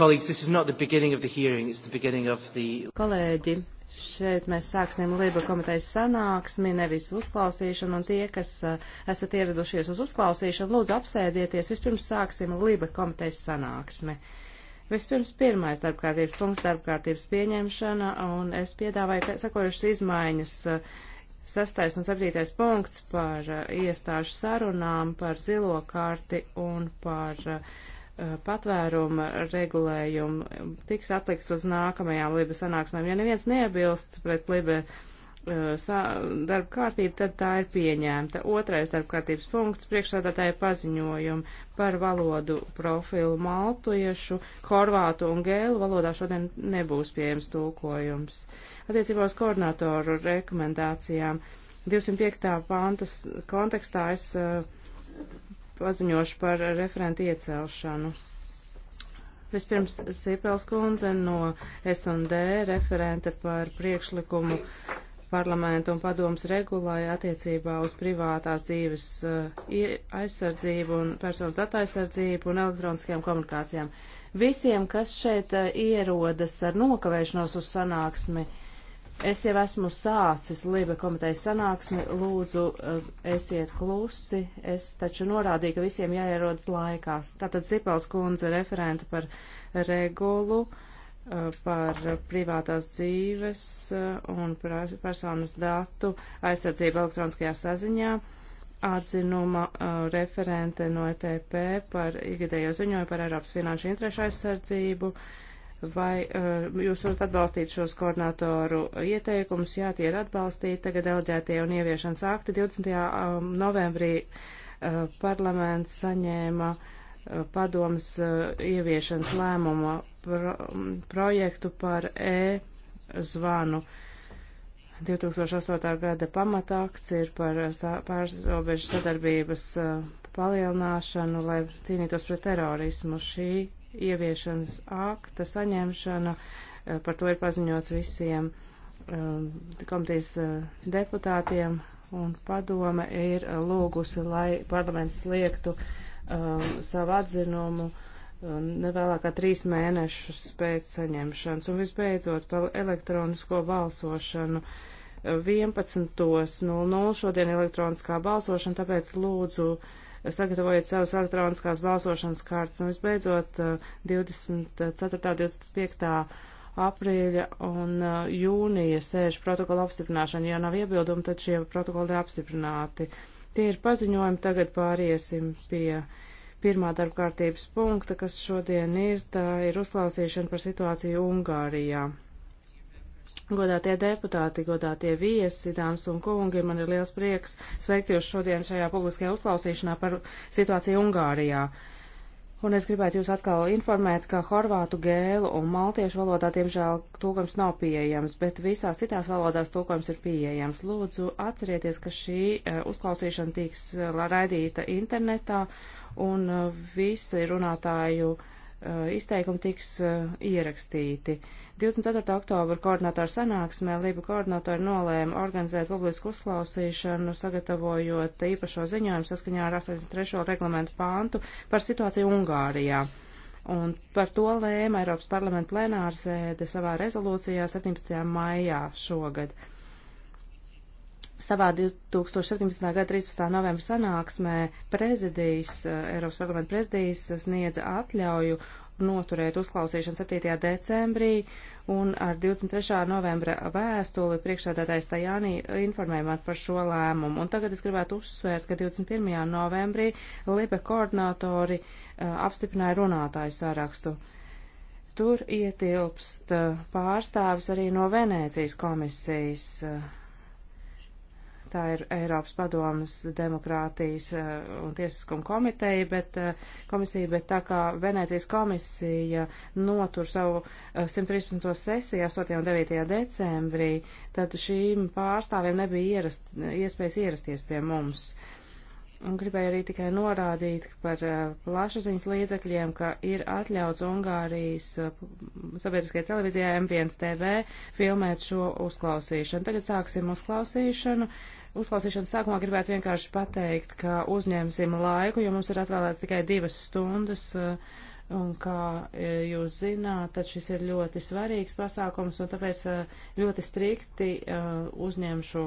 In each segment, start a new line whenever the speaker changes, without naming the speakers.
Kolēģi, šeit mēs sāksim Liba komitejas sanāksmi, nevis uzklausīšanu, un tie, kas eh, esat ieradušies uz uzklausīšanu, lūdzu apsēdieties, vispirms sāksim Liba komitejas sanāksmi. Vispirms pirmais darbkārtības punkts, darbkārtības pieņemšana, un es piedāvāju sakojušas izmaiņas. Uh, Sastais un septītais punkts par uh, iestāžu sarunām, par zilo karti un par uh, uh, patvēruma regulējumu tiks atlikts uz nākamajām Libe sanāksmēm. Ja neviens neiebilst pret Libe Uh, darba kārtību, tad tā ir pieņēmta. Otrais darba kārtības punkts priekšsādātāja paziņojumi par valodu profilu maltiešu, horvātu un gēlu valodā šodien nebūs pieejams tulkojums. Attiecībā uz koordinatoru rekomendācijām 205. pantas kontekstā es uh, paziņošu par referentu iecelšanu. Vispirms Sīpels kundze no S&D referente par priekšlikumu uh, parlamentu un padomas regulāja attiecībā uz privātās dzīves uh, aizsardzību un personas datu aizsardzību un elektroniskajām komunikācijām. Visiem, kas šeit uh, ierodas ar nokavēšanos uz sanāksmi, es jau esmu sācis Libe komitejas sanāksmi, lūdzu, uh, esiet klusi, es taču norādīju, ka visiem jāierodas laikās. Tātad Zipels kundze referenta par regulu. Uh, Eh, par privātās dzīves eh, un personas datu aizsardzību elektroniskajā saziņā atzinuma eh, referente no ETP par ikgadējo ziņoju par Eiropas finanšu interešu aizsardzību. Vai jūs varat atbalstīt šos koordinatoru ieteikumus? Jā, tie ir atbalstīti. Tagad delģētie un ieviešanas akti 20. novembrī parlaments saņēma uh, padomas eh, ieviešanas lēmuma pro, projektu par e-zvanu. 2008. gada pamatakts ir par eh, pārrobežu sadarbības eh, palielināšanu, lai cīnītos pret terorismu. Šī ieviešanas akta saņemšana, par to ir paziņots visiem komitejas deputātiem, un padome ir lūgusi, lai parlaments liektu uh, Um, savu atzinumu um, nevēlākā trīs mēnešus pēc saņemšanas. Un visbeidzot par elektronisko balsošanu 11.00 šodien elektroniskā balsošana, tāpēc lūdzu uh, sagatavojiet savas elektroniskās balsošanas kārtas. Un visbeidzot 24. Uh, 25 aprīļa un uh, jūnija sēžu protokola apstiprināšana. Ja nav iebildumi, tad šie protokoli ir apstiprināti. Uh, Tie ir paziņojumi, tagad pāriesim pie pirmā darba kārtības punkta, kas šodien ir, tā ir uzklausīšana par situāciju Ungārijā. Godātie deputāti, godātie viesi, dāmas un kungi, man ir liels prieks sveikt jūs šodien šajā publiskajā uzklausīšanā par situāciju Ungārijā. Uh, Un es gribētu jūs atkal informēt, ka horvātu, gēlu un maltiešu valodā, diemžēl, tūkojums nav pieejams, bet visās citās valodās tūkojums ir pieejams. Lūdzu, atcerieties, ka šī eh, uzklausīšana tiks eh, raidīta internetā un eh, visi runātāju uh, Eh, izteikumi tiks eh, ierakstīti. 24. oktobra koordinātoru sanāksmē Lība koordinātori nolēma organizēt publisku uzklausīšanu, sagatavojot īpašo ziņojumu saskaņā ar 83. reglamentu pāntu par situāciju Ungārijā. Un par to lēma Eiropas parlamenta plenārsēde savā rezolūcijā 17. maijā šogad. Savā 2017. gada 13. novembra sanāksmē prezidijas, eh, Eiropas parlamenta prezidijas sniedza atļauju noturēt uzklausīšanu 7. decembrī, un ar 23. novembra vēstuli priekšsēdētājs Tajānī informēja man par šo lēmumu. Un tagad es gribētu uzsvērt, ka 21. novembrī Libe koordinātori uh, apstiprināja runātāju sārakstu. Tur ietilpst uh, pārstāvis arī no Venēcijas komisijas. Uh, Tā ir Eiropas padomas demokrātijas eh, un tiesiskuma komiteja, bet, eh, komisija, bet tā kā Venēcijas komisija notur savu 113. sesiju 8. un 9. decembrī, tad šīm pārstāvjiem nebija ierast, iespējas ierasties pie mums. Un gribēju arī tikai norādīt par eh, plašsaziņas līdzekļiem, ka ir atļauts Ungārijas sabiedriskajai televīzijai M1 TV filmēt šo uzklausīšanu. Tagad sāksim uzklausīšanu. Uh, Uzklausīšanas sākumā gribētu vienkārši pateikt, ka uzņemsim laiku, jo mums ir atvēlēts tikai divas stundas. Eh, un kā eh, jūs zināt, tad šis ir ļoti svarīgs pasākums, un tāpēc eh, ļoti strikti uzņemšu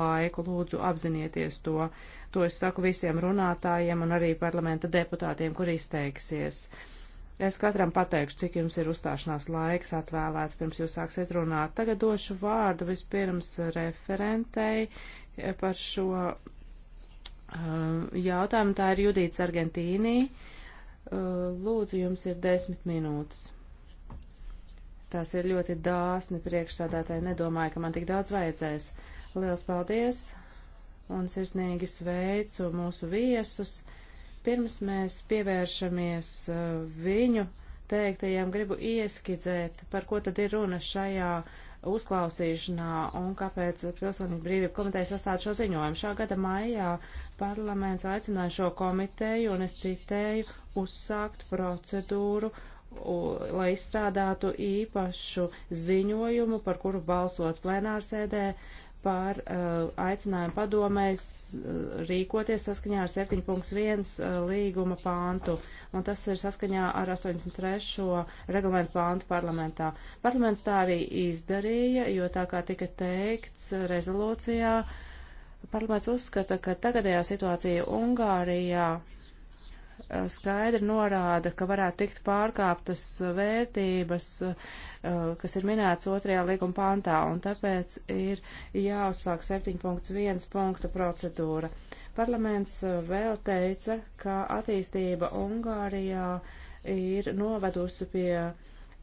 laiku. Lūdzu, apzinieties to. To es saku visiem runātājiem un arī parlamenta deputātiem, kur izteiksies. Es katram pateikšu, cik jums ir uzstāšanās laiks atvēlēts, pirms jūs sāksiet runāt. Tagad došu vārdu vispirms referentei, par šo uh, jautājumu. Tā ir Judīts Argentīnī. Uh, lūdzu, jums ir desmit minūtes. Tās ir ļoti dāsni priekšsādātāji. Nedomāju, ka man tik daudz vajadzēs. Liels paldies un sirsnīgi sveicu mūsu viesus. Pirms mēs pievēršamies uh, viņu teiktajiem, gribu ieskidzēt, par ko tad ir runa šajā uzklausīšanā un kāpēc Pilsonīgi brīvība komiteja sastāda šo ziņojumu. Šā gada maijā parlaments aicināja šo komiteju, un es citēju, uzsākt procedūru, u, lai izstrādātu īpašu ziņojumu, par kuru balsot plenārsēdē par uh, aicinājumu padomēs uh, rīkoties saskaņā ar 7.1 uh, līguma pāntu, un tas ir saskaņā ar 83. reglamentu pāntu parlamentā. Parlaments tā arī izdarīja, jo tā kā tika teikts rezolūcijā, parlaments uzskata, ka tagadējā situācija Ungārijā skaidri norāda, ka varētu tikt pārkāptas vērtības, uh, kas ir minētas otrajā līguma pantā, un tāpēc ir jāuzsāk 7.1 punkta procedūra. Parlaments uh, vēl teica, ka attīstība Ungārijā ir novedusi pie uh,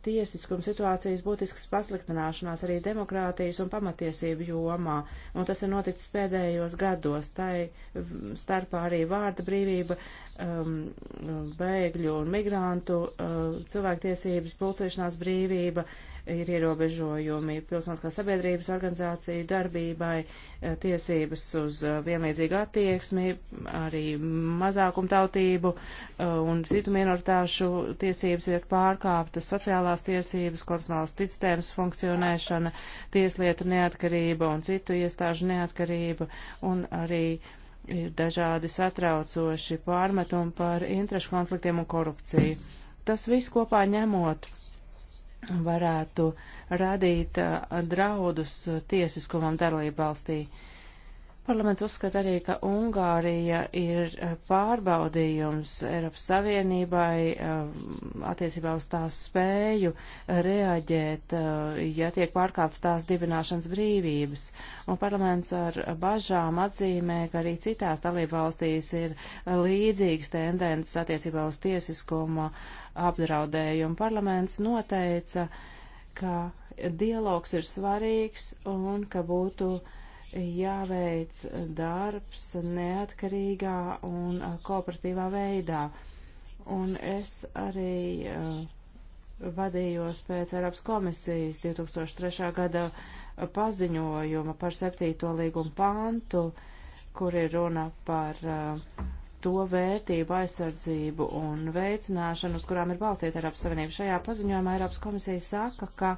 tiesiskuma situācijas būtisks pasliktināšanās arī demokrātijas un pamatiesību jomā, un tas ir noticis pēdējos gados. Tai mm, starpā arī vārda brīvība, um, bēgļu un migrantu uh, cilvēktiesības, pulcēšanās brīvība, ir ierobežojumi pilsoniskās sabiedrības organizāciju darbībai, eh, tiesības uz eh, vienlīdzīgu attieksmi, arī mazākumtautību eh, un citu minoritāšu tiesības ir pārkāptas, sociālās tiesības, konstitucionālās tictēmas funkcionēšana, tieslietu neatkarība un citu iestāžu neatkarība un arī ir dažādi satraucoši pārmetumi par interešu konfliktiem un korupciju. Tas viss kopā ņemot varētu radīt draudus tiesiskumam dalību valstī. Parlaments uzskata arī, ka Ungārija ir pārbaudījums Eiropas Savienībai attiecībā uz tās spēju reaģēt, ja tiek pārkāptas tās dibināšanas brīvības. Un parlaments ar bažām atzīmē, ka arī citās dalību valstīs ir līdzīgas tendences attiecībā uz tiesiskuma apdraudējumu. Parlaments noteica, ka dialogs ir svarīgs un ka būtu jāveic darbs neatkarīgā un kooperatīvā veidā. Un es arī uh, vadījos pēc Eiropas komisijas 2003. gada paziņojuma par septīto līgumu pantu, kur ir runa par uh, to vērtību aizsardzību un veicināšanu, uz kurām ir balstīta Eiropas Savienība. Šajā paziņojumā Eiropas komisija saka, ka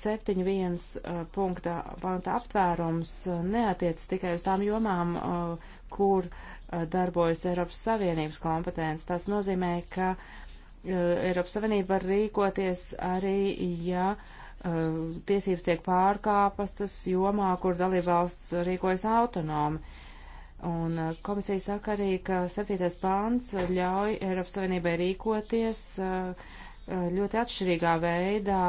7.1 uh, punkta panta aptvērums uh, neatiec tikai uz tām jomām, uh, kur darbojas Eiropas Savienības kompetence. Tas nozīmē, ka Eiropas Savienība var rīkoties arī, ja tiesības tiek pārkāpastas jomā, kur dalībvalsts rīkojas autonomi. Un uh, komisija saka arī, ka 7. pāns ļauj Eiropas Savienībai rīkoties uh, uh, ļoti atšķirīgā veidā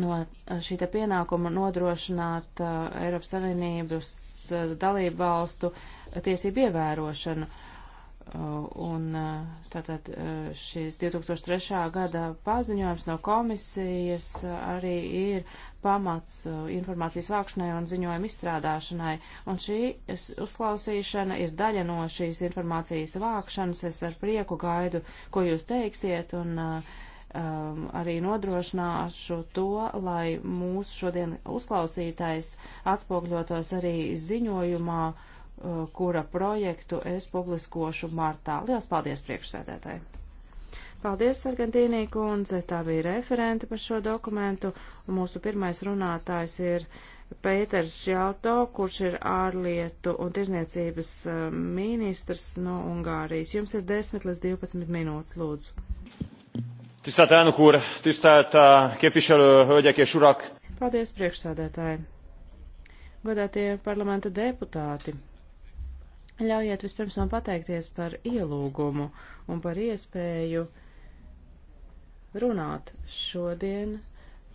no šī te pienākuma nodrošināt Eiropas Savienības dalību valstu tiesību ievērošanu. Uh, Uh, un uh, tātad uh, šis 2003. gada paziņojums no komisijas arī ir pamats informācijas vākšanai un ziņojuma izstrādāšanai. Un šī uzklausīšana ir daļa no šīs informācijas vākšanas. Es ar prieku gaidu, ko jūs teiksiet. Un, uh, um, arī nodrošināšu to, lai mūsu šodien uzklausītais atspogļotos arī ziņojumā, Uh, kura projektu es publiskošu martā. Lielas paldies priekšsēdētāji! Paldies, Argentīnī kundze, tā bija referente par šo dokumentu, un mūsu pirmais runātājs ir Pēters Žalto, kurš ir ārlietu un tirzniecības uh, ministrs no Ungārijas. Jums ir 10 līdz 12 minūtes, lūdzu. Tisztelt elnök úr, tisztelt uh, képviselő hölgyek és urak! Paldies, priekšsādētāji! Godātie parlamenta deputāti! Ļaujiet vispirms man pateikties par ielūgumu un par iespēju runāt šodien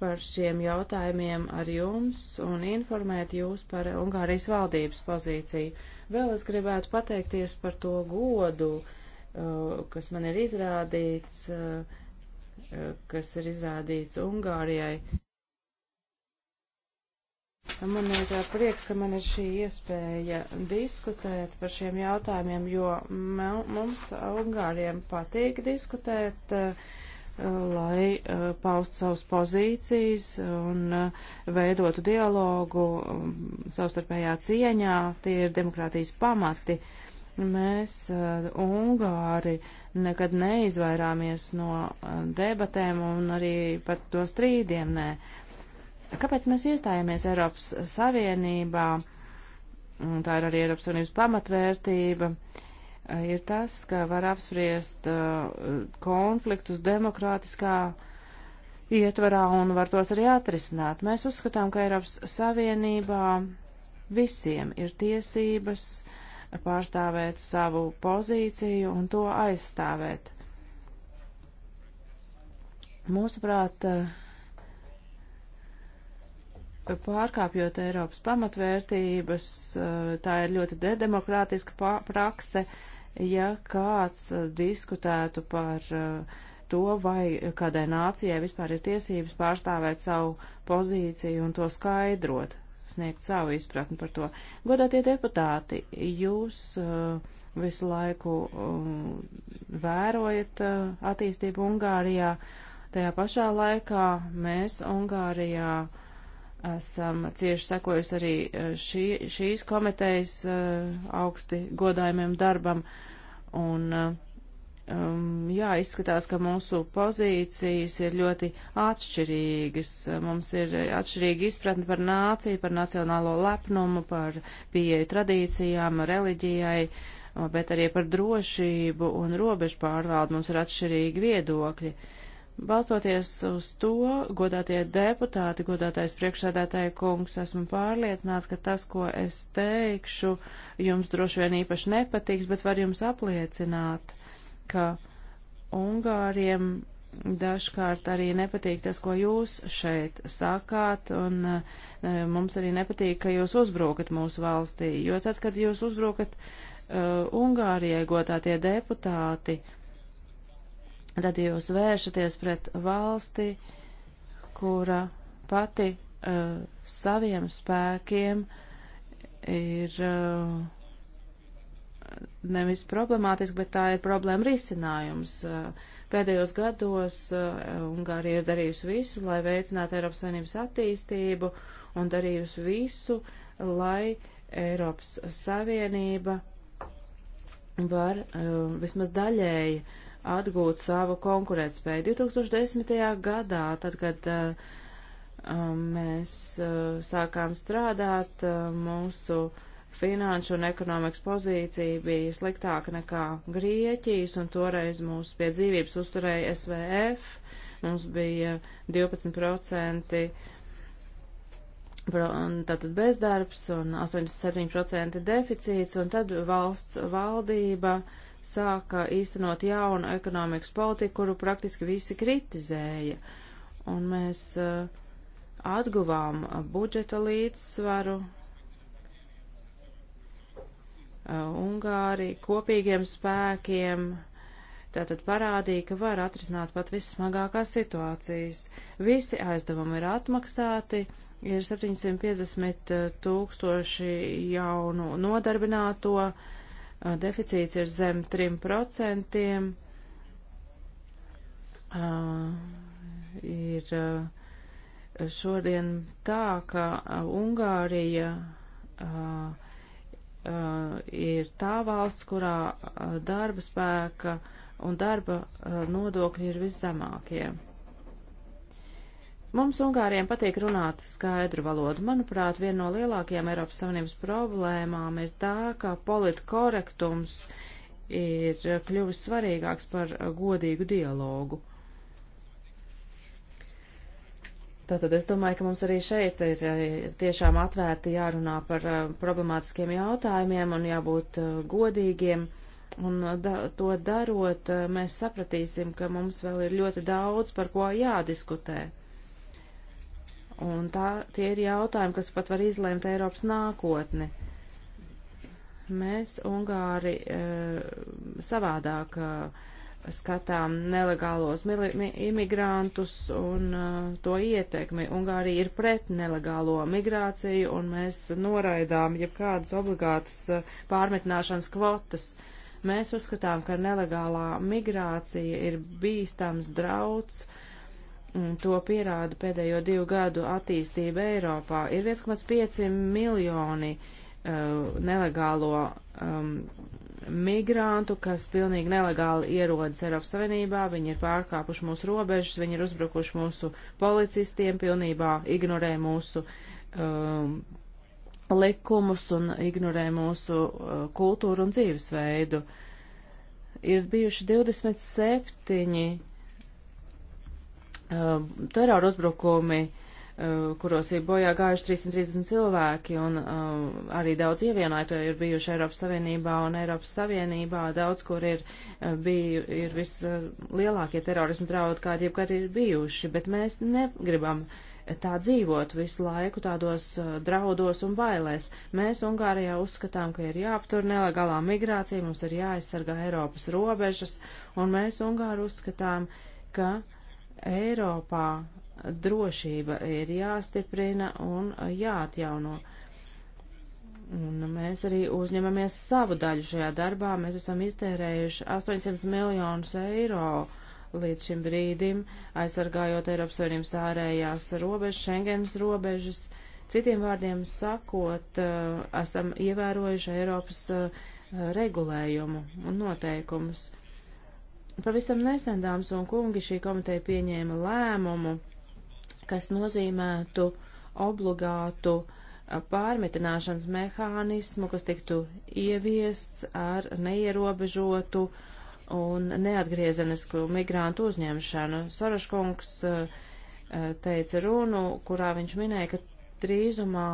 par šiem jautājumiem ar jums un informēt jūs par Ungārijas valdības pozīciju. Vēl es gribētu pateikties par to godu, uh, kas man ir izrādīts, uh, uh, kas ir izrādīts Ungārijai. Man ir uh, prieks, ka man ir šī iespēja diskutēt par šiem jautājumiem, jo mums, Ungāriem, patīk diskutēt, uh, lai uh, paustu savus pozīcijas un veidotu dialogu um, savstarpējā cieņā. Tie ir demokrātijas pamati. Mēs, Ungāri, nekad neizvairāmies no debatēm un arī pat to strīdiem nē. Ne Kāpēc mēs iestājāmies Eiropas Savienībā, un tā ir arī Eiropas Savienības pamatvērtība, eh, ir tas, ka var apspriest eh, konfliktus demokrātiskā ietvarā un var tos arī atrisināt. Mēs uzskatām, ka Eiropas Savienībā visiem ir tiesības pārstāvēt savu pozīciju un to aizstāvēt. Mūsuprāt, eh, pārkāpjot Eiropas pamatvērtības, eh, tā ir ļoti dedemokrātiska prakse, ja kāds eh, diskutētu par eh, to, vai kādai nācijai vispār ir tiesības pārstāvēt savu pozīciju un to skaidrot, sniegt savu izpratni par to. Godātie deputāti, jūs visu laiku vērojat attīstību Ungārijā. Tajā pašā laikā mēs Ungārijā uh, esam cieši sekojusi arī e, šī, šīs komitejas e, augsti godājumiem darbam. Un, e, um, jā, izskatās, ka mūsu pozīcijas ir ļoti atšķirīgas. Mums ir atšķirīga izpratne par nāciju, par nacionālo lepnumu, par pieeju tradīcijām, reliģijai, bet arī par drošību un robežu pārvaldu mums ir atšķirīgi viedokļi. Uh, Balstoties uz to, godātie deputāti, godātais priekšsēdētāja kungs, esmu pārliecināts, ka tas, ko es teikšu, jums droši vien īpaši nepatiks, bet var jums apliecināt, ka Ungāriem dažkārt arī nepatīk tas, ko jūs šeit sakāt, un e, mums arī nepatīk, ka jūs uzbrukat mūsu valstī, jo tad, kad jūs uzbrukat e, Ungārijai godātie deputāti, tad jūs vēršaties pret valsti, kura pati uh, saviem spēkiem ir uh, nevis problemātiski, bet tā ir problēma risinājums. Uh, pēdējos gados uh, Ungārija ir darījusi visu, lai veicinātu Eiropas Savienības attīstību un darījusi visu, lai Eiropas Savienība var uh, vismaz daļēji uh, atgūt savu konkurētspēju. 2010. gadā, tad, kad uh, um, mēs uh, sākām strādāt, uh, mūsu finanšu un ekonomikas pozīcija bija sliktāka nekā Grieķijas, un toreiz mūs pie dzīvības uzturēja SVF. Mums bija 12% tātad bezdarbs un 87% deficīts, un tad valsts valdība uh, sāka īstenot jaunu ekonomikas politiku, kuru praktiski visi kritizēja. Un mēs uh, atguvām uh, budžeta līdzsvaru uh, Ungāri kopīgiem spēkiem. Tātad parādīja, ka var atrisināt pat vissmagākās situācijas. Visi aizdevumi ir atmaksāti, ir 750 tūkstoši jaunu nodarbināto, uh, deficīts ir zem 3%, ir šodien tā, ka Ungārija ir tā valsts, kurā darba spēka un darba nodokļi ir viszemākie. Mums Ungāriem patīk runāt skaidru valodu. Manuprāt, viena no lielākajām Eiropas Savienības problēmām ir tā, ka politkorektums ir kļuvis svarīgāks par godīgu dialogu. Tātad es domāju, ka mums arī šeit ir eh, tiešām atvērti jārunā par eh, problemātiskiem jautājumiem un jābūt eh, godīgiem. Un da, to darot, mēs sapratīsim, ka mums vēl ir ļoti daudz par ko jādiskutē. Un tā, tie ir jautājumi, kas pat var izlēmt Eiropas nākotni. Mēs, Ungāri, eh, savādāk eh, skatām nelegālos imigrantus un eh, to ietekmi. Ungārija ir pret nelegālo migrāciju un mēs noraidām jebkādas obligātas pārmetināšanas kvotas. Mēs uzskatām, ka nelegālā migrācija ir bīstams drauds To pierāda pēdējo divu gadu attīstība Eiropā. Ir 1,5 miljoni uh, nelegālo um, migrantu, kas pilnīgi nelegāli ierodas Eiropas Savienībā, viņi ir pārkāpuši mūsu robežas, viņi ir uzbrukuši mūsu policistiem, pilnībā ignorē mūsu um, likumus un ignorē mūsu uh, kultūru un dzīvesveidu. Ir bijuši 27 Uh, terora uzbrukumi, uh, kuros ir bojā gājuši 330 cilvēki, un uh, arī daudz ievienāto ir bijuši Eiropas Savienībā, un Eiropas Savienībā daudz, kur ir, biju, ir vislielākie terorismu draudi, kādi jebkad ir bijuši, bet mēs negribam tā dzīvot visu laiku tādos draudos un bailēs. Mēs Ungārijā uzskatām, ka ir jāaptur nelegālā migrācija, mums ir jāaizsargā Eiropas robežas, un mēs Ungāri uzskatām, ka uh, Eiropā drošība ir jāstiprina un jāatjauno. Un mēs arī uzņemamies savu daļu šajā darbā. Mēs esam iztērējuši 800 miljonus eiro līdz šim brīdim, aizsargājot Eiropas Savienības ārējās robežas, Schengens robežas. Citiem vārdiem sakot, eh, esam ievērojuši Eiropas eh, regulējumu un noteikumus. Pavisam nesen, dāmas un kungi, šī komiteja pieņēma lēmumu, kas nozīmētu obligātu pārmitināšanas mehānismu, kas tiktu ieviests ar neierobežotu un neatgriezenisku migrantu uzņemšanu. Soraškungs teica runu, kurā viņš minēja, ka drīzumā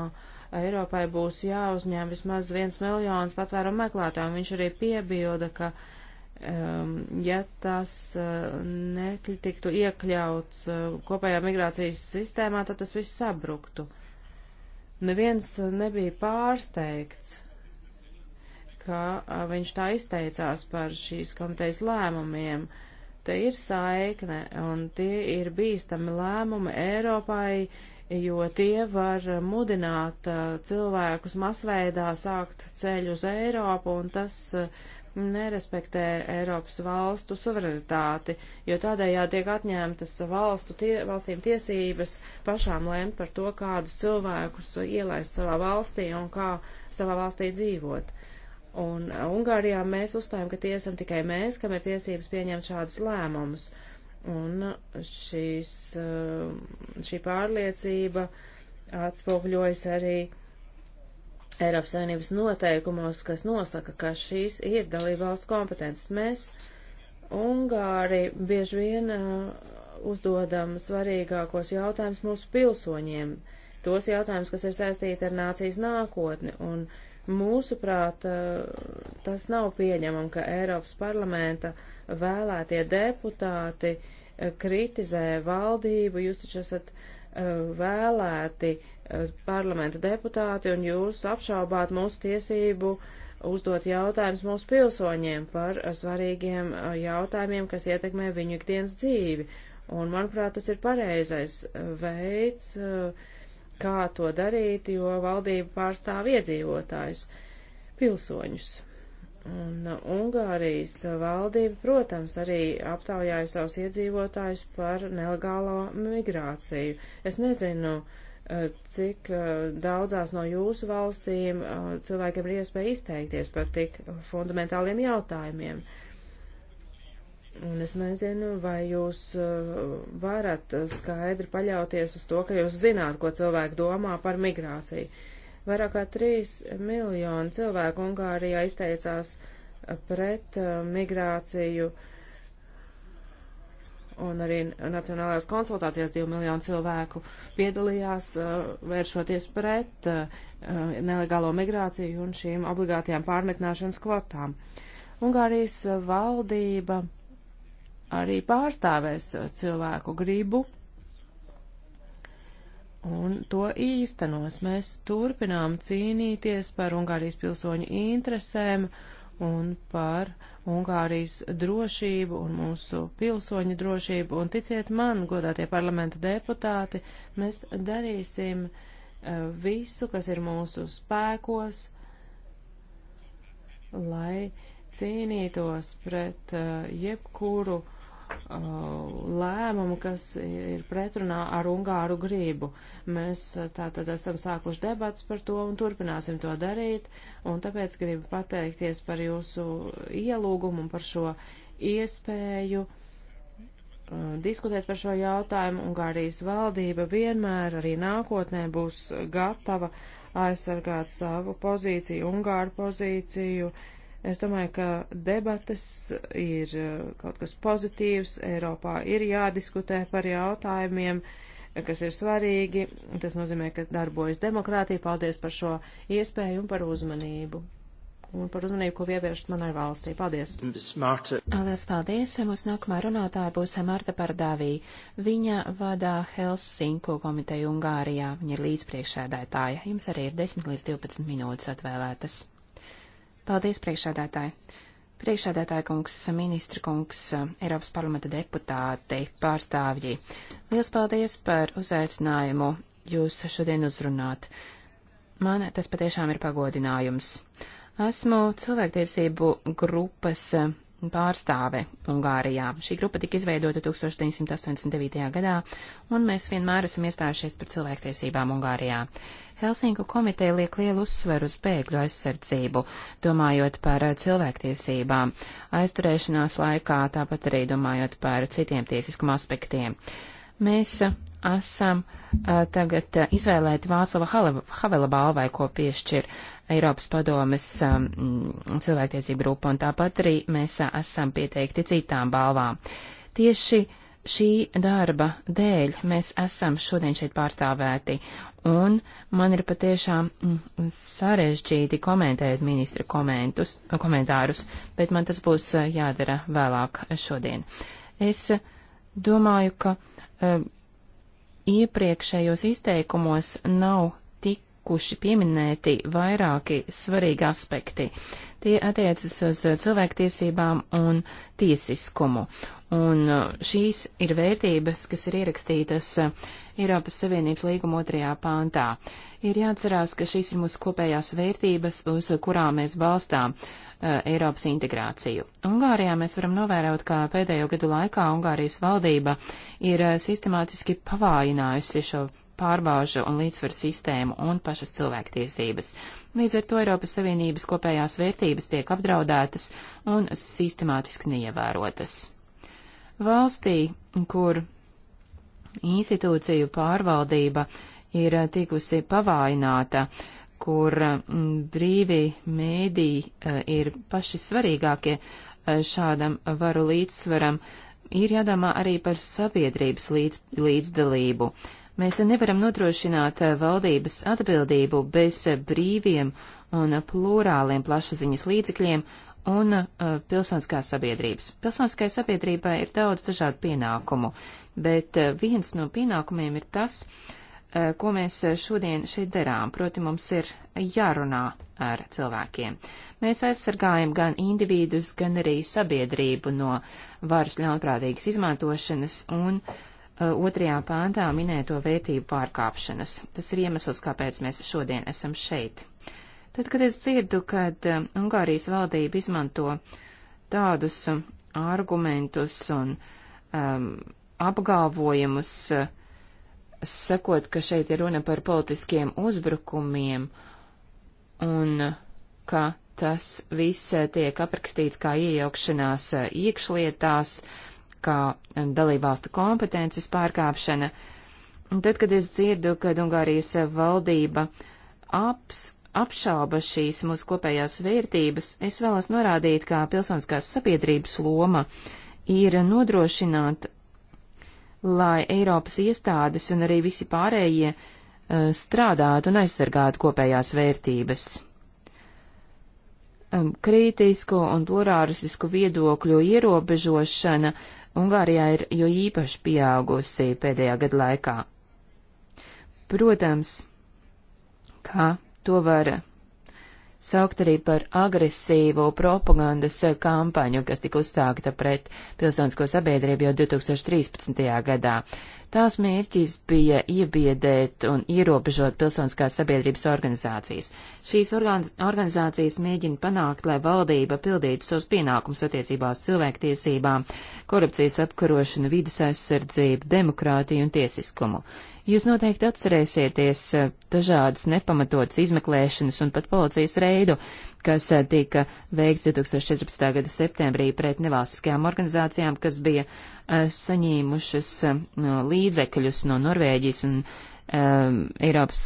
Eiropai būs jāuzņem vismaz viens miljons patvērumu meklētāju. Viņš arī piebilda, ka uh, Um, ja tas uh, netiktu iekļauts uh, kopējā migrācijas sistēmā, tad tas viss sabruktu. Neviens uh, nebija pārsteigts, ka viņš tā izteicās par šīs komitejas lēmumiem. Te ir saikne, un tie ir bīstami lēmumi Eiropai, jo tie var mudināt cilvēkus masveidā sākt ceļu uz Eiropu, un tas uh, nerespektē Eiropas valstu suverenitāti, jo tādējādi tiek atņemtas valstu tie, valstīm tiesības pašām lēmt par to, kādus cilvēkus ielaist savā valstī un kā savā valstī dzīvot. Un uh, Ungārijā mēs uzstājam, ka tiesam tikai mēs, kam ir tiesības pieņemt šādus lēmumus. Un uh, šīs, uh, šī pārliecība atspūgļojas arī Eiropas Savienības noteikumos, kas nosaka, ka šīs ir dalībvalstu kompetences. Mēs Ungāri bieži vien uh, uzdodam svarīgākos jautājumus mūsu pilsoņiem, tos jautājumus, kas ir saistīti ar nācijas nākotni. Un mūsuprāt, uh, tas nav pieņemam, ka Eiropas parlamenta vēlētie deputāti uh, kritizē valdību, jūs taču esat uh, vēlēti Eh, parlamenta deputāti, un jūs apšaubāt mūsu tiesību uzdot jautājumus mūsu pilsoņiem par eh, svarīgiem eh, jautājumiem, kas ietekmē viņu ikdienas dzīvi. Un, manuprāt, tas ir pareizais veids, kā to darīt, jo valdība pārstāv iedzīvotājus, pilsoņus. Un Ungārijas valdība, protams, arī aptaujāja savus iedzīvotājus par nelegālo migrāciju. Es nezinu, uh, Eh, cik eh, daudzās no jūsu valstīm eh, cilvēkiem ir iespēja izteikties par tik fundamentāliem jautājumiem. Un es nezinu, vai jūs varat skaidri paļauties uz to, ka jūs zināt, ko cilvēki domā par migrāciju. Vairāk kā 3 miljoni cilvēku Ungārijā izteicās pret migrāciju uh, un arī nacionālajās konsultācijās divu miljonu cilvēku piedalījās, uh, vēršoties pret uh, nelegālo migrāciju un šīm obligātajām pārmetināšanas kvotām. Ungārijas valdība arī pārstāvēs cilvēku gribu un to īstenos. Mēs turpinām cīnīties par Ungārijas pilsoņu interesēm un par uh, Ungārijas drošību un mūsu pilsoņu drošību, un ticiet man, godātie parlamenta deputāti, mēs darīsim eh, visu, kas ir mūsu spēkos, lai cīnītos pret eh, jebkuru uh, Uh, lēmumu, kas ir pretrunā ar Ungāru gribu. Mēs uh, tātad esam sākuši debats par to un turpināsim to darīt, un tāpēc gribu pateikties par jūsu ielūgumu un par šo iespēju uh, diskutēt par šo jautājumu. Ungārijas valdība vienmēr arī nākotnē būs gatava aizsargāt savu pozīciju, Ungāru pozīciju, uh, Es domāju, ka debatas ir eh, kaut kas pozitīvs. Eiropā ir jādiskutē par jautājumiem, kas ir svarīgi. Tas nozīmē, ka darbojas demokrātija. Paldies par šo iespēju un par uzmanību. Un par uzmanību, ko pievēršat manai valstī. Paldies! Smarta.
Lielas paldies! Mūsu nākamā runātāja būs Marta Pardavī. Viņa vadā Helsinku komiteju Ungārijā. Viņa ir līdzpriekšēdētāja. Jums arī ir 10 līdz 12 minūtes atvēlētas. Paldies, priekšādātāji! Priekšsēdētāja kungs, ministra kungs, Eiropas parlamenta deputāti, pārstāvji, liels paldies par uzaicinājumu jūs šodien uzrunāt. Man tas patiešām ir pagodinājums. Esmu cilvēktiesību grupas pārstāve Ungārijā. Šī grupa tika izveidota 1989. gadā, un mēs vienmēr esam iestājušies par cilvēktiesībām Ungārijā. Helsinku komiteja liek lielu uzsveru uz bēgļu aizsardzību, domājot par eh, cilvēktiesībām, aizturēšanās laikā, tāpat arī domājot par citiem tiesiskuma aspektiem. Mēs eh, esam eh, tagad izvēlēti Vāclava Havela balvai, ko piešķir Eiropas padomes um, cilvēktiesību grupa, un tāpat arī mēs uh, esam pieteikti citām balvām. Tieši šī darba dēļ mēs esam šodien šeit pārstāvēti, un man ir patiešām mm, sarežģīti komentēt ministra komentus, komentārus, bet man tas būs eh, jādara vēlāk šodien. Es eh, domāju, ka uh, iepriekšējos izteikumos nav tikuši pieminēti vairāki svarīgi aspekti. Tie attiecas uz cilvēktiesībām un tiesiskumu. Un uh, šīs ir vērtības, kas ir ierakstītas uh, Eiropas Savienības līguma otrajā pāntā. Ir jāatcerās, ka šīs ir mūsu kopējās vērtības, uz kurām mēs balstām uh, Eiropas integrāciju. Ungārijā mēs varam novērot, ka pēdējo gadu laikā Ungārijas valdība ir uh, sistemātiski pavājinājusi šo pārbaužu un līdzsvaru sistēmu un pašas cilvēktiesības. Līdz ar to Eiropas Savienības kopējās vērtības tiek apdraudētas un sistemātiski neievērotas. Valstī, kur institūciju pārvaldība ir eh, tikusi pavājināta, kur mm, brīvi mēdī eh, ir paši svarīgākie eh, šādam varu līdzsvaram, ir jādomā arī par sabiedrības līdz, līdzdalību. Mēs nevaram nodrošināt valdības atbildību bez brīviem un plurāliem plašsaziņas līdzekļiem un uh, pilsoniskās sabiedrības. Pilsoniskai sabiedrībai ir daudz dažādu pienākumu, bet uh, viens no pienākumiem ir tas, uh, ko mēs uh, šodien šeit darām, proti mums ir jārunā ar cilvēkiem. Mēs aizsargājam gan individus, gan arī sabiedrību no varas ļaunprātīgas izmantošanas un uh, otrajā pāntā minēto vērtību pārkāpšanas. Tas ir iemesls, kāpēc mēs šodien esam šeit. Uh, Tad, kad es dzirdu, kad um, Ungārijas valdība izmanto tādus um, argumentus un um, apgalvojumus, uh, sakot, ka šeit ir runa par politiskiem uzbrukumiem un uh, ka tas viss uh, tiek aprakstīts kā iejaukšanās iekšlietās, kā um, dalībvalstu kompetences pārkāpšana. Un tad, kad es dzirdu, ka Ungārijas valdība aps, apšauba šīs mūsu kopējās vērtības, es vēlos norādīt, kā pilsoniskās sabiedrības loma ir nodrošināt, lai Eiropas iestādes un arī visi pārējie eh, strādātu un aizsargātu kopējās vērtības krītisko un plurālistisku viedokļu ierobežošana Ungārijā ir jo īpaši pieaugusi pēdējā gada laikā. Protams, kā To var saukt arī par agresīvu propagandas kampaņu, kas tika uzsākta pret pilsonisko sabiedrību jau 2013. gadā. Tās mērķis bija iebiedēt un ierobežot pilsoniskās sabiedrības organizācijas. Šīs organizācijas mēģina panākt, lai valdība pildītu savus pienākumus attiecībās cilvēktiesībām, korupcijas apkarošanu, vidas aizsardzību, demokrātiju un tiesiskumu. Jūs noteikti atcerēsieties eh, dažādas nepamatotas izmeklēšanas un pat policijas reidu, kas eh, tika veikts 2014. gada septembrī pret nevalstiskajām organizācijām, kas bija eh, saņēmušas no līdzekļus no Norvēģijas un um, Eiropas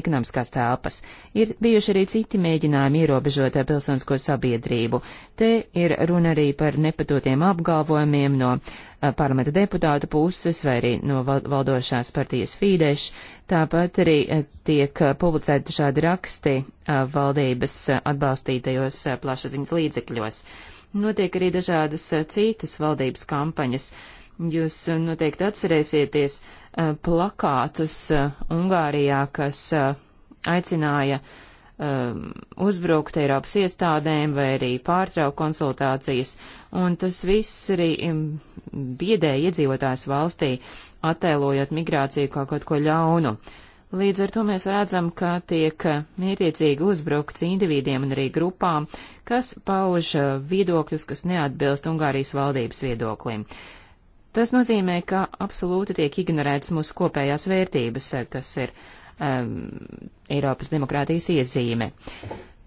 ekonomiskās telpas. Ir bijuši arī citi mēģinājumi ierobežot pilsonisko sabiedrību. Te ir runa arī par nepatotiem apgalvojumiem no uh, parlamenta deputātu puses vai arī no valdošās partijas Fīdeš. Tāpat arī tiek publicēti šādi raksti valdības atbalstītajos plašsaziņas līdzekļos. Notiek arī dažādas citas valdības kampaņas. Jūs noteikti atcerēsieties plakātus Ungārijā, kas aicināja uh, um, uzbrukt Eiropas iestādēm vai arī pārtraukt konsultācijas, un tas viss arī um, biedē iedzīvotājs valstī, attēlojot migrāciju kā kaut ko ļaunu. Līdz ar to mēs redzam, ka tiek mērķiecīgi uzbrukts individiem un arī grupām, kas pauž uh, viedokļus, kas neatbilst Ungārijas valdības viedoklim. Tas nozīmē, ka absolūti tiek ignorētas mūsu kopējās vērtības, uh, kas ir um, Eiropas demokrātijas iezīme.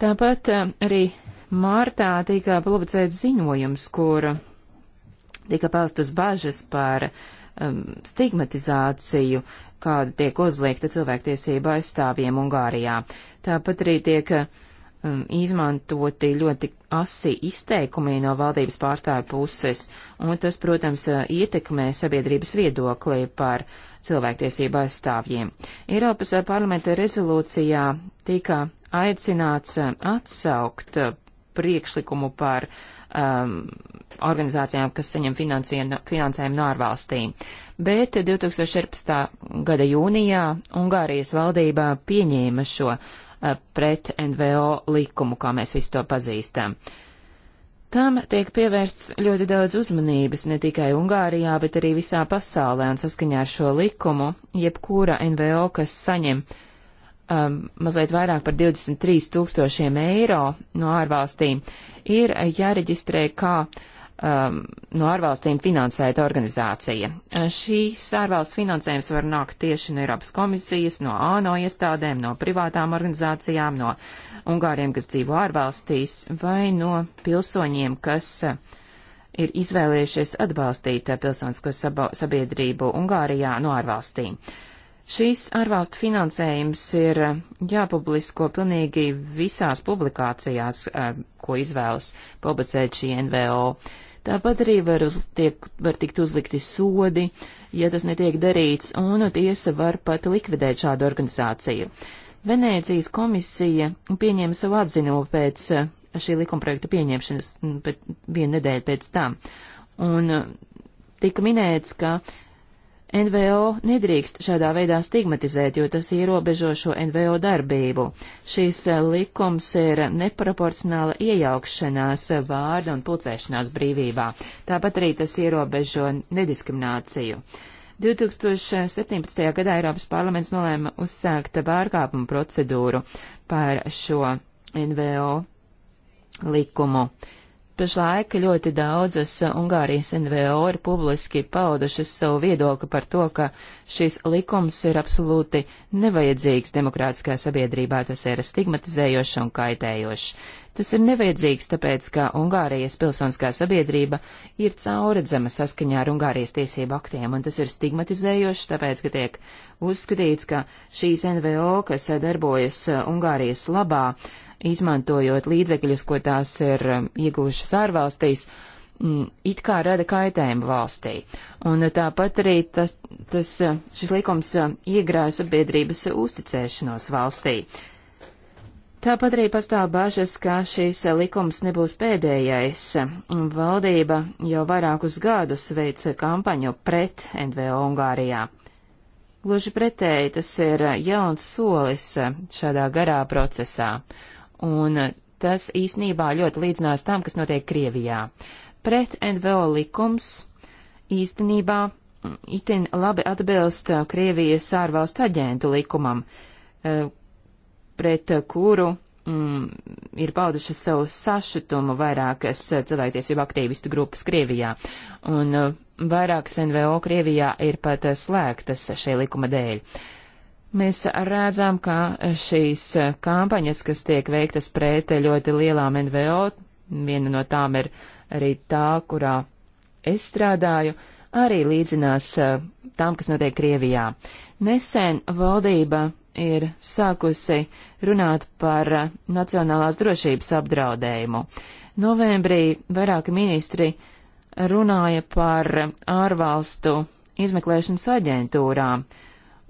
Tāpat um, arī mārtā tika publicēts ziņojums, kur tika paustas bažas par um, stigmatizāciju, kāda tiek uzliekta cilvēktiesība aizstāvjiem Ungārijā. Tāpat arī tiek um, izmantoti ļoti asi izteikumi no valdības pārstāvju puses, un tas, protams, uh, ietekmē sabiedrības viedoklī par uh, cilvēktiesību aizstāvjiem. Eiropas parlamenta rezolūcijā tika aicināts eh, atsaukt eh, priekšlikumu par um, organizācijām, kas saņem finansējumu no ārvalstīm. Bet 2014. gada jūnijā Ungārijas valdībā pieņēma šo uh, pret NVO likumu, kā mēs visu to pazīstam. Uh, Tam tiek pievērsts ļoti daudz uzmanības ne tikai Ungārijā, bet arī visā pasaulē, un saskaņā ar šo likumu, jebkura NVO, kas saņem um, mazliet vairāk par 23 tūkstošiem eiro no ārvalstīm, ir jāreģistrē kā um, no ārvalstīm finansēta organizācija. Uh, šīs ārvalstu finansējums var nākt tieši no Eiropas komisijas, no ANO iestādēm, no privātām organizācijām, no Ungāriem, kas dzīvo ārvalstīs, vai no pilsoņiem, kas eh, ir izvēlējušies atbalstīt eh, pilsonisko sabiedrību Ungārijā no ārvalstīm. Šīs ārvalstu finansējums ir eh, jāpublisko pilnīgi visās publikācijās, ko izvēlas publicēt šī NVO. Tāpat arī var, uz, tiek, var tikt uzlikti sodi, ja tas netiek darīts, un tiesa var pat likvidēt šādu organizāciju. Uh, Venēcijas komisija pieņēma savu atzinumu pēc eh, šī likumprojekta pieņemšanas, bet mm, vienu nedēļu pēc tam. Un eh, tika minēts, ka NVO nedrīkst šādā veidā stigmatizēt, jo tas ierobežo šo NVO darbību. Šis eh, likums ir neproporcionāla iejaukšanās vārda un pulcēšanās brīvībā. Tāpat arī tas ierobežo nediskrimināciju. Uh, 2017. gadā Eiropas parlaments nolēma uzsākt pārkāpumu procedūru par šo NVO likumu. Pašlaik ļoti daudzas eh, Ungārijas NVO ir publiski paudušas savu viedokli par to, ka šis likums ir absolūti nevajadzīgs demokrātiskajā sabiedrībā, tas ir stigmatizējošs un kaitējošs. Tas ir nevajadzīgs, tāpēc, ka Ungārijas pilsoniskā sabiedrība ir cauredzama saskaņā ar Ungārijas tiesību aktiem, un tas ir stigmatizējošs, tāpēc, ka tiek uzskatīts, ka šīs NVO, kas darbojas eh, Ungārijas labā, uh, izmantojot līdzekļus, ko tās ir um, iegūšas ārvalstīs, mm, it kā rada kaitējumu valstī. Un uh, tāpat arī tas, tas, uh, šis likums uh, iegrāja sabiedrības uzticēšanos valstī. Tāpat arī pastāv bažas, ka šīs likums nebūs pēdējais. Valdība jau vairākus gadus veic kampaņu pret NVO Ungārijā. Gluži pretēji, tas ir jauns solis šādā garā procesā un tas īsnībā ļoti līdzinās tam, kas notiek Krievijā. Pret NVO likums īstenībā itin labi atbilst Krievijas ārvalstu aģentu likumam, e, pret kuru mm, ir paudušas savu sašutumu vairākas cilvēktiesību aktīvistu grupas Krievijā. Un e, vairākas NVO Krievijā ir pat slēgtas šī likuma dēļ. Uh, Mēs redzam, ka šīs kampaņas, kas tiek veiktas pret ļoti lielām NVO, viena no tām ir arī tā, kurā es strādāju, arī līdzinās eh, tām, kas notiek Krievijā. Nesen valdība ir sākusi runāt par eh, nacionālās drošības apdraudējumu. Novembrī vairāki ministri runāja par ārvalstu izmeklēšanas aģentūrām.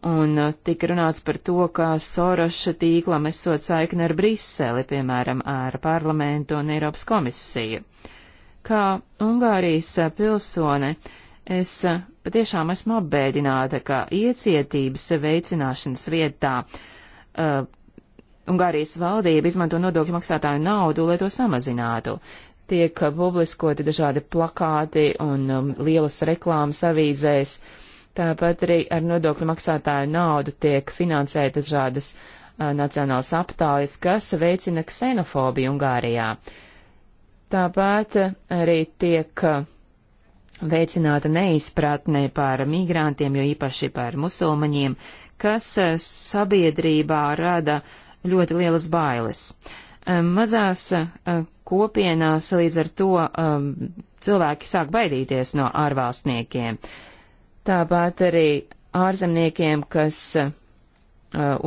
Un uh, tika runāts par to, ka Soroša tīklam esot saikne ar Briseli, piemēram, ar parlamentu un Eiropas komisiju. Kā Ungārijas uh, pilsone, es uh, patiešām esmu apbēdināta, ka iecietības veicināšanas vietā uh, Ungārijas valdība izmanto nodokļu maksātāju naudu, lai to samazinātu. Tiek publiskoti dažādi plakāti un um, lielas reklāmas avīzēs. Uh, Tāpat arī ar nodokļu maksātāju naudu tiek finansētas žādas uh, nacionālas aptājas, kas veicina ksenofobiju Ungārijā. Tāpat arī tiek veicināta neizpratne par migrantiem, jo īpaši par musulmaņiem, kas sabiedrībā rada ļoti lielas bailes. Mazās kopienās līdz ar to cilvēki sāk baidīties no ārvalstniekiem. Tāpat arī ārzemniekiem, kas uh,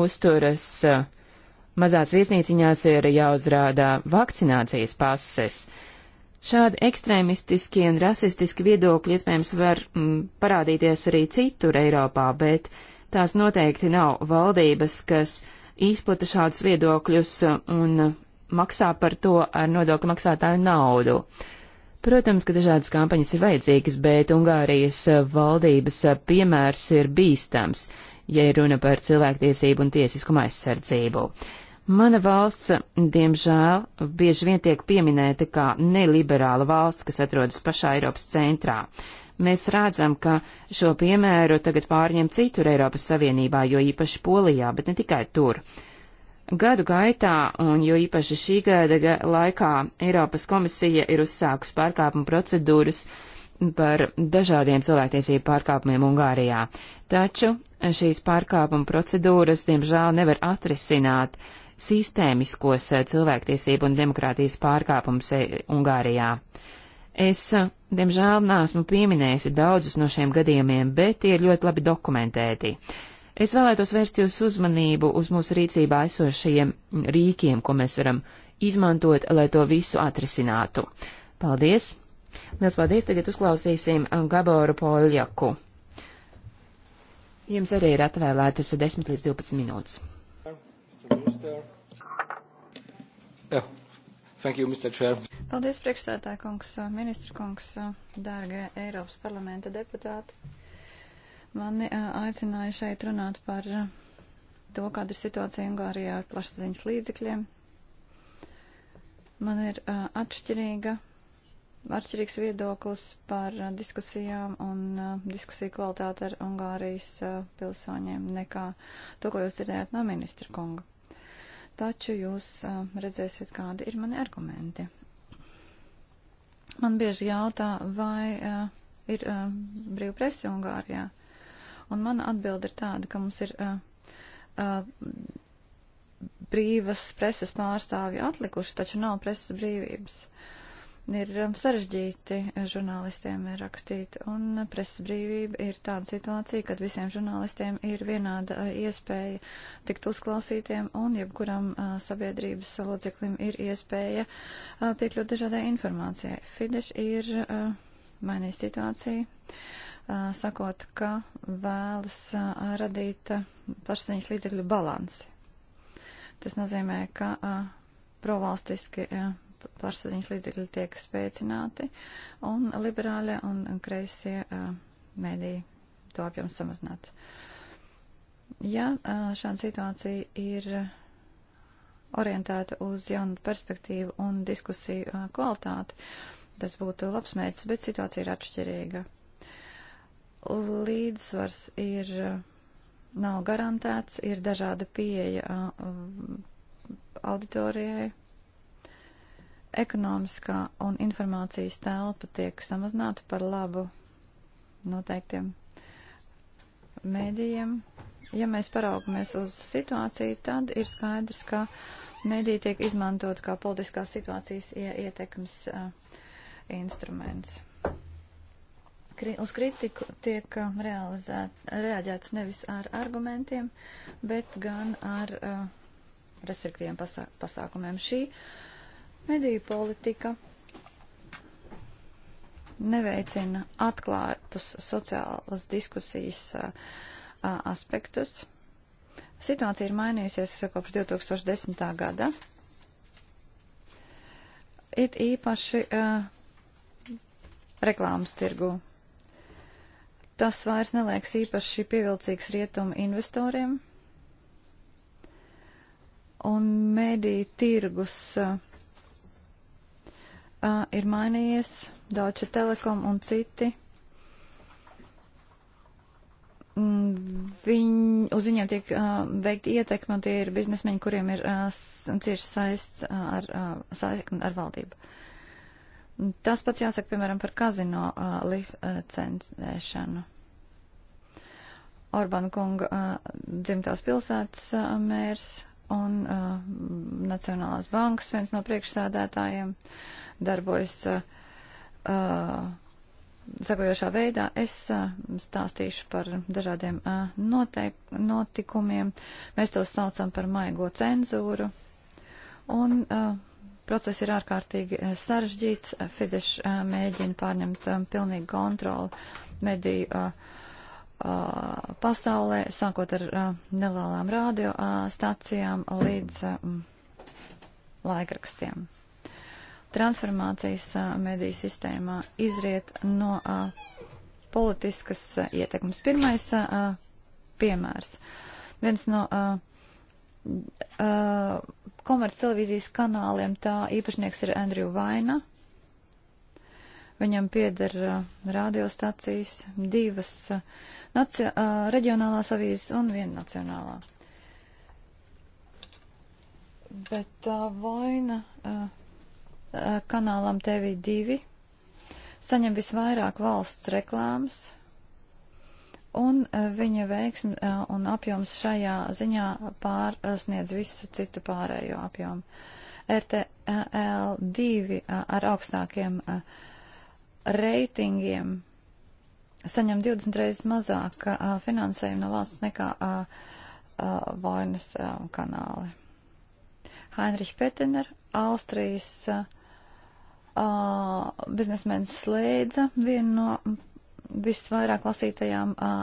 uzturas uh, mazās viesnīciņās, ir jāuzrādā vakcinācijas pases. Šādi ekstrēmistiski un rasistiski viedokļi iespējams var m, mm, parādīties arī citur Eiropā, bet tās noteikti nav valdības, kas izplata šādus viedokļus un maksā par to ar nodokļu maksātāju naudu. Uh, Protams, ka dažādas kampaņas ir vajadzīgas, bet Ungārijas eh, valdības eh, piemērs ir bīstams, ja ir runa par cilvēktiesību un tiesiskumu aizsardzību. Mana valsts, diemžēl, bieži vien tiek pieminēta kā neliberāla valsts, kas atrodas pašā Eiropas centrā. Mēs redzam, ka šo piemēru tagad pārņem citur Eiropas Savienībā, jo īpaši Polijā, bet ne tikai tur. Gadu gaitā, un jo īpaši šī gada laikā, Eiropas komisija ir uzsākus pārkāpumu procedūras par dažādiem cilvēktiesību pārkāpumiem Ungārijā. Taču šīs pārkāpumu procedūras, diemžēl, nevar atrisināt sistēmiskos eh, cilvēktiesību un demokrātijas pārkāpumus eh, Ungārijā. Es, eh, diemžēl, nāsmu pieminējusi daudzus no šiem gadījumiem, bet tie ir ļoti labi dokumentēti. Uh, Es vēlētos vērst jūsu uzmanību uz mūsu rīcībā esošajiem rīkiem, ko mēs varam izmantot, lai to visu atrisinātu. Paldies! Liels paldies! Tagad uzklausīsim uh, Gaboru Poljaku. Jums arī ir atvēlētas 10 līdz 12 minūtes.
Oh, thank you, Mr. Chair.
Paldies, priekšsētāja kungs, ministra kungs, dārgie Eiropas parlamenta deputāti. Mani aicināja šeit runāt par to, kāda ir situācija Ungārijā ar plašsaziņas līdzekļiem. Man ir atšķirīga, atšķirīgs viedoklis par diskusijām un diskusiju kvalitāti ar Ungārijas pilsoņiem nekā to, ko jūs dzirdējāt no ministra kunga. Taču jūs redzēsiet, kādi ir mani argumenti. Man bieži jautā, vai uh, ir uh, brīvpresi Ungārijā. Uh, Un mana atbilde ir tāda, ka mums ir uh, uh, brīvas preses pārstāvji atlikuši, taču nav preses brīvības. Ir um, sarežģīti žurnālistiem rakstīt, un preses brīvība ir tāda situācija, kad visiem žurnālistiem ir vienāda uh, iespēja tikt uzklausītiem, un jebkuram uh, sabiedrības loceklim ir iespēja uh, piekļūt dažādai informācijai. Fidesz ir uh, mainīja situāciju sakot, ka vēlas radīt plašsaziņas līdzekļu balansi. Tas nozīmē, ka provalstiski plašsaziņas līdzekļi tiek spēcināti un liberālie un kreisie mediji to apjoms samazināts. Ja šāda situācija ir orientēta uz jaunu perspektīvu un diskusiju kvalitāti, tas būtu labs mērķis, bet situācija ir atšķirīga līdzsvars ir, eh, nav garantēts, ir dažāda pieeja auditorijai. Ekonomiskā un informācijas telpa tiek samazināta par labu noteiktiem mēdījiem. Ja mēs paraugamies uz situāciju, tad ir skaidrs, ka mēdī tiek izmantot kā politiskās situācijas ietekmes uh, instruments kri uz kritiku tiek um, reaģēts nevis ar argumentiem, bet gan ar uh, restriktīviem pasā pasākumiem. Šī mediju politika neveicina atklātus sociālas diskusijas uh, uh aspektus. Situācija ir mainījusies uh, kopš 2010. gada. It īpaši uh, reklāmas tirgu Tas vairs neliekas īpaši pievilcīgs rietumu investoriem. Un mediju tirgus uh, ir mainījies, Deutsche Telekom un citi. Viņ, uz viņiem tiek uh, veikti ietekmi, un tie ir biznesmeņi, kuriem ir uh, cieši saists ar, uh, saikni ar valdību. Uh, Tas pats jāsaka, piemēram, par kazino uh, licencēšanu. Orbán kunga uh, dzimtās pilsētas uh, mērs un uh, Nacionālās bankas viens no priekšsādētājiem darbojas uh, uh, sakojošā veidā. Es uh, stāstīšu par dažādiem uh, noteik, notikumiem. Mēs tos saucam par maigo cenzūru. Un, uh, Process ir ārkārtīgi eh, sarežģīts. Eh, Fidesz eh, mēģina pārņemt pilnīgu kontroli mediju pasaulē, sākot ar nelielām radiostacijām līdz laikrakstiem. Transformācijas mediju sistēmā izriet no politiskas ietekmes. Pirmais piemērs. Viens no uh, uh, komerc televīzijas kanāliem tā īpašnieks ir Andrew Vaina. Viņam pieder uh, radiostacijas, divas uh, nacio, uh, reģionālās avīzes un viena nacionālā. Bet uh, Vaina uh, uh kanālam TV2 saņem visvairāk valsts reklāmas un e, viņa veiksme un apjoms šajā ziņā pārsniedz visu citu pārējo apjomu. RTL2 e, ar augstākiem e, reitingiem saņem 20 reizes mazāk finansējumu no valsts nekā vainas kanāli. Heinrich Petener, Austrijas biznesmenis slēdza vienu no visvairāk lasītajām uh,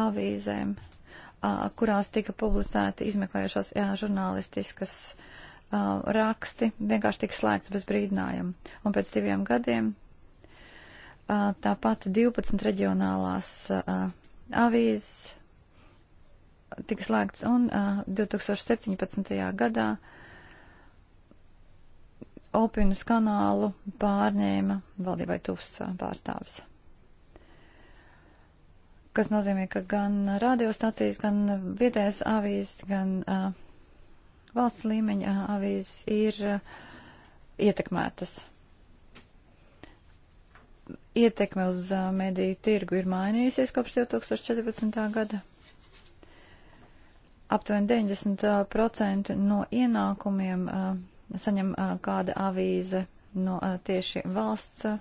avīzēm, uh, kurās tika publicēti izmeklējušās jā, žurnālistiskas uh, raksti, vienkārši tika slēgts bez brīdinājuma. Un pēc diviem gadiem uh, tāpat 12 reģionālās uh, avīzes tika slēgts un uh, 2017. gadā Opinus kanālu pārņēma valdībai tuvs pārstāvis kas nozīmē, ka gan radiostacijas, gan vietējais avīzes, gan uh, valsts līmeņa avīzes ir uh, ietekmētas. Ietekme uz uh, mediju tirgu ir mainījusies kopš 2014. gada. Aptuveni 90% no ienākumiem uh, saņem uh, kāda avīze no uh, tieši valsts uh,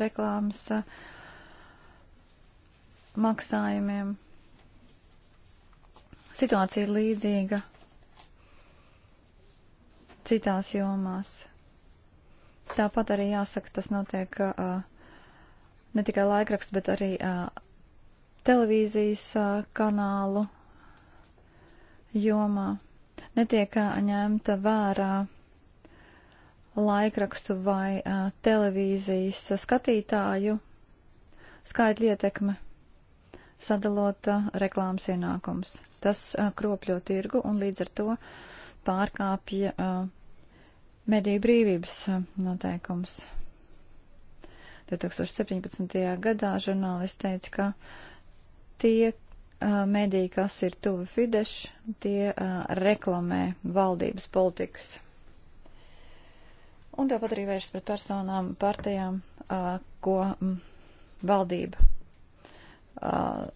reklāmas. Uh, maksājumiem. Situācija ir līdzīga citās jomās. Tāpat arī jāsaka, tas notiek uh, ne tikai laikraksts, bet arī uh, televīzijas uh, kanālu jomā. Netiek uh, ņemta vērā laikrakstu vai uh, televīzijas skatītāju skaitļu ietekme sadalot uh, reklāmas ienākums. Tas uh, kropļo tirgu un līdz ar to pārkāpja uh, mediju brīvības uh, noteikums. 2017. gadā žurnālisti teica, ka tie uh, mediji, kas ir tuvi Fidesz, tie uh, reklamē valdības politikas. Un tāpat arī vēršas pret personām, partijām, uh, ko mm, valdība Uh,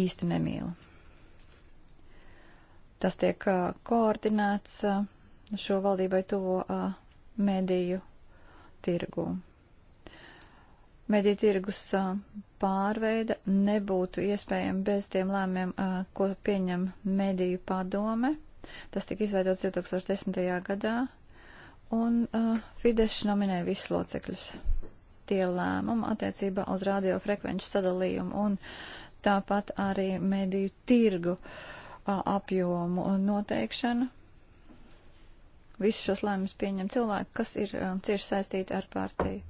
īsti nemīlu. Tas tiek uh, koordinēts uh, šo valdībai tuvo mediju tirgu. Mediju tirgus pārveida nebūtu iespējama bez tiem lēmiem, ko pieņem mediju padome. Tas tika izveidots 2010. gadā, un Fidesz nominēja visus locekļus tie lēmumi attiecībā uz radiofrekvenču sadalījumu un tāpat arī mediju tirgu apjomu noteikšanu. Visus šos lēmumus pieņem cilvēki, kas ir cieši saistīti ar partiju.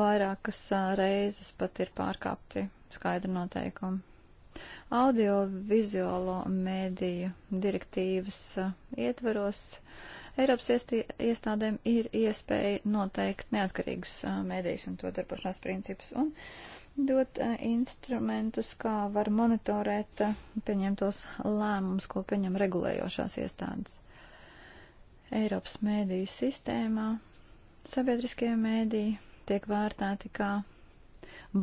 Vairākas reizes pat ir pārkāpti skaidri noteikumi. Audiovizuālo mēdīju direktīvas ietveros uh, Eiropas iestī, iestādēm ir iespēja noteikt neatkarīgus mēdījus un to darbošanās principus un dot a, instrumentus, kā var monitorēt a, pieņemtos lēmumus, ko pieņem regulējošās iestādes. Eiropas mēdīju sistēmā sabiedriskie mēdīji tiek vērtēti kā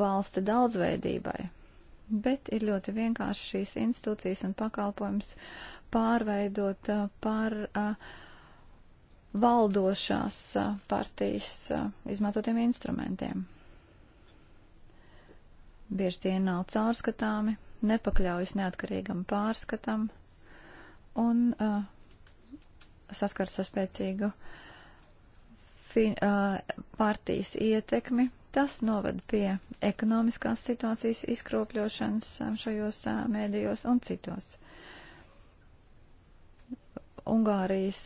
balsta daudzveidībai, bet ir ļoti vienkārši šīs institūcijas un pakalpojums pārveidot par uh, valdošās partijas izmantotiem instrumentiem. Bieži tie nav caurskatāmi, nepakļaujas neatkarīgam pārskatam un uh, saskars ar spēcīgu fin, uh, partijas ietekmi. Tas noved pie ekonomiskās situācijas izkropļošanas šajos uh, mēdījos un citos. Ungārijas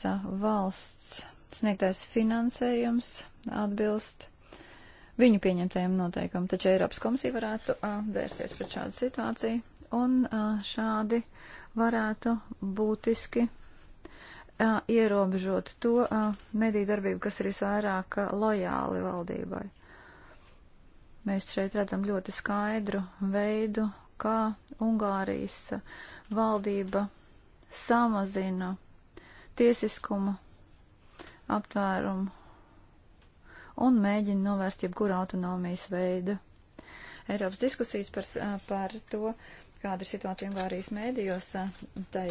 valsts sniegtais finansējums atbilst viņu pieņemtajiem noteikumiem, taču Eiropas komisija varētu vērsties pret šādu situāciju un a, šādi varētu būtiski a, ierobežot to mediju darbību, kas ir visvairāk a, lojāli valdībai. Mēs šeit redzam ļoti skaidru veidu, kā Ungārijas valdība samazina tiesiskuma aptvērumu un mēģina novērst jebkuru autonomijas veidu. Eiropas diskusijas par, par to, kāda ir situācija Ungārijas mēdījos, tai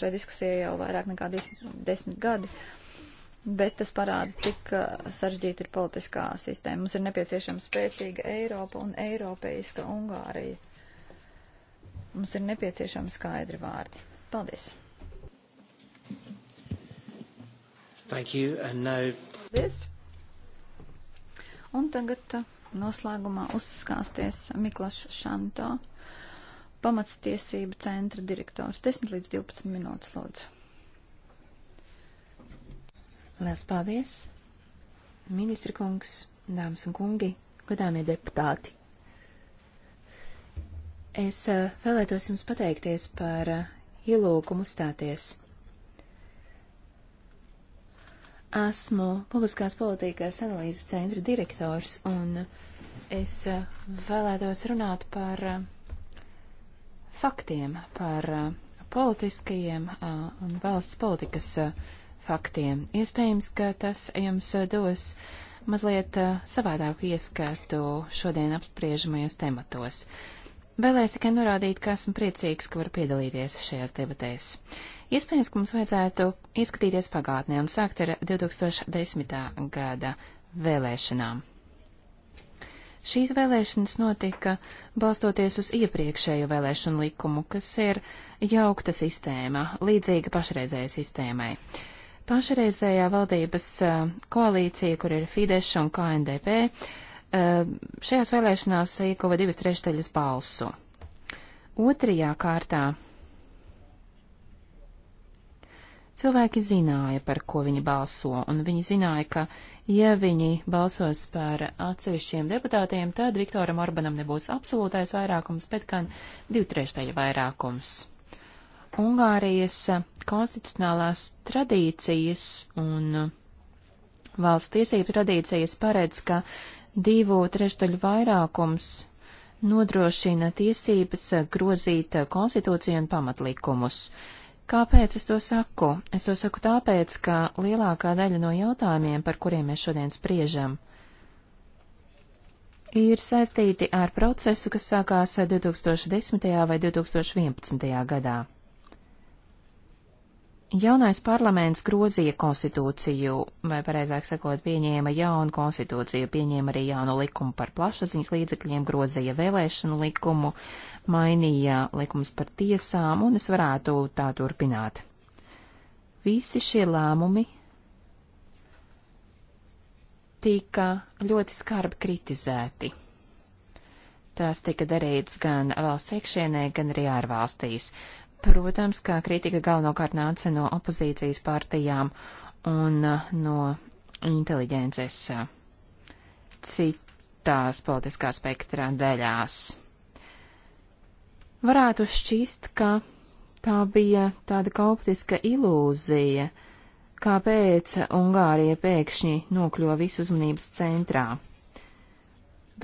šai diskusijai jau vairāk nekā dis, desmit gadi, bet tas parāda, cik sarežģīta ir politiskā sistēma. Mums ir nepieciešama spēcīga Eiropa un Eiropeiska Ungārija. Mums ir nepieciešama skaidri vārdi. Paldies!
Thank you. And now...
Paldies.
Un tagad uh, noslēgumā uzskāsties Miklaš Šanto, pamatstiesību centra direktors.
10 līdz 12 minūtes, lūdzu. Lielas paldies! Ministra kungs, dāmas un kungi, godāmie deputāti! Es uh, vēlētos jums pateikties par uh, ielūgumu stāties Esmu publiskās politikas analīzes centra direktors, un es eh, vēlētos runāt par eh, faktiem, par eh, politiskajiem un valsts politikas faktiem. Iespējams, ka tas jums dos mazliet savādāku ieskatu šodien apspriežamajos tematos. Vēlējos tikai norādīt, ka esmu priecīgs, ka varu piedalīties šajās debatēs. Iespējams, ka mums vajadzētu izskatīties pagātnē un sākt ar 2010. gada vēlēšanām. Šīs vēlēšanas notika balstoties uz iepriekšējo vēlēšanu likumu, kas ir jaukta sistēma, līdzīga pašreizējai sistēmai. Pašreizējā valdības eh, koalīcija, kur ir Fidesz un KNDP, uh, Ehm, šajās vēlēšanās iekopa divas trešdaļas balsu. Otrajā kārtā cilvēki zināja, par ko viņi balso, un viņi zināja, ka, ja viņi balsos par atsevišķiem deputātiem, tad Viktoram Orbanam nebūs absolūtais vairākums, bet gan divi trešdaļa vairākums. Ungārijas konstitucionālās tradīcijas un valsts tiesību tradīcijas paredz, ka uh, divu trešdaļu vairākums nodrošina tiesības grozīt konstitūciju un pamatlikumus. Kāpēc es to saku? Es to saku tāpēc, ka lielākā daļa no jautājumiem, par kuriem mēs šodien spriežam, ir saistīti ar procesu, kas sākās 2010. vai 2011. gadā. Jaunais parlaments grozīja konstitūciju, vai pareizāk sakot, pieņēma jaunu konstitūciju, pieņēma arī jaunu likumu par plašsaziņas līdzekļiem, grozīja vēlēšanu likumu, mainīja likums par tiesām, un es varētu tā turpināt. Visi šie lēmumi tika ļoti skarbi kritizēti. Tās tika darīts gan valsts iekšienē, gan arī ārvalstīs. Protams, ka kritika galvenokārt nāca no opozīcijas partijām un uh, no inteliģences uh, citās politiskā spektra daļās. Varētu šķist, ka tā bija tāda kauptiska ilūzija, kāpēc Ungārija pēkšņi nokļuva visu uzmanības centrā.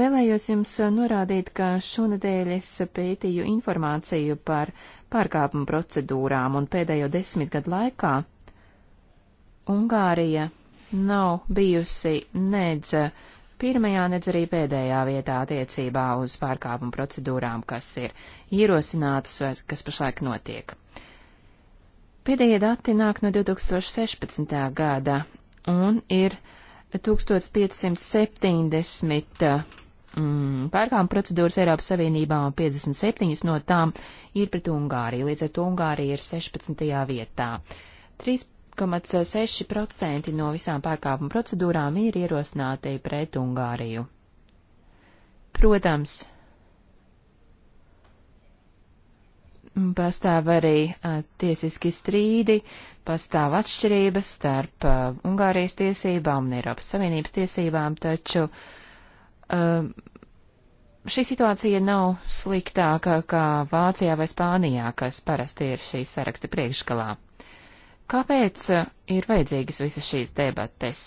Vēlējos jums uh, norādīt, ka šonadēļ es pētīju informāciju par pārkāpumu procedūrām un pēdējo desmit gadu laikā Ungārija nav bijusi nedz pirmajā, nedz arī pēdējā vietā attiecībā uz pārkāpumu procedūrām, kas ir ierosinātas vai kas pašlaik notiek. Pēdējie dati nāk no 2016. gada un ir 1570 mm, pērkām procedūras Eiropas Savienībā un 57 no tām ir pret Ungāriju. Līdz ar to Ungārija ir 16. vietā. 3,6% no visām pārkāpuma procedūrām ir ierosināti pret Ungāriju. Protams, mm, pastāv arī a, tiesiski strīdi, pastāv atšķirības starp a, Ungārijas tiesībām un Eiropas Savienības tiesībām, taču uh, Ehm, šī situācija nav sliktāka kā Vācijā vai Spānijā, kas parasti ir šī saraksta priekšgalā. Kāpēc eh, ir vajadzīgas visas šīs debates?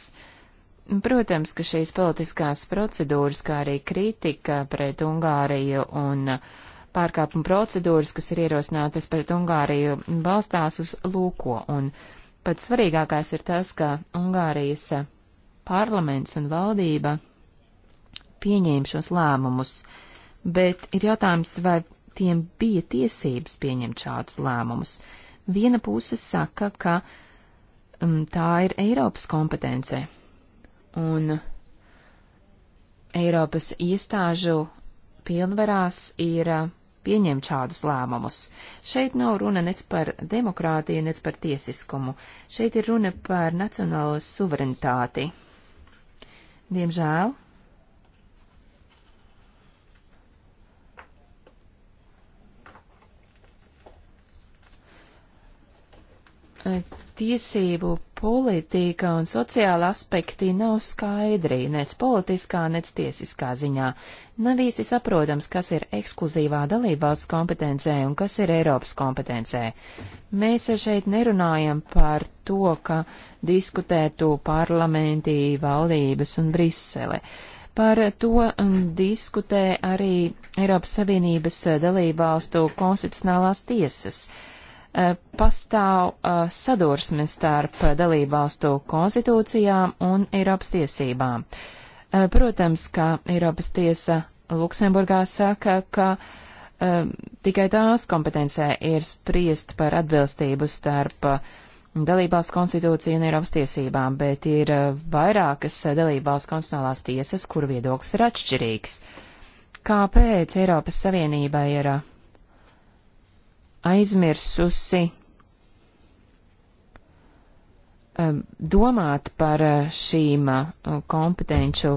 Protams, ka šīs politiskās procedūras, kā arī kritika pret Ungāriju un eh, pārkāpuma procedūras, kas ir ierosinātas pret Ungāriju, balstās uz lūko, un pats svarīgākais ir tas, ka Ungārijas eh, parlaments un valdība pieņēma šos lēmumus, bet ir jautājums, vai tiem bija tiesības pieņemt šādus lēmumus. Viena puse saka, ka um, tā ir Eiropas kompetence, un Eiropas iestāžu pilnvarās ir uh, pieņemt šādus lēmumus. Šeit nav runa nec par demokrātiju, nec par tiesiskumu. Šeit ir runa par nacionālo suverenitāti. Diemžēl tiesību politika un sociāla aspekti nav skaidri, nec politiskā, nec tiesiskā ziņā. Nav īsti saprotams, kas ir ekskluzīvā dalībvalsts kompetencē un kas ir Eiropas kompetencē. Mēs šeit nerunājam par to, ka diskutētu parlamentī, valdības un Brisele. Par to um, diskutē arī Eiropas Savienības dalībvalstu konstitucionālās tiesas. Uh, Eh, pastāv eh, sadursme starp dalībvalstu konstitūcijām un Eiropas tiesībām. Eh, protams, ka Eiropas tiesa Luksemburgā saka, ka uh, tikai tās kompetencē ir spriest par atbilstību starp uh, dalībās konstitūciju un Eiropas tiesībām, bet ir uh, vairākas dalībās konstitucionālās tiesas, kur viedoklis ir atšķirīgs. Kāpēc Eiropas Savienībai ir aizmirsusi um, domāt par uh, šīm uh, kompetenču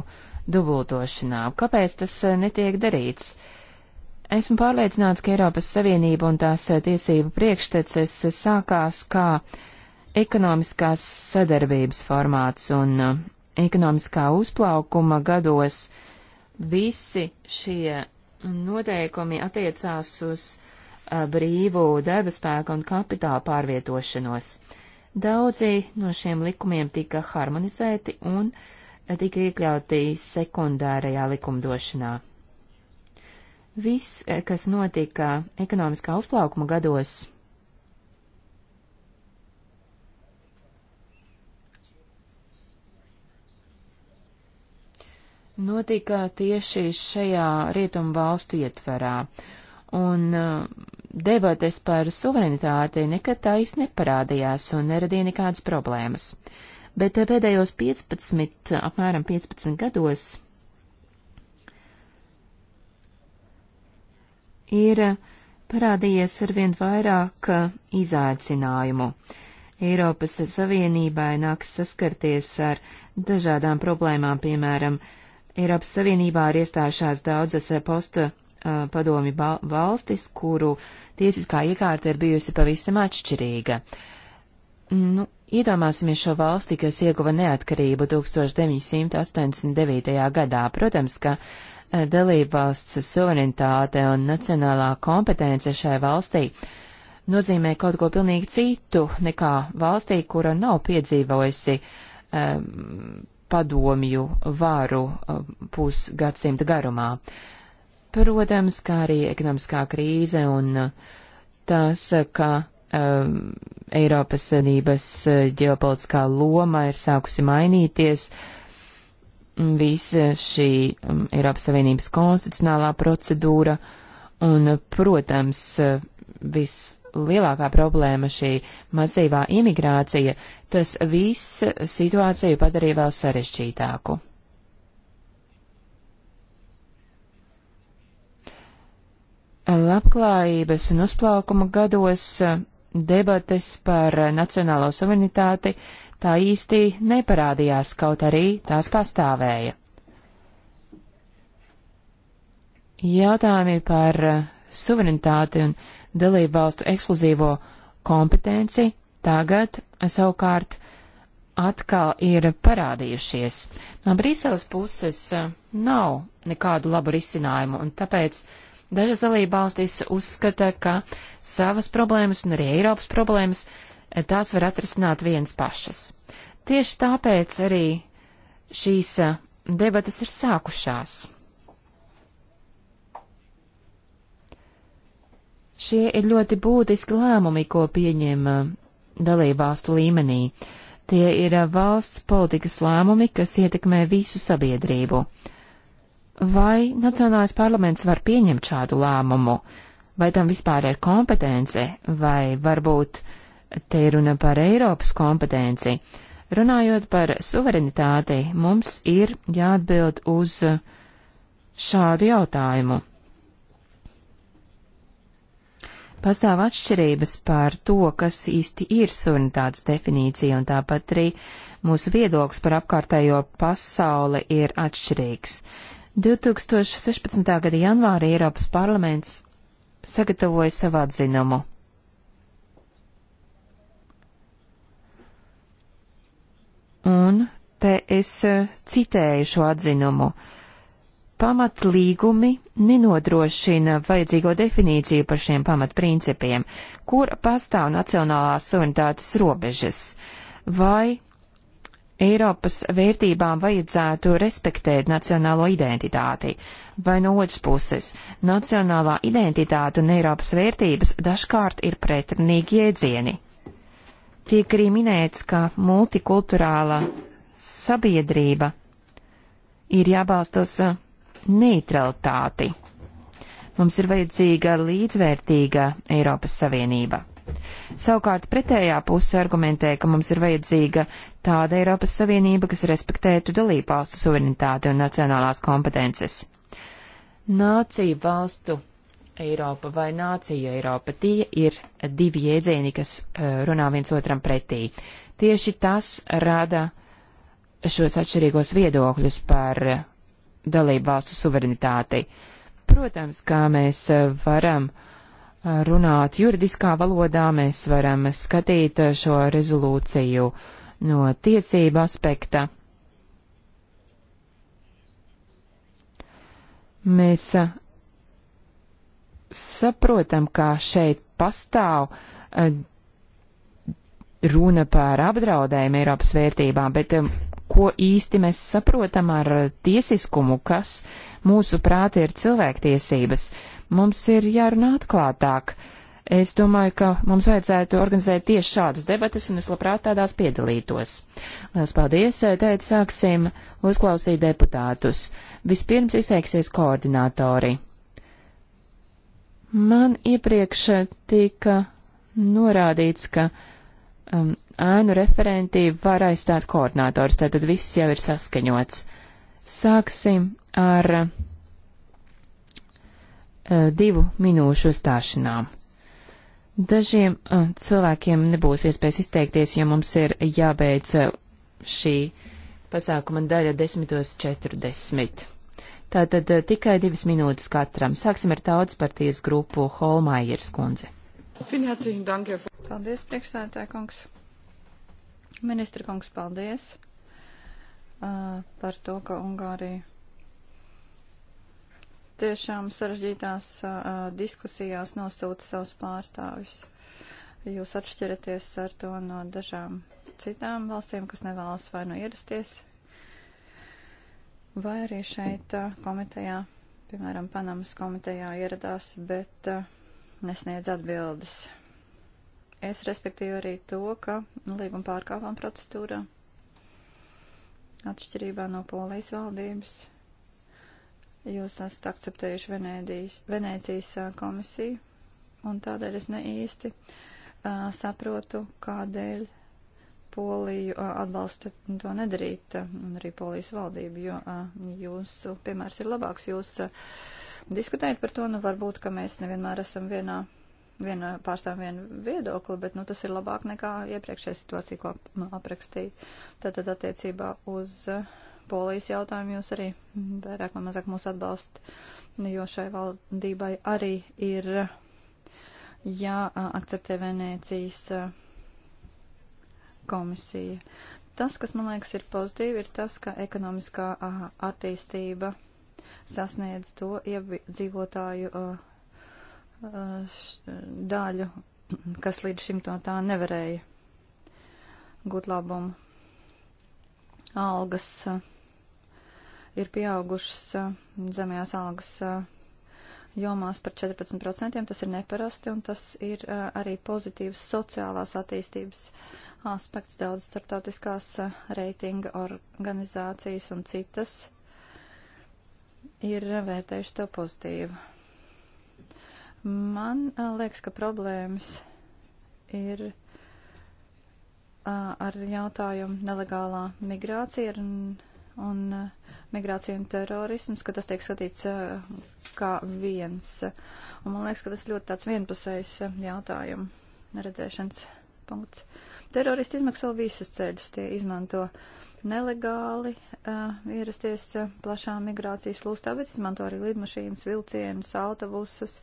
dubultošanām. Kāpēc tas uh, netiek darīts? Esmu pārliecināts, ka Eiropas Savienība un tās tiesību priekšteces sākās kā ekonomiskās sadarbības formāts un ekonomiskā uzplaukuma gados visi šie noteikumi attiecās uz brīvu darba spēka un kapitāla pārvietošanos. Daudzi no šiem likumiem tika harmonizēti un tika iekļauti sekundārajā likumdošanā. Viss, kas notika ekonomiskā uzplaukuma gados, notika tieši šajā rietumu valstu ietverā. Un uh, debates par suverenitāti nekad tā īsti neparādījās un neradīja nekādas problēmas. Bet pēdējos 15, apmēram 15 gados ir parādījies arvien vairāk izaicinājumu. Eiropas Savienībai nāks saskarties ar dažādām problēmām, piemēram, Eiropas Savienībā ir iestājušās daudzas posta padomi valstis, kuru tiesiskā iekārta ir bijusi pavisam atšķirīga. Nu, iedomāsimies šo valsti, kas ieguva neatkarību 1989. gadā. Protams, ka dalībvalsts suverenitāte un nacionālā kompetence šai valstī nozīmē kaut ko pilnīgi citu nekā valstī, kura nav piedzīvojusi um, padomju varu um, pusgadsimta garumā. Uh, Protams, kā arī ekonomiskā krīze un uh, tas, uh, ka um, Eiropas Savienības uh, ģeopolitiskā loma ir sākusi mainīties, visa šī um, Eiropas Savienības konstitucionālā procedūra un, protams, viss lielākā problēma šī masīvā imigrācija, tas viss situāciju padarīja vēl sarežģītāku. labklājības un uzplaukuma gados debates par nacionālo suverenitāti tā īsti neparādījās, kaut arī tās pastāvēja. Jautājumi par suverenitāti un dalību valstu ekskluzīvo kompetenci tagad savukārt atkal ir parādījušies. No Brīseles puses eh, nav nekādu labu risinājumu, un tāpēc uh, Dažas dalībvalstis uzskata, ka savas problēmas un arī Eiropas problēmas eh, tās var atrisināt viens pašas. Tieši tāpēc arī šīs eh, debatas ir sākušās. Šie ir ļoti būtiski lēmumi, ko pieņem eh, dalībvalstu līmenī. Tie ir valsts politikas lēmumi, kas ietekmē visu sabiedrību. Vai Nacionālais parlaments var pieņemt šādu lēmumu? Vai tam vispār ir kompetence, vai varbūt te ir runa par Eiropas kompetenci? Runājot par suverenitāti, mums ir jāatbild uz šādu jautājumu. Pastāv atšķirības par to, kas īsti ir suverenitātes definīcija, un tāpat arī mūsu viedoklis par apkārtējo pasauli ir atšķirīgs. 2016. gada janvāri Eiropas parlaments sagatavoja savu atzinumu. Un te es e, citēju šo atzinumu. Pamatlīgumi nenodrošina vajadzīgo definīciju par šiem pamatprincipiem, kur pastāv nacionālās suverenitātes robežas, vai Eiropas vērtībām vajadzētu respektēt nacionālo identitāti, vai no otras puses nacionālā identitāte un Eiropas vērtības dažkārt ir pretrunīgi jēdzieni. Tiek arī minēts, ka multikulturāla sabiedrība ir jābalsta uz uh, neutralitāti. Mums ir vajadzīga līdzvērtīga Eiropas Savienība. Savukārt pretējā puse argumentē, ka mums ir vajadzīga tāda Eiropas Savienība, kas respektētu dalībvalstu suverenitāti un nacionālās kompetences. Nāciju valstu Eiropa vai nāciju Eiropa tie ir divi jēdzieni, kas eh, runā viens otram pretī. Tieši tas rada šos atšķirīgos viedokļus par dalībvalstu suverenitāti. Protams, kā mēs eh, varam uh, runāt juridiskā valodā, mēs varam skatīt šo rezolūciju no tiesību aspekta. Mēs saprotam, ka šeit pastāv e, runa par apdraudējumu Eiropas vērtībām, bet e, ko īsti mēs saprotam ar tiesiskumu, kas mūsu prāti ir cilvēktiesības. Uh, Mums ir jārunā atklātāk. Es domāju, ka mums vajadzētu organizēt tieši šādas debatas, un es labprāt tādās piedalītos. Lielas paldies, teicu, sāksim uzklausīt deputātus. Vispirms izteiksies koordinātori. Man iepriekš tika norādīts, ka um, ēnu referenti var aizstāt koordinātors, tātad viss jau ir saskaņots. Sāksim ar uh, Eh, divu minūšu uzstāšanām. Dažiem eh, cilvēkiem nebūs iespējas izteikties, jo mums ir jābeidz eh, šī pasākuma daļa 10.40. Tātad tikai divas minūtes katram. Sāksim ar tautas partijas grupu Holmājers kundze. Paldies,
priekšstādātāja kungs. Ministra kungs, paldies uh, par to, ka Ungārija tiešām sarežģītās diskusijās nosūta savus pārstāvjus. Jūs atšķiraties ar to no dažām citām valstīm, kas nevēlas vai nu ierasties, vai arī šeit komitejā, piemēram, Panamas komitejā ieradās, bet nesniedz atbildes. Es respektīvu arī to, ka līguma pārkāpām procedūrā atšķirībā no polijas valdības Jūs esat akceptējuši Venēdijas, Venēcijas komisiju, un tādēļ es ne īsti uh, saprotu, kādēļ Poliju uh, atbalsta to nedarīt, uh, arī Polijas valdību, jo uh, jūsu piemērs ir labāks. Jūs uh, diskutējat par to, nu varbūt, ka mēs nevienmēr esam vienā viena pārstāv vienu viedokli, bet nu, tas ir labāk nekā iepriekšējā situācija, ko nu, aprakstīja. Tātad attiecībā uz uh, polijas jautājumu jūs arī vairāk vai mazāk mūs atbalst, jo šai valdībai arī ir jāakceptē Venēcijas komisija. Tas, kas man liekas ir pozitīvi, ir tas, ka ekonomiskā attīstība sasniedz to iedzīvotāju daļu, kas līdz šim to tā nevarēja gūt labumu. Algas ir pieaugušas eh, zemajās algas eh, jomās par 14%. Tas ir neparasti un tas ir eh, arī pozitīvs sociālās attīstības aspekts. Daudz starptautiskās reitinga organizācijas un citas ir vērtējuši to pozitīvu. Man liekas, ka problēmas ir ar jautājumu nelegālā migrācija un, un uh, migrācija un terorisms, ka tas tiek skatīts eh, kā viens. Un man liekas, ka tas ļoti tāds vienpusējs eh, jautājumu redzēšanas punkts. Teroristi izmaksā visus ceļus, tie izmanto nelegāli uh, ierasties uh, plašā migrācijas lūstā, bet izmanto arī lidmašīnas, vilcienus, autobusus,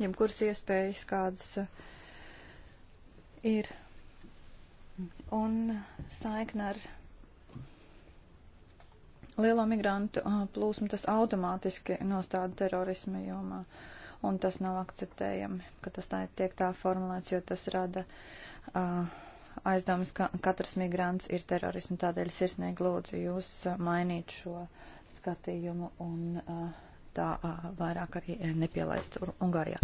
jebkuras iespējas, kādas uh, ir. Un saikna ar lielo migrantu plūsmu, tas automātiski nostāda terorisma jomā. Un tas nav akceptējami, ka tas tā tiek tā formulēts, jo tas rada uh, aizdomas, ka katrs migrants ir terorismu. Tādēļ sirsnīgi lūdzu jūs mainīt šo skatījumu un uh, tā uh, vairāk arī nepielaist Ungārijā.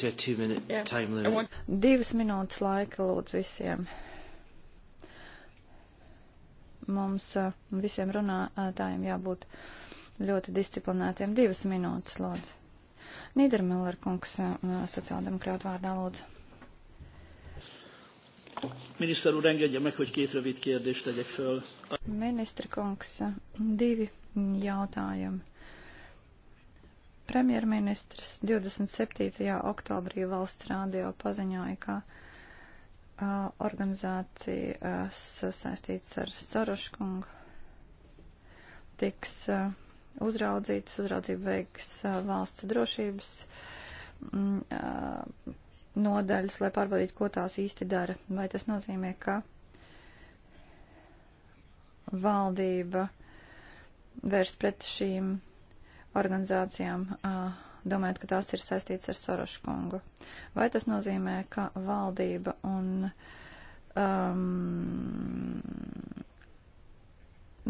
Yeah. Want...
Divas minūtes laika lūdzu visiem mums visiem runātājiem jābūt ļoti disciplinētiem. Divas minūtes, lūdzu. Nīdermiller kungs, sociāldemokrāta vārdā, lūdzu. Miniszter úr, engedje meg, hogy két rövid kérdést tegyek föl. Miniszter kungs, divi jautājumi. Premjerministrs 27. oktobrī valsts rādio paziņoja, ka organizācijas saistītas ar Soroškungu tiks uzraudzītas, uzraudzību veiks valsts drošības mm, nodaļas, lai pārbaudītu, ko tās īsti dara. Vai tas nozīmē, ka valdība vērst pret šīm organizācijām uh, domājat, ka tās ir saistīts ar Sorošu kungu. Vai tas nozīmē, ka valdība un um,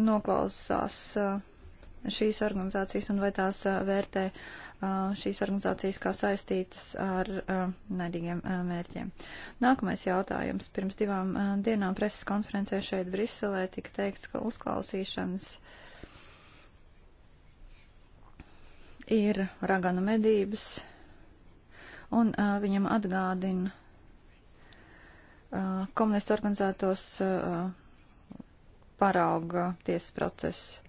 noklausās uh, šīs organizācijas un vai tās uh, vērtē uh, šīs organizācijas kā saistītas ar nedīgiem mērķiem. Nākamais jautājums. Pirms divām dienām preses konferencē šeit Briselē tika teikts, ka uzklausīšanas uh, ir raganu medības, un uh, viņam atgādina uh, komunistu organizētos uh, parauga tiesas procesus.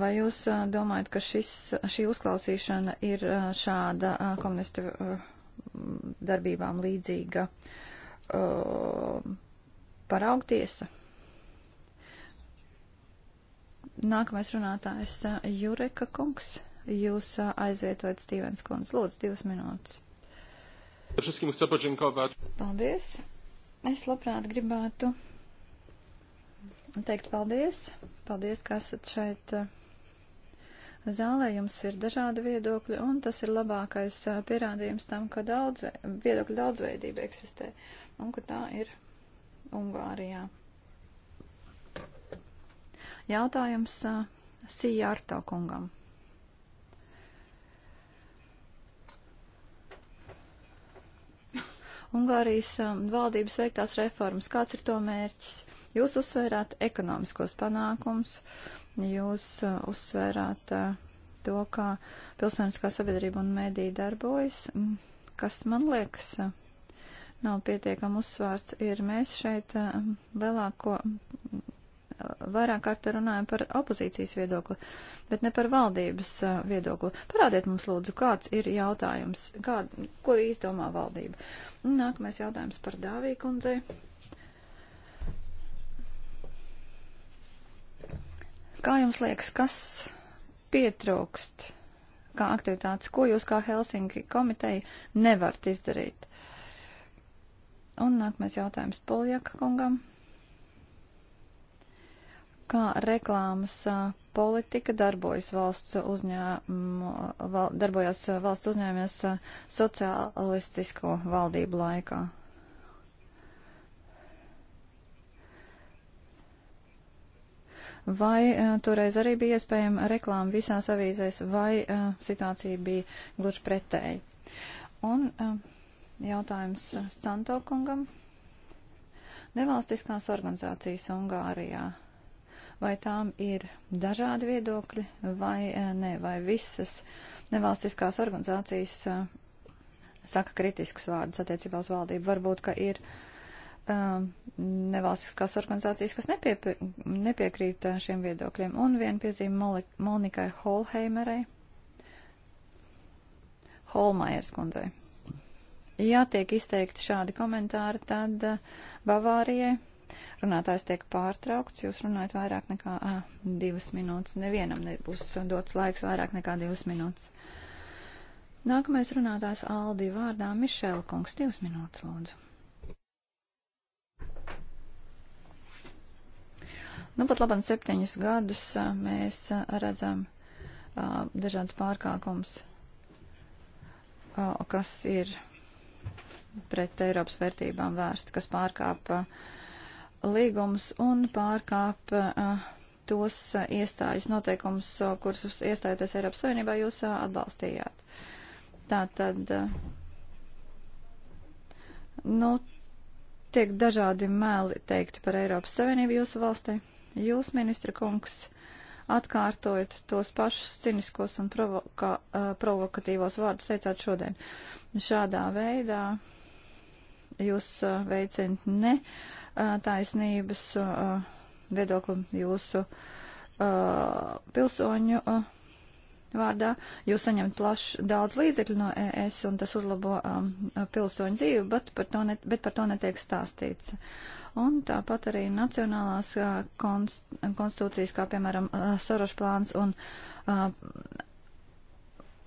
Vai jūs uh, domājat, ka šis, šī uzklausīšana ir uh, šāda uh, komunistu uh, darbībām līdzīga uh, paraugtiesa? Nākamais runātājs uh, Jureka Kungs jūs aizvietojat Stīvens Kundz. Lūdzu, divas minūtes. Paldies. Es labprāt gribētu teikt paldies. Paldies, ka esat šeit zālē. Jums ir dažādi viedokļi, un tas ir labākais pierādījums tam, ka daudz, viedokļu daudzveidība eksistē, un ka tā ir Ungārijā. Jautājums Sijārto kungam. Ungārijas um, valdības veiktās reformas. Kāds ir to mērķis? Jūs uzsvērāt ekonomiskos panākums, jūs uh, uzsvērāt uh, to, kā pilsoniskā sabiedrība un mēdī darbojas, mm, kas man liekas uh, nav pietiekam uzsvārts, ir mēs šeit lielāko vairāk kārt runājam par opozīcijas viedokli, bet ne par valdības viedokli. Parādiet mums lūdzu, kāds ir jautājums, kā, ko īstomā valdība. Nākamais jautājums par Dāvī kundzei. Kā jums liekas, kas pietrūkst? Kā aktivitātes, ko jūs kā Helsinki komiteja nevarat izdarīt? Un nākamais jautājums Poljaka kungam kā reklāmas politika darbojas valsts uzņēmu, val, darbojās valsts uzņēmēs socialistisko valdību laikā. Vai uh, toreiz arī bija iespējama reklāma visās avīzēs, vai uh, situācija bija gluži pretēji? Un uh, jautājums Santo kungam. Nevalstiskās organizācijas Ungārijā vai tām ir dažādi viedokļi vai eh, ne, vai visas nevalstiskās organizācijas eh, saka kritiskus vārdus attiecībā uz valdību. Varbūt, ka ir eh, nevalstiskās organizācijas, kas nepie, nepiekrīt šiem viedokļiem. Un viena piezīme Monikai Holheimerei, Holmajers kundzei. Ja tiek izteikti šādi komentāri, tad Bavārijai Runātājs tiek pārtraukts, jūs runājat vairāk nekā ā, divas minūtes. Nevienam nebūs dots laiks vairāk nekā divas minūtes. Nākamais runātājs Aldi vārdā Mišela kungs, divas minūtes lūdzu. Nu, pat labam septiņus gadus mēs redzam dažādas pārkākums, kas ir pret Eiropas vērtībām vērsti, kas pārkāpa uh, līgumus un pārkāp uh, tos uh, iestājas noteikumus, uh, kurus iestājoties Eiropas Savienībā jūs uh, atbalstījāt. Tātad, uh, nu, tiek dažādi mēli teikti par Eiropas Savienību jūsu valstī. Jūs, ministra kungs, atkārtojat tos pašus ciniskos un provoka, uh, provokatīvos vārdus teicāt šodien. Šādā veidā jūs uh, veicinat ne. Uh, taisnības viedokli jūsu pilsoņu vārdā. Jūs saņemat plašu daudz līdzekļu no ES un tas uzlabo um, pilsoņu dzīvi, bet par, to ne, bet par to netiek stāstīts. Un tāpat arī nacionālās uh, konst, konstitūcijas, kā piemēram uh, Soroša plāns un uh,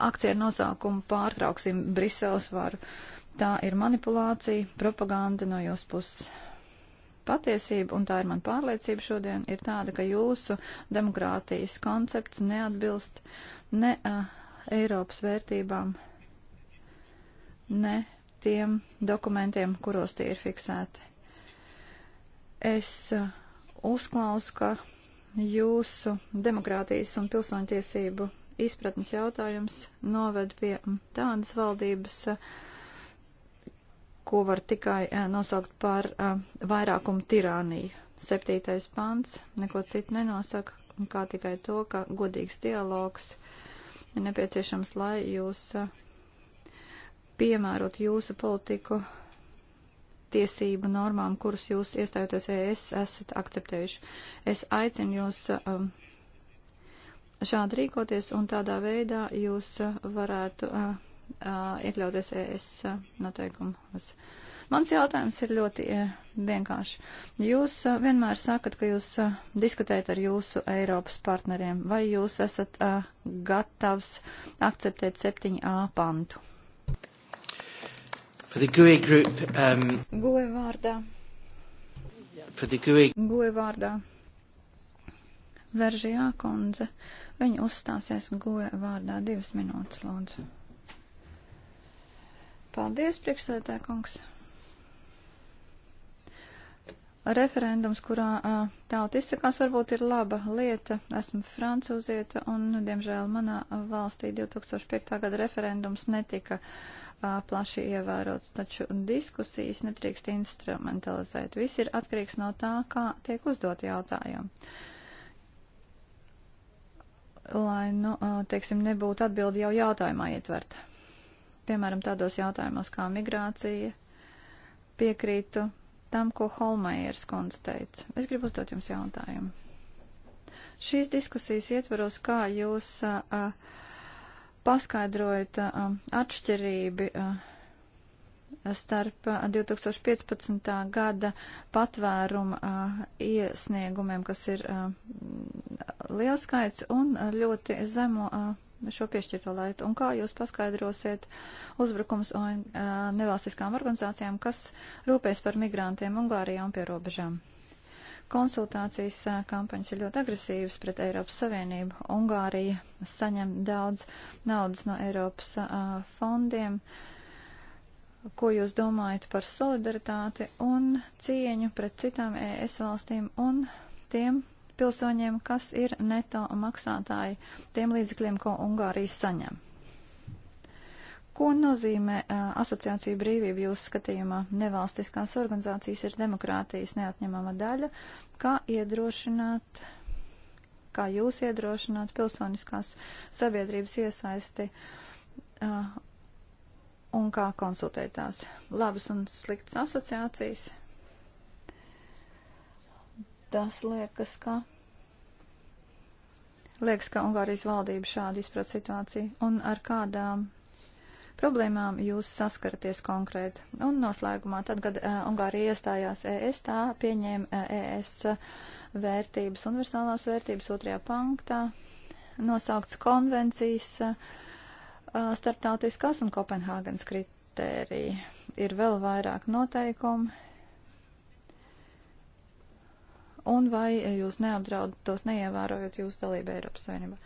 akcija ar nosaukumu pārtrauksim Briseles varu. Tā ir manipulācija, propaganda no jūsu puses patiesība, un tā ir man pārliecība šodien, ir tāda, ka jūsu demokrātijas koncepts neatbilst ne uh, Eiropas vērtībām, ne tiem dokumentiem, kuros tie ir fiksēti. Es uh, uzklausu, ka jūsu demokrātijas un pilsoņtiesību izpratnes jautājums noved pie tādas valdības, uh, ko var tikai eh, nosaukt par eh, vairākumu tirāniju. Septītais pants neko citu nenosaka, kā tikai to, ka godīgs dialogs ir nepieciešams, lai jūs eh, piemērot jūsu politiku tiesību normām, kuras jūs iestājoties ES esat akceptējuši. Es aicinu jūs šādi rīkoties un tādā veidā jūs varētu Uh, iekļauties ES noteikumos. Mans jautājums ir ļoti uh, vienkārši. Jūs uh, vienmēr sakat, ka jūs diskutējat ar jūsu Eiropas partneriem. Vai jūs esat gatavs akceptēt 7a pantu?
GUE, e group, um,
GUE vārdā. GUE. GUE e vārdā. Veržijā kundze. Viņa uzstāsies GUE vārdā divas minūtes, lūdzu. Paldies, priekšsēdētā kungs. Referendums, kurā tauta izsakās, varbūt ir laba lieta. Esmu francūzieta un, diemžēl, manā valstī 2005. gada referendums netika a, plaši ievērots, taču diskusijas netrīkst instrumentalizēt. Viss ir atkarīgs no tā, kā tiek uzdot jautājumu lai, nu, teiksim, nebūtu atbildi jau jautājumā ietverta piemēram, tādos jautājumos kā migrācija, piekrītu tam, ko Holmajers kundze teica. Es gribu uzdot jums jautājumu. Šīs diskusijas ietvaros, kā jūs a, a, paskaidrojat a, atšķirību a, starp a, 2015. gada patvēruma a, iesniegumiem, kas ir a, liels skaits, un a, ļoti zemo a, šo piešķirto lietu? Un kā jūs paskaidrosiet uzbrukums un, uh, nevalstiskām organizācijām, kas rūpēs par migrantiem Ungārijā un pie robežām? Konsultācijas kampaņas ir ļoti agresīvas pret Eiropas Savienību. Ungārija saņem daudz naudas no Eiropas uh, fondiem. Ko jūs domājat par solidaritāti un cieņu pret citām ES valstīm un tiem pilsoņiem, kas ir neto maksātāji tiem līdzekļiem, ko Ungārijas saņem. Ko nozīmē uh, asociācija brīvība jūsu skatījumā? Nevalstiskās organizācijas ir demokrātijas neatņemama daļa. Kā iedrošināt, kā jūs iedrošināt pilsoniskās sabiedrības iesaisti uh, un kā konsultēt tās labas un sliktas asociācijas? tas liekas, ka liekas, ka Ungārijas valdība šādi izprot situāciju un ar kādām problēmām jūs saskaraties konkrēti. Un noslēgumā, tad, kad uh, Ungārija iestājās ES, tā pieņēma uh, eh, ES eh, vērtības, universālās vērtības otrajā panktā, nosaukts konvencijas, uh, starptautiskās un Kopenhāgenes kritērija. Ir vēl vairāk noteikumu, un vai jūs neapdraudat tos
neievērojot jūsu dalību Eiropas Savienībā?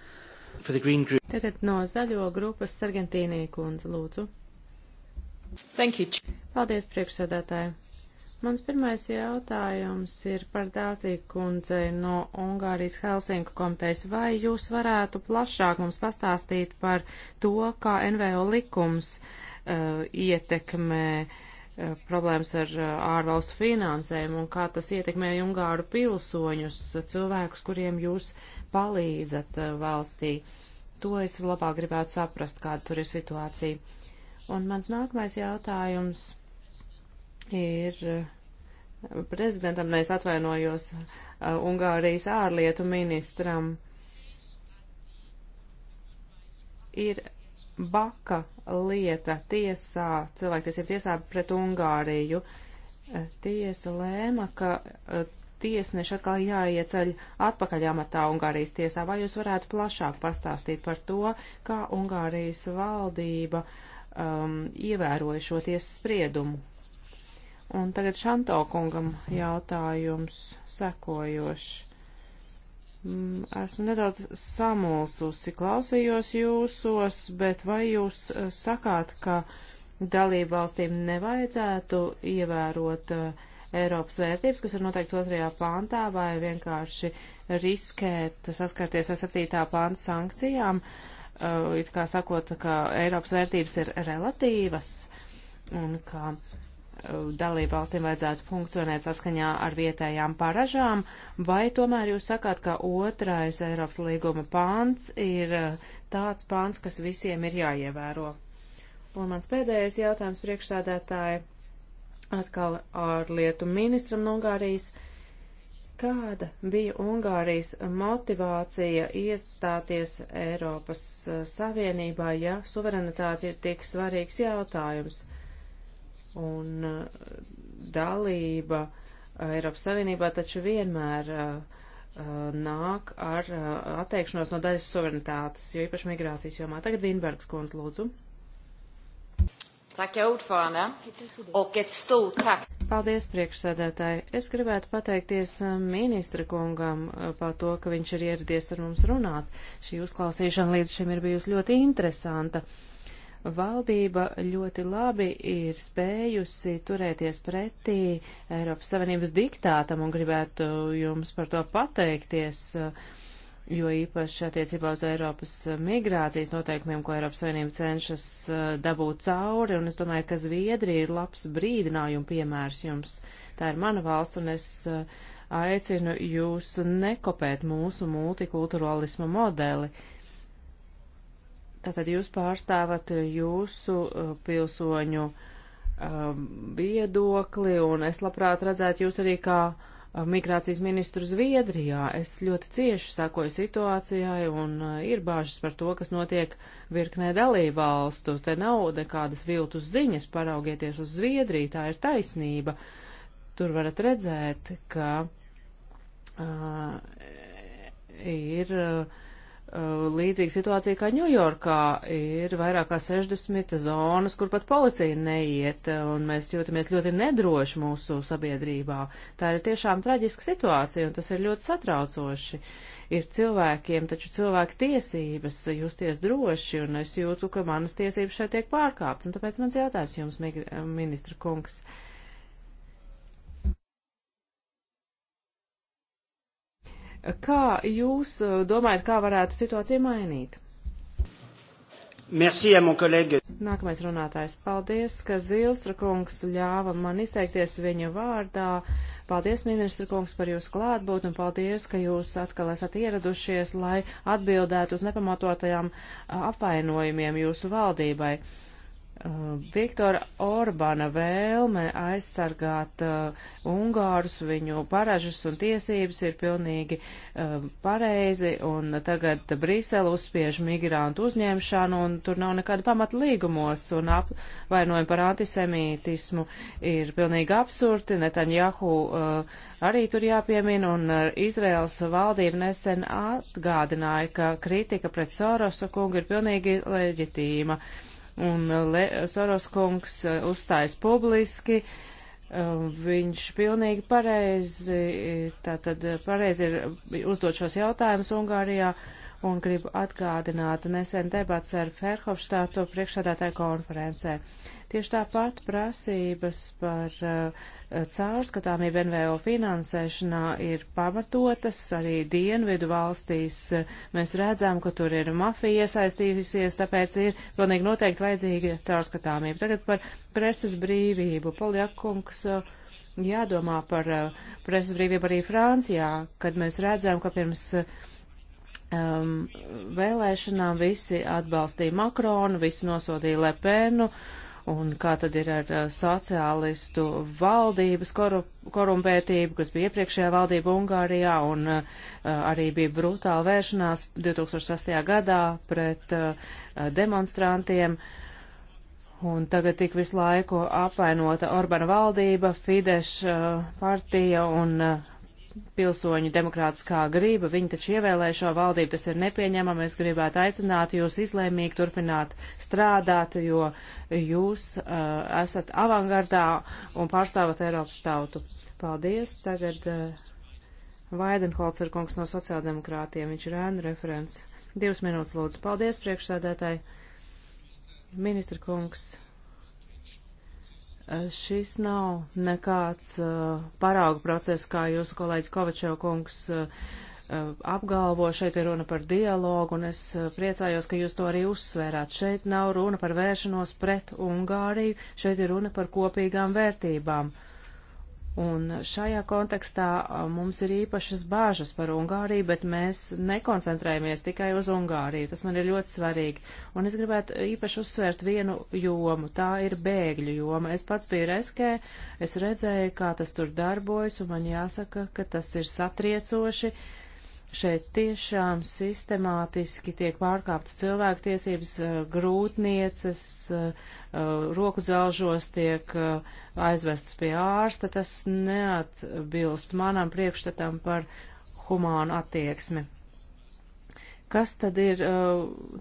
Tagad no zaļo grupas Sargentīnī kundze, lūdzu. Thank you. Paldies, priekšsēdētāji. Mans pirmais jautājums ir par Dāziju kundzei no Ungārijas Helsinku komitejas. Vai jūs varētu plašāk mums pastāstīt par to, kā NVO likums uh, ietekmē uh, Eh, problēmas ar eh, ārvalstu finansēm un kā tas ietekmē Ungāru pilsoņus, cilvēkus, kuriem jūs palīdzat eh, valstī. To es labāk gribētu saprast, kāda tur ir situācija. Un mans nākamais jautājums ir prezidentam, ne es atvainojos, Ungārijas ārlietu ministram. Ir Baka lieta tiesā, cilvēktiesību tiesā pret Ungāriju. Eh, tiesa lēma, ka eh, tiesneši atkal jāieceļ atpakaļ amatā Ungārijas tiesā. Vai jūs varētu plašāk pastāstīt par to, kā Ungārijas valdība um, ievēroja šo tiesas spriedumu? Un tagad Šanto kungam jautājums sekojošs esmu nedaudz samulsusi, klausījos jūsos, bet vai jūs eh, sakāt, ka dalību valstīm nevajadzētu ievērot uh, Eiropas vērtības, kas ir noteikti otrajā pāntā, vai vienkārši riskēt saskarties ar septītā pānta sankcijām, uh, it kā sakot, ka Eiropas vērtības ir relatīvas un ka uh, dalību valstīm vajadzētu funkcionēt saskaņā ar vietējām paražām, vai tomēr jūs sakāt, ka otrais Eiropas līguma pāns ir eh, tāds pāns, kas visiem ir jāievēro? Un mans pēdējais jautājums priekšsādātāji atkal ārlietu ministram no Ungārijas. Kāda bija Ungārijas motivācija iestāties Eiropas eh, Savienībā, ja suverenitāte ir tik svarīgs jautājums? Un eh, dalība eh, Eiropas Savienībā taču vienmēr eh, nāk ar atteikšanos no daļas suverenitātes, jo īpaši migrācijas jomā. Tagad Vīnbergs kundz lūdzu. Paldies, priekšsēdētāji. Es gribētu pateikties ministra kungam par to, ka viņš ir ieradies ar mums runāt. Šī uzklausīšana līdz šim ir bijusi ļoti interesanta. Uh, Valdība ļoti labi ir spējusi turēties pretī Eiropas Savienības diktātam un gribētu jums par to pateikties, jo īpaši attiecībā uz Eiropas migrācijas noteikumiem, ko Eiropas Savienība cenšas eh, dabūt cauri, un es domāju, ka Zviedrija ir labs brīdinājuma piemērs jums. Tā ir mana valsts, un es eh, aicinu jūs nekopēt mūsu multikulturalisma modeli Tātad jūs pārstāvat jūsu uh, pilsoņu um, viedokli, un es labprāt redzētu jūs arī kā uh, migrācijas ministru Zviedrijā. Es ļoti cieši sakoju situācijai un uh, ir bāžas par to, kas notiek virknē dalībvalstu. Te nav nekādas viltus ziņas, paraugieties uz Zviedriju, tā ir taisnība. Tur varat redzēt, ka uh, ir. Uh, Uh, līdzīga situācija kā Ņujorkā. Ir vairāk kā 60 zonas, kur pat policija neiet, uh, un mēs jūtamies ļoti nedroši mūsu sabiedrībā. Tā ir tiešām traģiska situācija, un tas ir ļoti satraucoši. Ir cilvēkiem taču cilvēku tiesības justies droši, un es jūtu, ka manas tiesības šeit tiek pārkāptas, un tāpēc mans jautājums jums, ministra kungs. Uh, Kā jūs uh, domājat, kā varētu situāciju mainīt? Merci à mon collègue. Nākamais runātājs. Paldies, ka Zilstra kungs ļāva man izteikties viņa vārdā. Paldies, ministra kungs, par jūsu klātbūtni un paldies, ka jūs atkal esat ieradušies, lai atbildētu uz nepamatotajām uh, apvainojumiem jūsu valdībai. Uh, Uh, Viktora Orbāna vēlme aizsargāt uh, Ungārus, viņu paražas un tiesības ir pilnīgi uh, pareizi, un tagad Brisele uzspiež migrantu uzņemšanu, un tur nav nekāda pamata līgumos, un apvainojumi par antisemītismu ir pilnīgi absurdi. Netanjahu uh, arī tur jāpiemina, un uh, Izraels valdība nesen atgādināja, ka kritika pret Sorosu kungu ir pilnīgi leģitīma. Uh, Un uh, Le uh, Soros kungs uh, uzstājas publiski, viņš pilnīgi pareizi, tātad pareizi ir uzdot šos jautājumus Ungārijā. Uh, un gribu atgādināt nesen debats ar Ferhofštāto priekšsādātāju konferencē. Tieši tāpat prasības par uh, caurskatāmību NVO finansēšanā ir pamatotas arī dienvidu valstīs. Eh, mēs redzam, ka tur ir mafija iesaistījusies, tāpēc ir pilnīgi noteikti vajadzīga caurskatāmība. Tagad par preses brīvību. Poljakungs. Uh, eh, Jādomā par uh, preses brīvību arī Francijā, kad mēs redzam, ka pirms uh, um, vēlēšanām visi atbalstīja Makronu, visi nosodīja Lepenu, un kā tad ir ar uh, sociālistu valdības koru, korumpētību, kas bija iepriekšējā valdība Ungārijā, un uh, arī bija brutāla vēršanās 2008. gadā pret uh, demonstrantiem. Un tagad tik visu laiku apvainota Orbana valdība, Fidesz uh, partija un uh, pilsoņu demokrātiskā grība, viņi taču ievēlēja šo valdību, tas ir nepieņemami, es gribētu aicināt jūs izlēmīgi turpināt strādāt, jo jūs uh, esat avangardā un pārstāvat Eiropas tautu. Paldies, tagad uh, Vaidenholzer kungs no sociāldemokrātiem, viņš ir ēnu referents. Divas minūtes lūdzu. Paldies, priekšsēdētāji. Ministra kungs Eh, šis nav nekāds eh, parauga process, kā jūsu kolēģis Kovačevkungs eh, apgalvo, šeit ir runa par dialogu, un es priecājos, ka jūs to arī uzsvērāt. Šeit nav runa par vēršanos pret Ungāriju, šeit ir runa par kopīgām vērtībām. Uh, Un šajā kontekstā mums ir īpašas bāžas par Ungāriju, bet mēs nekoncentrējamies tikai uz Ungāriju. Tas man ir ļoti svarīgi. Un es gribētu īpaši uzsvērt vienu jomu. Tā ir bēgļu joma. Es pats biju Reskē, es redzēju, kā tas tur darbojas, un man jāsaka, ka tas ir satriecoši. Uh, Šeit tiešām sistemātiski tiek pārkāptas cilvēktiesības, eh, grūtnieces, eh, eh, roku dzelžos tiek aizvests pie ārsta. Tas neatbilst manam priekšstatam par humānu attieksmi. Kas tad ir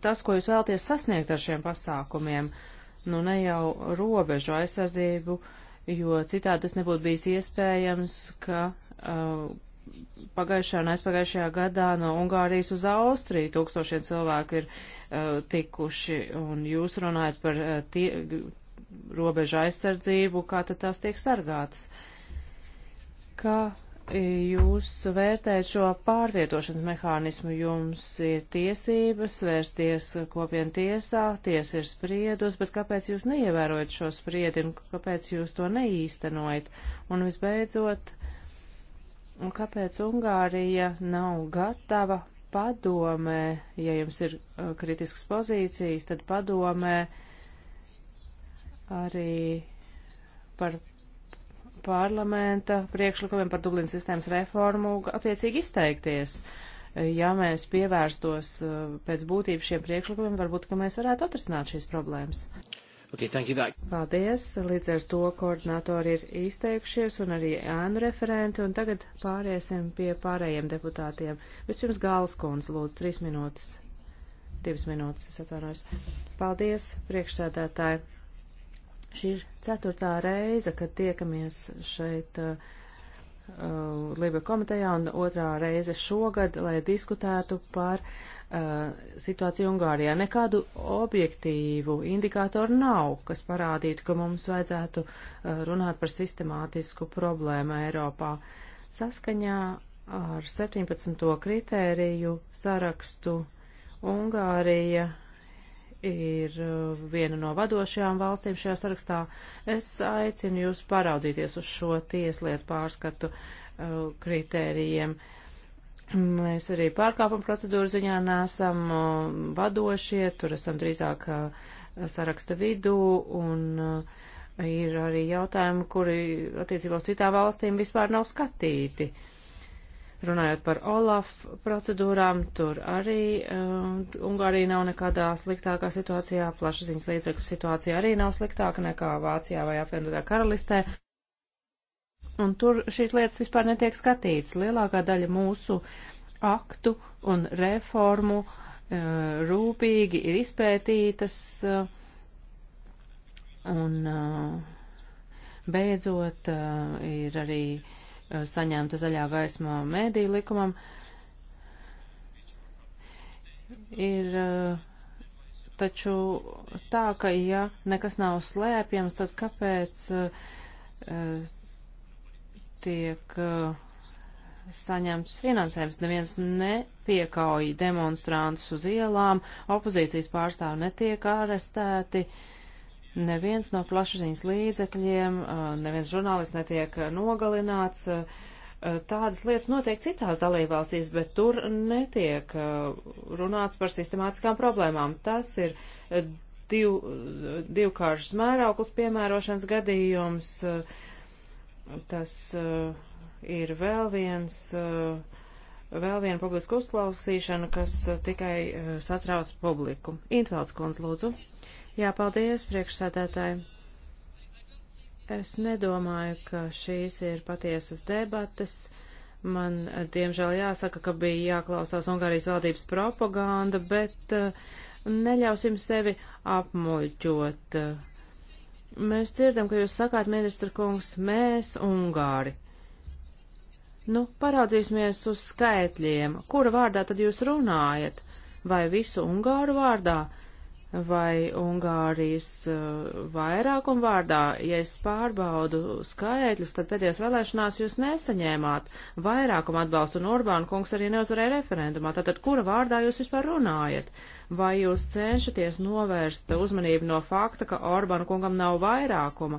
tas, ko jūs vēlties sasniegt ar šiem pasākumiem? Nu, ne jau robežu aizsardzību, jo citādi tas nebūtu bijis iespējams, ka pagājušajā un aizpagājušajā gadā no Ungārijas uz Austriju tūkstošiem cilvēku ir uh, tikuši, un jūs runājat par uh, tie, robežu aizsardzību, kā tad tās tiek sargātas. Kā eh, jūs vērtējat šo pārvietošanas mehānismu? Jums ir tiesības vērsties kopienu tiesā, tiesa ir spriedus, bet kāpēc jūs neievērojat šo spriedumu, kāpēc jūs to neīstenojat? Un visbeidzot, Un kāpēc Ungārija nav gatava padomē, ja jums ir uh, kritiskas pozīcijas, tad padomē arī par parlamenta priekšlikumiem par Dublinas sistēmas reformu attiecīgi izteikties. Ja mēs pievērstos uh, pēc būtības šiem priekšlikumiem, varbūt, ka mēs varētu atrisināt šīs problēmas. Okay, thank you. That... Paldies. Līdz ar to koordinātori ir izteikušies un arī ēnu referenti, un tagad pāriesim pie pārējiem deputātiem. Vispirms Gāles kundze, lūdzu, trīs minūtes. Divas minūtes, es atvainojos. Paldies, priekšsēdētāji. Šī ir ceturtā reize, kad tiekamies šeit. Uh, uh Liba komitejā un otrā reize šogad, lai diskutētu par Uh, situāciju Ungārijā. Nekādu objektīvu indikātoru nav, kas parādītu, ka mums vajadzētu uh, runāt par sistemātisku problēmu Eiropā. Saskaņā ar 17. kritēriju sarakstu Ungārija ir uh, viena no vadošajām valstīm šajā sarakstā. Es aicinu jūs paraudzīties uz šo tieslietu pārskatu kritērijiem. Uh, Mēs arī pārkāpuma procedūru ziņā nesam uh, vadošie, tur esam drīzāk uh, saraksta vidū un uh, ir arī jautājumi, kuri attiecībā uz citām valstīm vispār nav skatīti. Runājot par Olaf procedūrām, tur arī uh, Ungārija nav nekādā sliktākā situācijā, plašsaziņas līdzekļu situācija arī nav sliktāka nekā Vācijā vai apvienotā karalistē. Uh, un tur šīs lietas vispār netiek skatītas. Lielākā daļa mūsu aktu un reformu e, rūpīgi ir izpētītas, e, un e, beidzot ir arī saņemta zaļā gaisma mēdī likumam. Ir taču tā, ka ja nekas nav slēpjams, tad kāpēc tiek uh, saņemts finansējums. Neviens nepiekauj demonstrantus uz ielām, opozīcijas pārstāvi netiek arestēti, neviens no plašsaziņas līdzekļiem, uh, neviens žurnālists netiek nogalināts. Uh, tādas lietas notiek citās dalībvalstīs, bet tur netiek runāts par sistemātiskām problēmām. Tas ir div, divkāršas mērauklis piemērošanas gadījums. Uh, Tas uh, ir vēl viens. Uh, Vēl viena publiska uzklausīšana, kas uh, tikai uh, satrauc publiku. Intvalds kundz, lūdzu. Jā, paldies, priekšsādētāji. Es nedomāju, ka šīs ir patiesas debates. Man, uh, diemžēl, jāsaka, ka bija jāklausās Ungārijas valdības propaganda, bet uh, neļausim sevi apmuļķot. Uh, Mēs dzirdam, ka jūs sakāt, ministra kungs, mēs Ungāri. Nu, parādzīsimies uz skaitļiem. Kura vārdā tad jūs runājat? Vai visu Ungāru vārdā? vai Ungārijas eh, vairākuma vārdā, ja es pārbaudu skaitļus, tad pēdējās vēlēšanās jūs nesaņēmāt vairākuma atbalstu, un Orbāna kungs arī neuzvarēja referendumā. Tātad, kura vārdā jūs vispār runājat? Vai jūs cenšaties novērst uzmanību no fakta, ka Orbāna kungam nav vairākuma?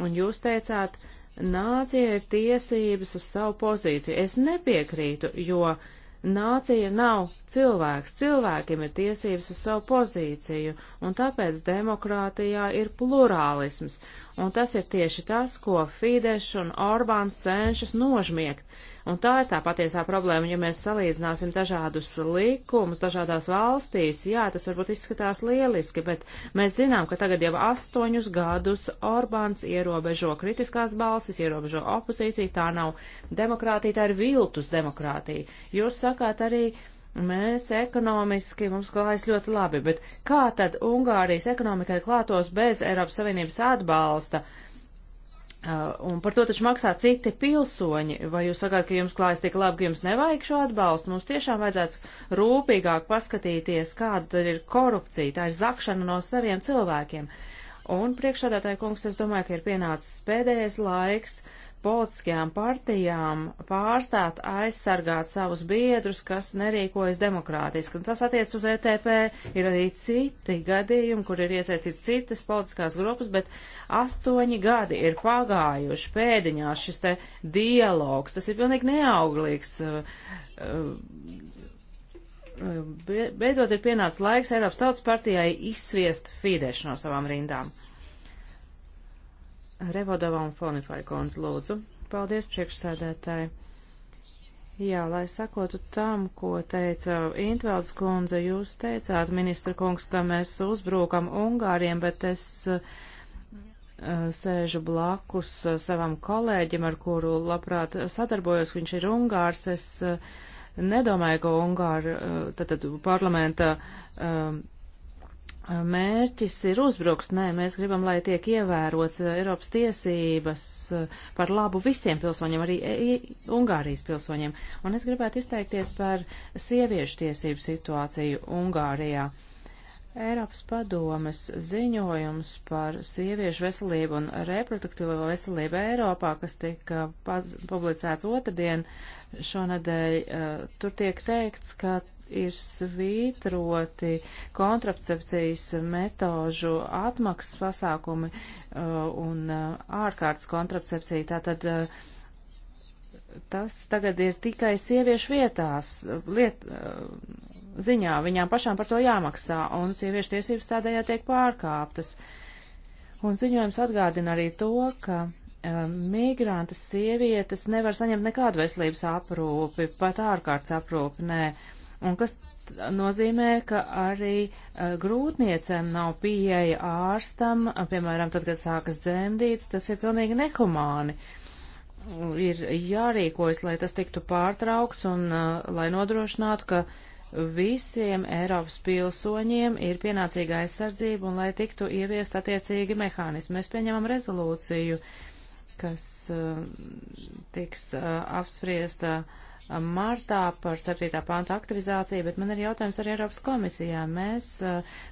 Un jūs teicāt, nāciet tiesības uz savu pozīciju. Es nepiekrītu, jo. Uh, Nācija nav cilvēks, cilvēkiem ir tiesības uz savu pozīciju, un tāpēc demokrātijā ir plurālisms, un tas ir tieši tas, ko Fidesz un Orbāns cenšas nožmiegt. Un tā ir tā patiesā problēma, ja mēs salīdzināsim dažādus likumus dažādās valstīs. Jā, tas varbūt izskatās lieliski, bet mēs zinām, ka tagad jau astoņus gadus Orbāns ierobežo kritiskās balsis, ierobežo opozīciju. Tā nav demokrātija, tā ir viltus demokrātija. Jūs sakāt arī. Mēs ekonomiski mums klājas ļoti labi, bet kā tad Ungārijas ekonomikai klātos bez Eiropas Savienības atbalsta? Uh, Uh, un par to taču maksā citi pilsoņi. Vai jūs sakāt, ka jums klājas tik labi, ka jums nevajag šo atbalstu? Mums tiešām vajadzētu rūpīgāk paskatīties, kāda ir korupcija, tā ir zakšana no saviem cilvēkiem. Un priekšādātāja kungs, es domāju, ka ir pienācis pēdējais laiks politiskajām partijām pārstāt aizsargāt savus biedrus, kas nerīkojas demokrātiski. Un tas attiec uz ETP. Ir arī citi gadījumi, kur ir iesaistīts citas politiskās grupas, bet astoņi gadi ir pagājuši pēdiņā šis te dialogs. Tas ir pilnīgi neauglīgs. Uh, uh, uh, beidzot ir pienācis laiks Eiropas Tautas partijai izsviest Fīdešu no savām rindām. Revodovā un Fonifai kundz lūdzu. Paldies, priekšsēdētāji. Jā, lai sakotu tam, ko teica Intvelds kundze, jūs teicāt, ministra kungs, ka mēs uzbrukam Ungāriem, bet es uh, sēžu blakus eh, savam kolēģim, ar kuru labprāt sadarbojos, viņš ir Ungārs. Es uh, nedomāju, ka Ungāra, uh, tad, tad parlamenta. Um, mērķis ir uzbrukts. Nē, mēs gribam, lai tiek ievērots eh, Eiropas tiesības eh, par labu visiem pilsoņiem, arī e, Ungārijas pilsoņiem. Un es gribētu izteikties par sieviešu tiesību situāciju Ungārijā. Eiropas padomes ziņojums par sieviešu veselību un reproduktīvo veselību Eiropā, kas tika publicēts otrdien šonadēļ, eh, tur tiek teikts, ka ir svītroti kontracepcijas metožu atmaksas pasākumi uh, un uh, ārkārtas kontracepcija. Tātad uh, tas tagad ir tikai sieviešu vietās, liet, ziņā, viņām pašām par to jāmaksā, un sieviešu tiesības tādējā tiek pārkāptas. Un ziņojums atgādina arī to, ka migrantas sievietes nevar saņemt nekādu veselības aprūpi, pat ārkārtas aprūpi, nē. Ne un kas nozīmē, ka arī e, grūtniecēm nav pieeja ārstam, piemēram, tad, kad sākas dzemdīts, tas ir pilnīgi nehumāni. Ir jārīkojas, lai tas tiktu pārtraukts un lai nodrošinātu, ka visiem Eiropas pilsoņiem ir pienācīga aizsardzība un lai tiktu ieviest attiecīgi mehānismi. Mēs pieņemam rezolūciju, kas uh, tiks uh, apspriesta uh, martā par 7. pānta aktivizāciju, bet man ir jautājums arī Eiropas komisijā. Mēs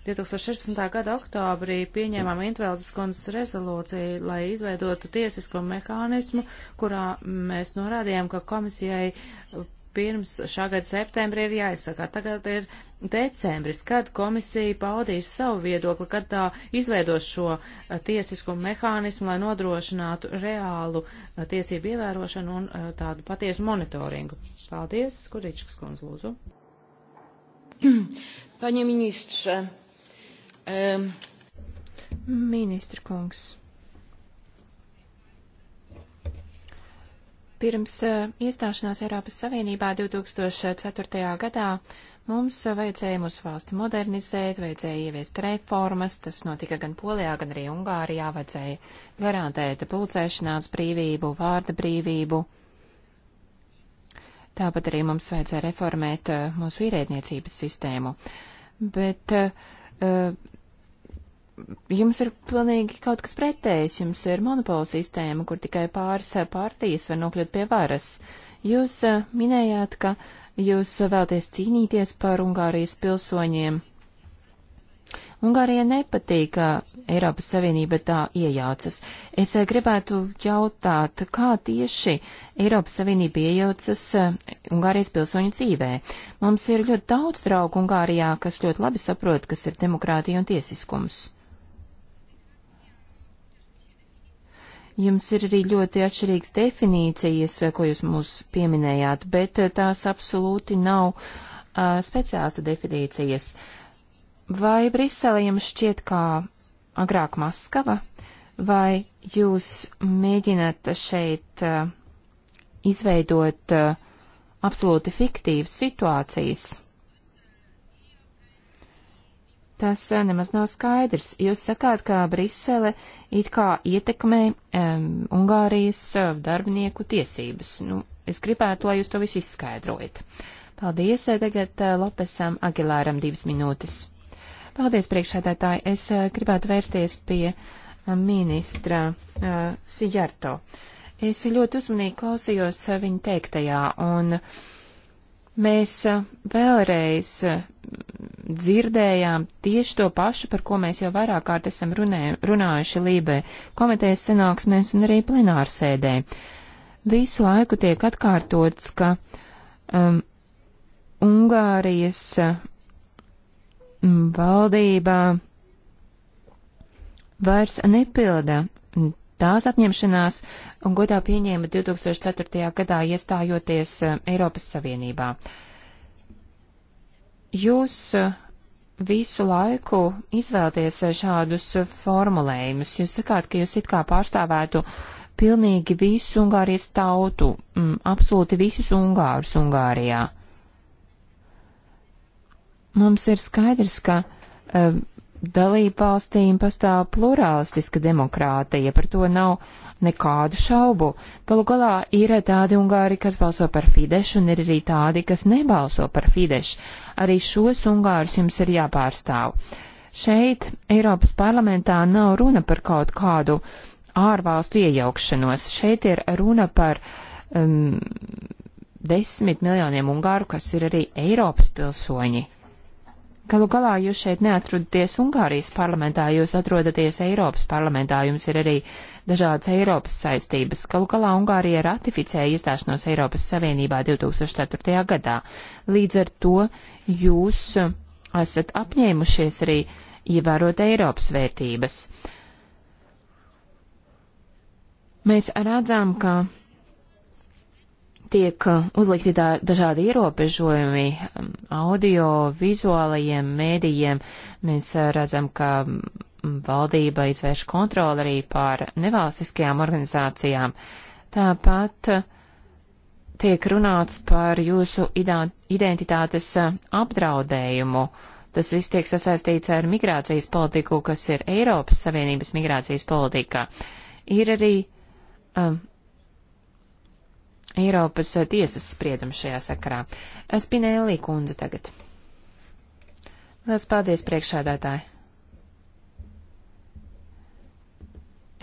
2016. Uh, gada oktobrī pieņēmām Intveldes kundzes rezolūciju, lai izveidotu tiesisko mehānismu, kurā mēs norādījām, ka komisijai pirms šā gada septembra ir jāizsaka. Tagad ir decembris, kad komisija paudīs savu viedokli, kad tā izveidos šo tiesiskumu mehānismu, lai nodrošinātu reālu tiesību ievērošanu un tādu patiesu monitoringu. Paldies, Kuričkas kundz, lūdzu.
Paņem ministrs. Um. Ministra kungs. Pirms eh, iestāšanās Eiropas Savienībā 2004. gadā mums vajadzēja mūsu valsti modernizēt, vajadzēja ieviest reformas, tas notika gan Polijā, gan arī Ungārijā, vajadzēja garantēt pulcēšanās brīvību, vārda brīvību. Tāpat arī mums vajadzēja reformēt eh, mūsu īrēdniecības sistēmu. Bet uh, jums ir pilnīgi kaut kas pretējs. Jums ir monopola sistēma, kur tikai pāris eh, pārtīs var nokļūt pie varas. Jūs eh, minējāt, ka jūs vēlties cīnīties par Ungārijas pilsoņiem. Ungārija nepatīk, ka Eiropas Savienība tā iejaucas. Es eh, gribētu jautāt, kā tieši Eiropas Savienība iejaucas Ungārijas pilsoņu dzīvē. Mums ir ļoti daudz draugu Ungārijā, kas ļoti labi saprot, kas ir demokrātija un tiesiskums. Jums ir arī ļoti atšķirīgas definīcijas, eh, ko jūs mums pieminējāt, bet eh, tās absolūti nav uh, speciālistu definīcijas. Vai Brisele jums šķiet kā agrāk Maskava, vai jūs mēģināt šeit uh, izveidot uh, absolūti fiktīvas situācijas? tas eh, nemaz nav skaidrs. Jūs sakāt, ka Brisele it kā ietekmē um, Ungārijas eh, darbinieku tiesības. Nu, es gribētu, lai jūs to visu izskaidrojat. Paldies, eh, tagad Lopesam Agilāram divas minūtes. Paldies, priekšsēdētāji. Es gribētu vērsties pie ministra uh, Sijarto. Es ļoti uzmanīgi klausījos viņa teiktajā, un uh, Mēs vēlreiz dzirdējām tieši to pašu, par ko mēs jau vairāk kārt esam runē, runājuši Lībē, komitejas sanāksmēs un arī plenārsēdē. Visu laiku tiek atkārtots, ka um, Ungārijas um, valdība vairs nepilda tās apņemšanās un godā pieņēma 2004. gadā iestājoties eh, Eiropas Savienībā. Jūs eh, visu laiku izvēlties eh, šādus formulējumus. Jūs sakāt, ka jūs it kā pārstāvētu pilnīgi visu Ungārijas tautu, mm, absolūti visus Ungārus Ungārijā. Mums ir skaidrs, ka uh, dalību valstīm pastāv plurālistiska demokrātija, par to nav nekādu šaubu. Galu galā ir tādi ungāri, kas balso par Fidešu, un ir arī tādi, kas nebalso par Fidešu. Arī šos ungārus jums ir jāpārstāv. Šeit Eiropas parlamentā nav runa par kaut kādu ārvalstu iejaukšanos. Šeit ir runa par um, desmit miljoniem ungāru, kas ir arī Eiropas pilsoņi. Galu galā jūs šeit neatrodaties Ungārijas parlamentā, jūs atrodaties Eiropas parlamentā, jums ir arī dažādas Eiropas saistības. Galu galā Ungārija ratificēja iestāšanos Eiropas Savienībā 2004. gadā. Līdz ar to jūs esat apņēmušies arī ievērot Eiropas vērtības. Mēs redzam, ka tiek uh, uzlikti tā, dažādi ierobežojumi um, audio, vizuālajiem mēdījiem. Mēs uh, redzam, ka mm, valdība izvērš kontroli arī pār nevalstiskajām organizācijām. Tāpat uh, tiek runāts par jūsu identitātes apdraudējumu. Tas viss tiek sasaistīts ar migrācijas politiku, kas ir Eiropas Savienības migrācijas politikā. Ir arī um, Eiropas eh, tiesas spriedumu šajā sakarā. Eh, Spinēlī kundze tagad. Lielas paldies priekšādātāji.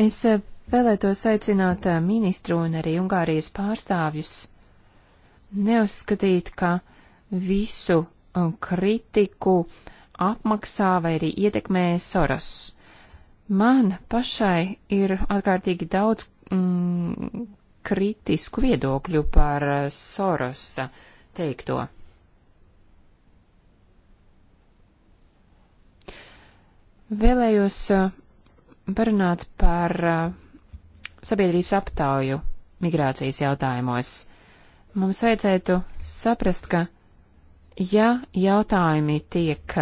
Es eh, vēlētos aicināt ministru un arī Ungārijas pārstāvjus neuzskatīt, ka visu kritiku apmaksā vai arī ietekmē Soros. Man pašai ir ārkārtīgi daudz mm, kritisku viedokļu par eh, Sorosa teikto. Vēlējos eh, parunāt par eh, sabiedrības aptauju migrācijas jautājumos. Mums vajadzētu saprast, ka ja jautājumi tiek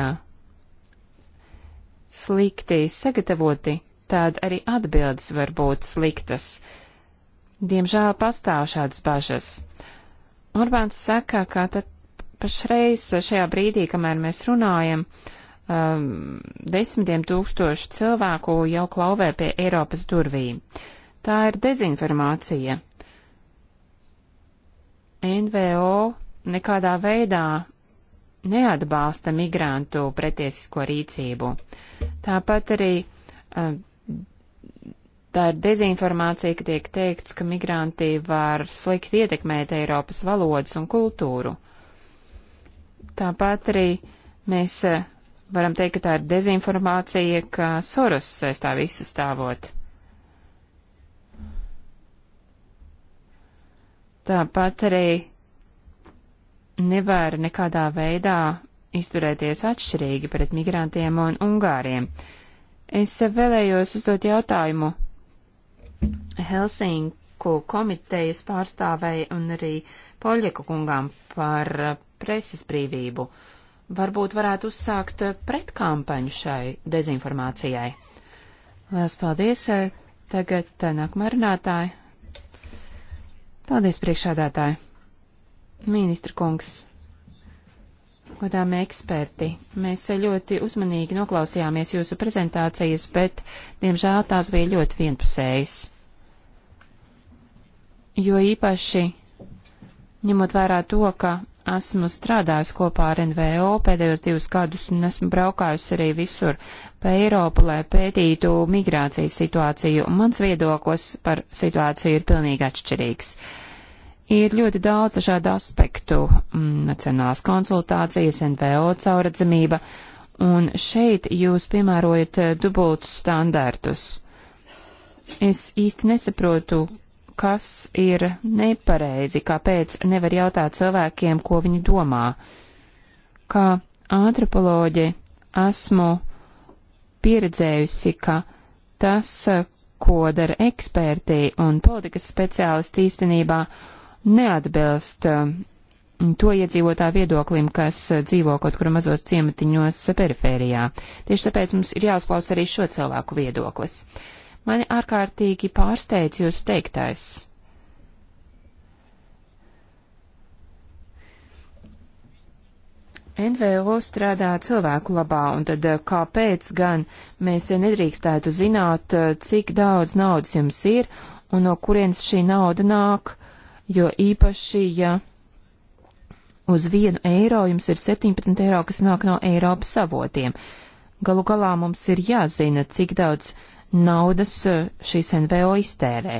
slikti sagatavoti, tad arī atbildes var būt sliktas. Diemžēl pastāv šādas bažas. Orbāns saka, ka tad pašreiz šajā brīdī, kamēr mēs runājam, um, desmitiem tūkstoši cilvēku jau klauvē pie Eiropas durvīm. Tā ir dezinformācija. NVO nekādā veidā neatbalsta migrantu pretiesisko rīcību. Tāpat arī um, tā ir dezinformācija, ka tiek teikts, ka migranti var slikti ietekmēt Eiropas valodas un kultūru. Tāpat arī mēs eh, varam teikt, ka tā ir dezinformācija, ka Soros saistā visu stāvot. Tāpat arī nevar nekādā veidā izturēties atšķirīgi pret migrantiem un ungāriem. Es vēlējos uzdot jautājumu, Helsinku komitejas pārstāvēji un arī Poļieku kungām par preses brīvību. Varbūt varētu uzsākt pretkampaņu šai dezinformācijai. Lielas paldies! Tagad nākamā runātāja. Paldies, priekšādātāji! Ministra kungs! Godāmie eksperti, mēs ļoti uzmanīgi noklausījāmies jūsu prezentācijas, bet, diemžēl, tās bija ļoti vienpusējas jo īpaši ņemot vērā to, ka esmu strādājusi kopā ar NVO pēdējos divus gadus un esmu braukājusi arī visur pa Eiropu, lai pētītu migrācijas situāciju. Mans viedoklis par situāciju ir pilnīgi atšķirīgs. Ir ļoti daudz šādu aspektu mm, - nacionālās konsultācijas, NVO cauradzamība, un šeit jūs piemērojat dubultus standartus. Es īsti nesaprotu, kas ir nepareizi, kāpēc nevar jautāt cilvēkiem, ko viņi domā. Kā antropoloģi esmu pieredzējusi, ka tas, ko dara eksperti un politikas speciālisti īstenībā neatbilst um, to iedzīvotāju viedoklim, kas dzīvo kaut kur mazos ciematiņos perifērijā. Tieši tāpēc mums ir jāuzklausa arī šo cilvēku viedoklis. Mani ārkārtīgi pārsteidz jūsu teiktais. NVO strādā cilvēku labā, un tad eh, kāpēc gan mēs nedrīkstētu zināt, eh, cik daudz naudas jums ir un no kurienes šī nauda nāk, jo īpaši, ja uz vienu eiro jums ir 17 eiro, kas nāk no Eiropas savotiem. Galu galā mums ir jāzina, cik daudz naudas eh, šīs NVO iztērē.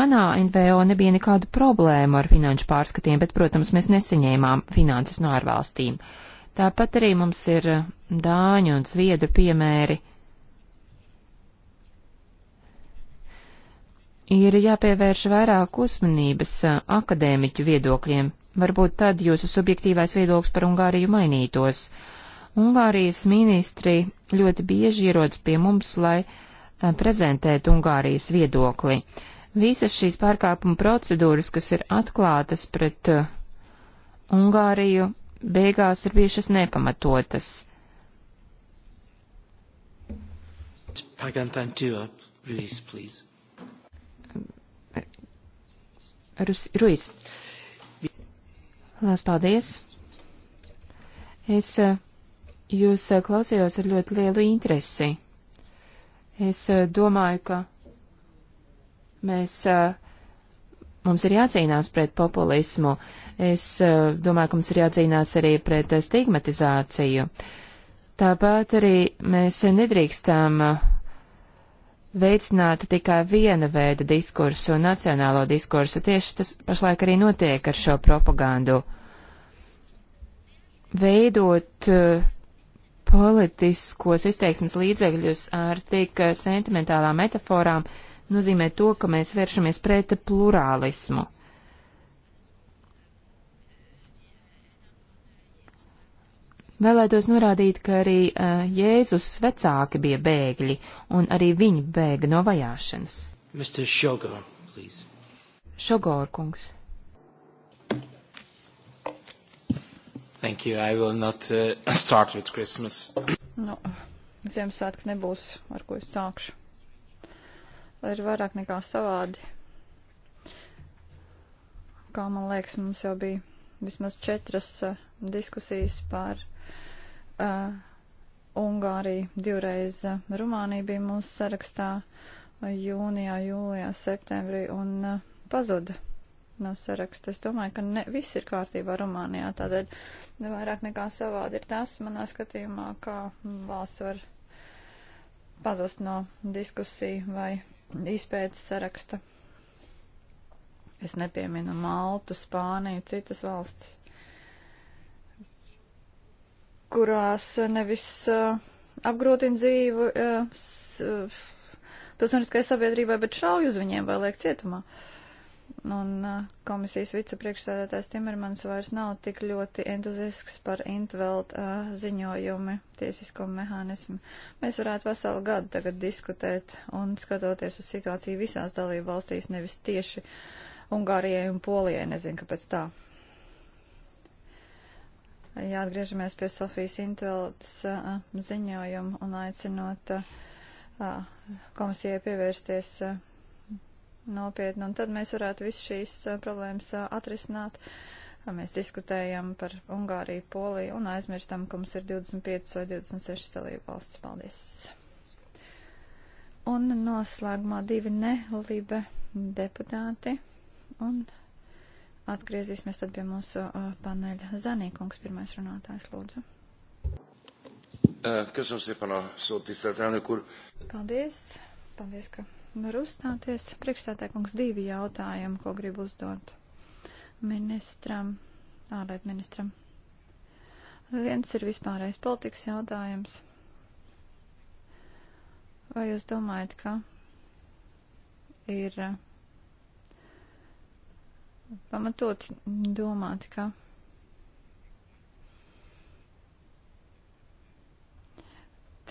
Manā NVO nebija nekādu problēmu ar finanšu pārskatiem, bet, protams, mēs nesaņēmām finanses no ārvalstīm. Tāpat arī mums ir eh, dāņu un zviedru piemēri. Ir jāpievērš vairāk uzmanības eh, akadēmiķu viedokļiem, varbūt tad jūsu subjektīvais viedoklis par Ungāriju mainītos. Ungārijas ministri ļoti bieži ierodas pie mums, lai uh, Eh, prezentēt Ungārijas viedokli. Visas šīs pārkāpuma procedūras, kas ir atklātas pret eh, Ungāriju, beigās ir bijušas nepamatotas.
Pagantantua, Ruiz, please.
Eh, Ruiz. Lās paldies. Es jūs klausījos ar ļoti lielu interesi. Es eh, domāju, ka mēs, eh, mums ir jācīnās pret populismu. Es eh, domāju, ka mums ir jācīnās arī pret stigmatizāciju. Tāpat arī mēs nedrīkstam veicināta tikai viena veida diskursu un nacionālo diskursu. Tieši tas pašlaik arī notiek ar šo propagandu. Veidot politiskos izteiksmes līdzekļus ar tik sentimentālām metaforām nozīmē to, ka mēs vēršamies pret plurālismu. Vēlētos norādīt, ka arī uh, Jēzus vecāki bija bēgļi, un arī viņi bēga no vajāšanas. Šogor, Šogor kungs. Thank you. I will not uh, start with Christmas.
Nu, Ziemassvētku nebūs, ar ko es sākšu. Ir vairāk nekā savādi. Kā man liekas, mums jau bija vismaz četras uh, diskusijas par uh, Ungāriju. Divreiz uh, Rumānija bija mūsu sarakstā uh, jūnijā, jūlijā, septembrī un uh, pazuda no saraksta. Es domāju, ka ne viss ir kārtībā Rumānijā, tādēļ vairāk nekā savādi ir tas manā skatījumā, kā valsts var pazust no diskusiju vai izpētes saraksta. Es nepieminu Maltu, Spāniju, citas valstis, kurās nevis uh, apgrūtina dzīvi uh, uh pilsoniskai sabiedrībai, bet šauj uz viņiem vai liek cietumā. Uh, Un komisijas vicepriekšsēdētājs Timermans vairs nav tik ļoti entuziasks par Intveld uh, ziņojumi tiesisko mehānismu. Mēs varētu veselu gadu tagad diskutēt un skatoties uz situāciju visās dalību valstīs, nevis tieši Ungārijai un Polijai, nezinu, kāpēc tā. Jā, atgriežamies pie Sofijas Intvelds uh, ziņojumu un aicinot uh, komisijai pievērsties. Uh, nopietni, un tad mēs varētu visu šīs eh, problēmas eh, atrisināt. Mēs diskutējam par Ungāriju, Poliju un aizmirstam, ka mums ir 25 vai 26 dalību valsts. Paldies! Un noslēgumā divi nelībe deputāti. Un atgriezīsimies tad pie mūsu paneļa. Zanīkungs, pirmais runātājs, lūdzu.
Köszönöm szépen a szót, tisztelt elnök úr!
Paldies! Paldies, ka var uzstāties. Priekšsētēkums divi jautājumi, ko gribu uzdot ministram, ārlietu ministram. Viens ir vispārējais politikas jautājums. Vai jūs domājat, ka ir eh, pamatot domāt, ka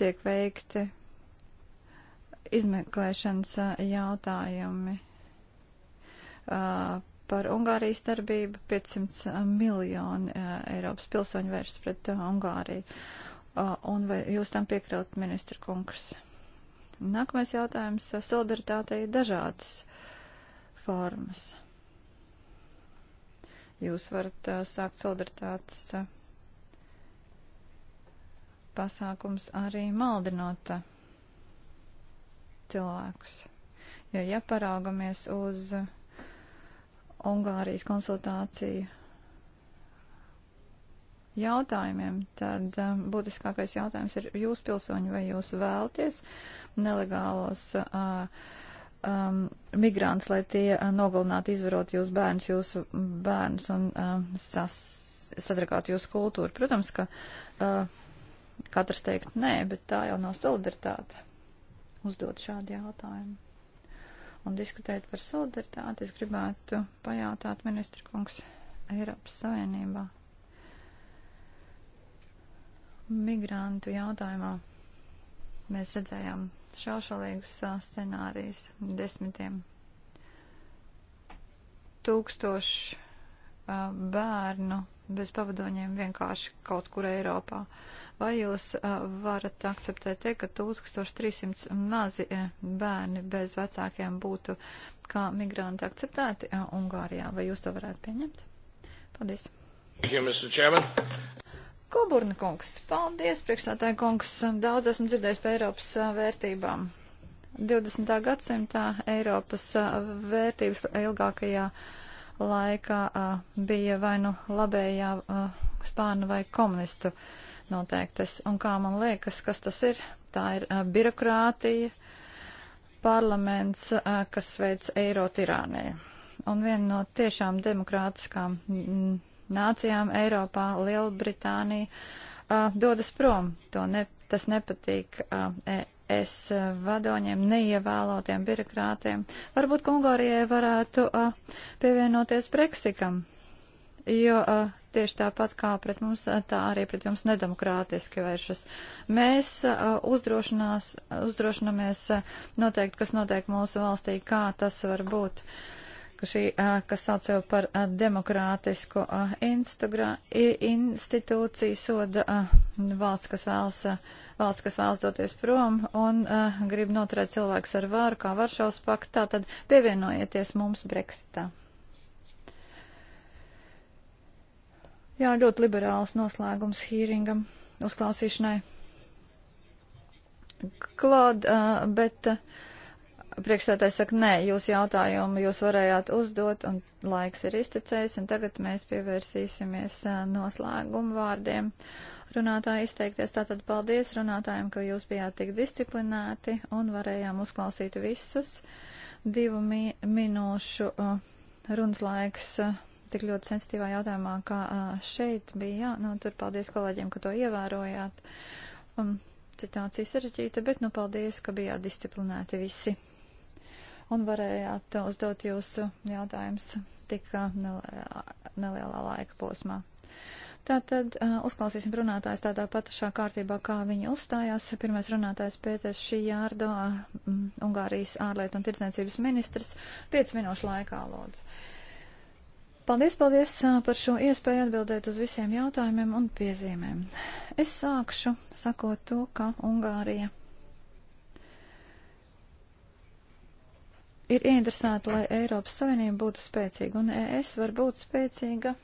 tiek veikti izmeklēšanas jautājumi par Ungārijas darbību 500 miljoni Eiropas pilsoņu vērsts pret Ungāriju. Un vai jūs tam piekraut, ministra kungs? Nākamais jautājums. Solidaritāte ir dažādas formas. Jūs varat sākt solidaritātes pasākums arī maldinot cilvēkus. Jo, ja paraugamies uz Ungārijas konsultāciju jautājumiem, tad um, būtiskākais jautājums ir jūs pilsoņi, vai jūs vēlties nelegālos uh, um, migrants, lai tie uh, nogalinātu, izvarot jūs bērns, jūsu bērns un uh, sas, sadragātu jūsu kultūru. Protams, ka uh, katrs teikt nē, bet tā jau nav solidaritāte uzdot šādu jautājumu. Un diskutēt par solidaritāti, es gribētu pajautāt ministru kungs Eiropas Savienībā. Migrantu jautājumā mēs redzējām šaušalīgus scenārijus desmitiem tūkstošu bērnu bez pavadoņiem vienkārši kaut kur Eiropā. Vai jūs varat akceptēt te, ka 1300 mazi bērni bez vecākiem būtu kā migranti akceptēti Ungārijā? Vai jūs to varētu pieņemt? Paldies.
Thank you, Mr. Chairman.
Koburna kungs, paldies, priekšstātāja kungs. Daudz esmu dzirdējis par Eiropas vērtībām. 20. gadsimtā Eiropas vērtības ilgākajā laikā bija vai nu labējā spāna vai komunistu. Uh, noteiktas. Un kā man liekas, kas tas ir? Tā ir uh, birokrātija, parlaments, uh, kas veic eiro tirāniju. Un viena no tiešām demokrātiskām nācijām Eiropā, Lielbritānija, uh, dodas prom. To ne, tas nepatīk uh, es uh, vadoņiem, neievēlotiem birokrātiem. Varbūt Kungārijai varētu uh, pievienoties Breksikam jo uh, tieši tāpat kā pret mums, tā arī pret jums nedemokrātiski vēršas. Mēs uh, uzdrošināmies uh, noteikt, kas notiek mūsu valstī, kā tas var būt, ka šī, uh, kas sauc sev par uh, demokrātisku uh, institūciju soda uh, valsts, kas vēlas. Uh, valsts, kas vēlas doties prom un uh, grib noturēt cilvēks ar varu, kā Varšaus pakta, tad pievienojieties mums Brexitā. Jā, ļoti liberāls noslēgums hīringam, uzklausīšanai. Klod, uh, bet uh, priekšstādājs saka, nē, jūs jautājumu jūs varējāt uzdot, un laiks ir iztecējis, un tagad mēs pievērsīsimies uh, noslēgumu vārdiem. Runātāji izteikties tātad paldies runātājiem, ka jūs bijāt tik disciplinēti un varējām uzklausīt visus. Divu mi minūšu uh, runas laiks. Uh, tik ļoti sensitīvā jautājumā, kā šeit bija. Jā, nu, tur paldies kolēģiem, ka to ievērojāt. Um, citācija sarežģīta, bet nu paldies, ka bijāt disciplinēti visi un varējāt uzdot jūsu jautājumus tik nelielā laika posmā. Tātad uzklausīsim runātājs tādā patašā kārtībā, kā viņi uzstājās. Pirmais runātājs Pēters Šijārdo, Ungārijas ārlietu un tirdzniecības ministrs, 5 minūšu laikā lūdzu. Paldies, paldies par šo iespēju atbildēt uz visiem jautājumiem un piezīmēm. Es sākšu sakot to, ka Ungārija ir ieinteresēta, lai Eiropas Savienība būtu spēcīga, un ES var būt spēcīga,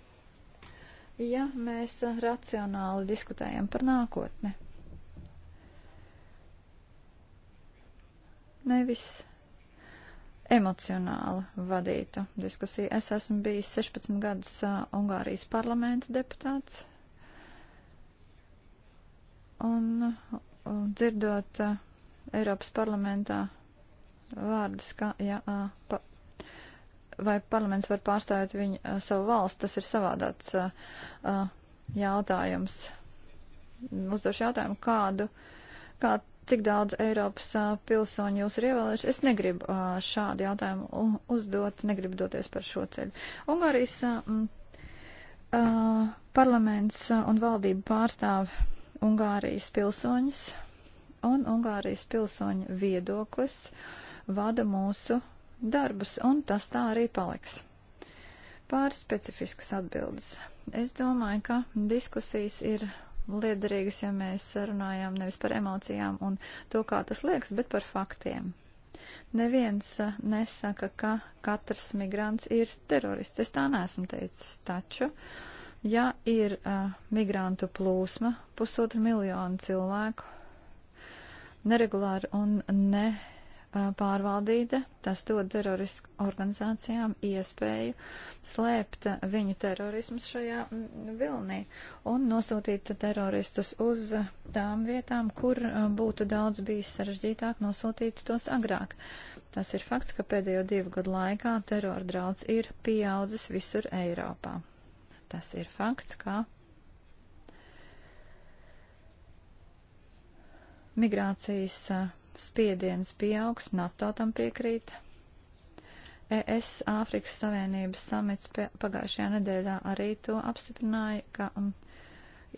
ja mēs racionāli diskutējam par nākotni. Nevis emocionāli vadītu diskusiju. Es esmu bijis 16 gadus uh, Ungārijas parlamenta deputāts. Un, un dzirdot uh, Eiropas parlamentā vārdus, ka, ja, uh, pa, vai parlaments var pārstāvēt viņu uh, savu valstu, tas ir savādāts uh, uh, jautājums. Uzdošu jautājumu, kādu, kādu cik daudz Eiropas pilsoņu jūs ir ievēlējuši. Es negribu šādu jautājumu uzdot, negribu doties par šo ceļu. Ungārijas parlaments un valdība pārstāv Ungārijas pilsoņus, un Ungārijas pilsoņu viedoklis vada mūsu darbus, un tas tā arī paliks. Pāris specifiskas atbildes. Es domāju, ka diskusijas ir liederīgas, ja mēs runājam nevis par emocijām un to, kā tas liekas, bet par faktiem. Neviens eh, nesaka, ka katrs migrants ir terorists. Es tā neesmu teicis. Taču, ja ir uh, migrantu plūsma, pusotra miljonu cilvēku, neregulāri un ne pārvaldīta. Tas dod terorisku organizācijām iespēju slēpt viņu terorismus šajā mm, vilnī un nosūtīt teroristus uz tām vietām, kur būtu daudz bijis sarežģītāk nosūtīt tos agrāk. Tas ir fakts, ka pēdējo divu gadu laikā terora draudz ir pieaudzis visur Eiropā. Tas ir fakts, ka migrācijas spiediens pieaugs, NATO tam piekrīt. ES Āfrikas Savienības samits pagājušajā nedēļā arī to apstiprināja, ka um,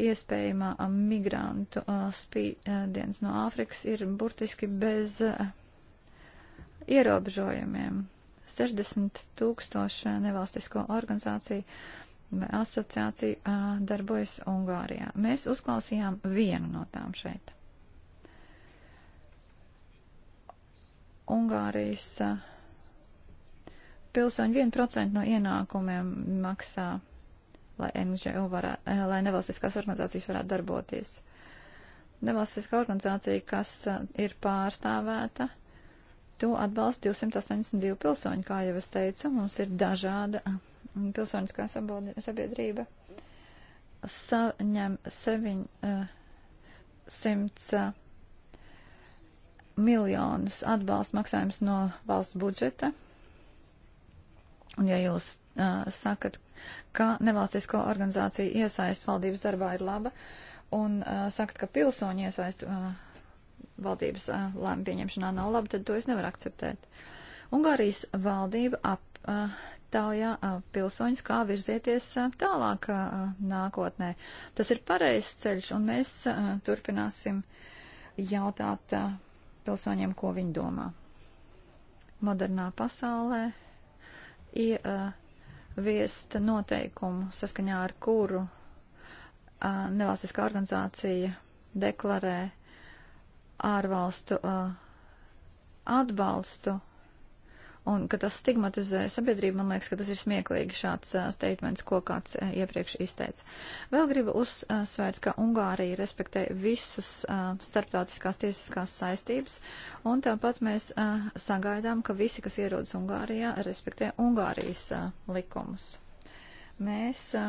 iespējamā um, migrantu uh, spiediens no Āfrikas ir burtiski bez uh, ierobežojumiem. 60 tūkstoši nevalstisko organizāciju vai asociāciju uh, darbojas Ungārijā. Mēs uzklausījām vienu no tām šeit. Ungārijas pilsoņi 1% no ienākumiem maksā, lai MGU varētu, lai nevalstiskās organizācijas varētu darboties. Nevalstiskā organizācija, kas ir pārstāvēta, to atbalsta 282 pilsoņi, kā jau es teicu, mums ir dažāda pilsoniskā sabiedrība. Saņem 700 miljonus atbalstu maksājumus no valsts budžeta. Un ja jūs uh, sakat, ka nevalstisko organizāciju iesaist valdības darbā ir laba, un uh, sakat, ka pilsoņi iesaist uh, valdības uh, lēmumu pieņemšanā nav laba, tad to es nevaru akceptēt. Ungārijas valdība ap, uh, aptaujā pilsoņus, kā virzieties tālāk nākotnē. Tas ir pareizs ceļš, un mēs turpināsim jautāt pilsoņiem, ko viņi domā. Modernā pasaulē ieviest uh, noteikumu, saskaņā ar kuru uh, nevalstiskā organizācija deklarē ārvalstu uh, atbalstu un ka tas stigmatizē sabiedrību, man liekas, ka tas ir smieklīgi šāds uh, statements, ko kāds uh, iepriekš izteica. Vēl gribu uzsvērt, ka Ungārija respektē visus uh, starptautiskās tiesiskās saistības, un tāpat mēs uh, sagaidām, ka visi, kas ierodas Ungārijā, respektē Ungārijas uh, likumus. Mēs uh,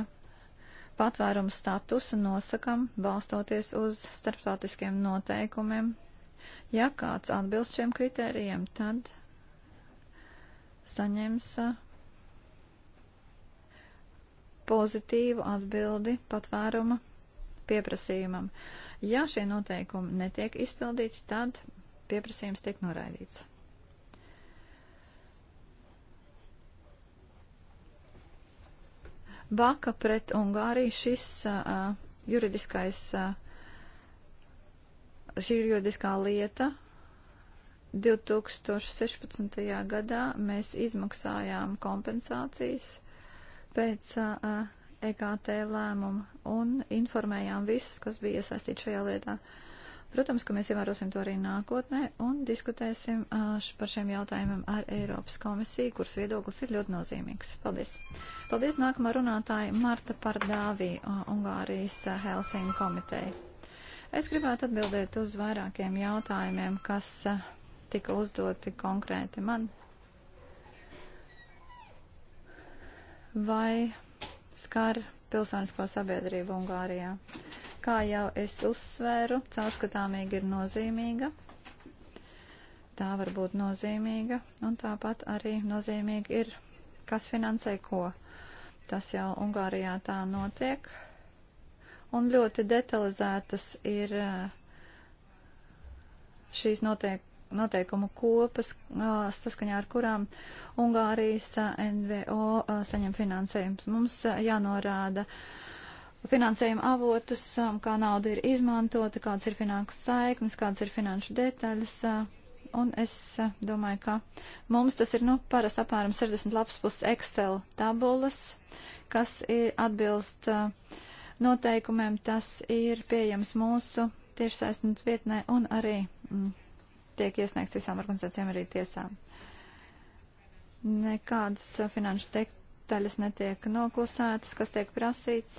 patvērumu statusu nosakam balstoties uz starptautiskiem noteikumiem. Ja kāds atbilst šiem kritērijiem, tad saņems pozitīvu atbildi patvēruma pieprasījumam. Ja šie noteikumi netiek izpildīti, tad pieprasījums tiek noraidīts. Baka pret Ungāriju šis uh, juridiskais, uh, šī juridiskā lieta 2016. gadā mēs izmaksājām kompensācijas pēc uh, EKT lēmuma un informējām visus, kas bija iesaistīti šajā lietā. Protams, ka mēs ievērosim to arī nākotnē un diskutēsim uh, par šiem jautājumiem ar Eiropas komisiju, kuras viedoklis ir ļoti nozīmīgs. Paldies! Paldies nākamā runātāja Marta Pardāvī, uh, Ungārijas uh, Helsinga komiteja. Es gribētu atbildēt uz vairākiem jautājumiem, kas uh, tika uzdoti konkrēti man. Vai skar pilsonisko sabiedrību Ungārijā? Kā jau es uzsvēru, caurskatāmīga ir nozīmīga. Tā var būt nozīmīga, un tāpat arī nozīmīgi ir, kas finansē ko. Tas jau Ungārijā tā notiek, un ļoti detalizētas ir eh, šīs notiek noteikumu kopas, saskaņā ar kurām Ungārijas NVO saņem finansējums. Mums jānorāda finansējuma avotus, kā nauda ir izmantota, kādas ir finanšu saiknes, kādas ir finanšu detaļas. Un es domāju, ka mums tas ir, nu, parasti apmēram 60 lapspus Excel tabulas, kas atbilst noteikumiem, tas ir pieejams mūsu tiešsaistnes vietnē un arī mm, tiek iesniegts visām organizācijām arī tiesām. Nekādas finanšu detaļas netiek noklusētas, kas tiek prasīts.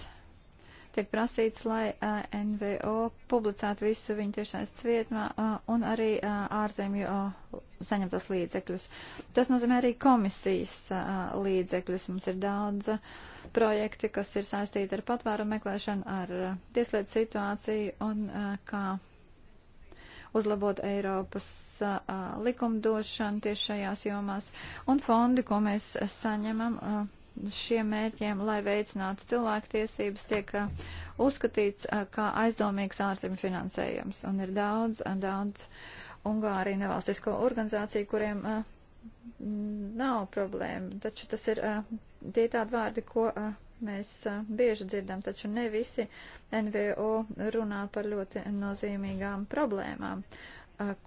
Tiek prasīts, lai uh, eh, NVO publicētu visu viņu tiešais cvietumā uh, eh, un arī uh, ārzemju uh, saņemtos līdzekļus. Tas nozīmē arī komisijas uh, līdzekļus. Mums ir daudz uh, projekti, kas ir saistīti ar patvēru meklēšanu, ar uh, tieslietu situāciju un uh, kā uzlabot Eiropas uh, likumdošanu tieši šajās jomās. Un fondi, ko mēs saņemam uh, šiem mērķiem, lai veicinātu cilvēktiesības, tiek uh, uzskatīts uh, kā aizdomīgs ārzemju finansējums. Un ir daudz, uh, daudz Ungārija nevalstisko organizāciju, kuriem uh, nav problēma. Taču tas ir uh, tie tādi vārdi, ko. Uh, Mēs bieži dzirdam, taču ne visi NVO runā par ļoti nozīmīgām problēmām,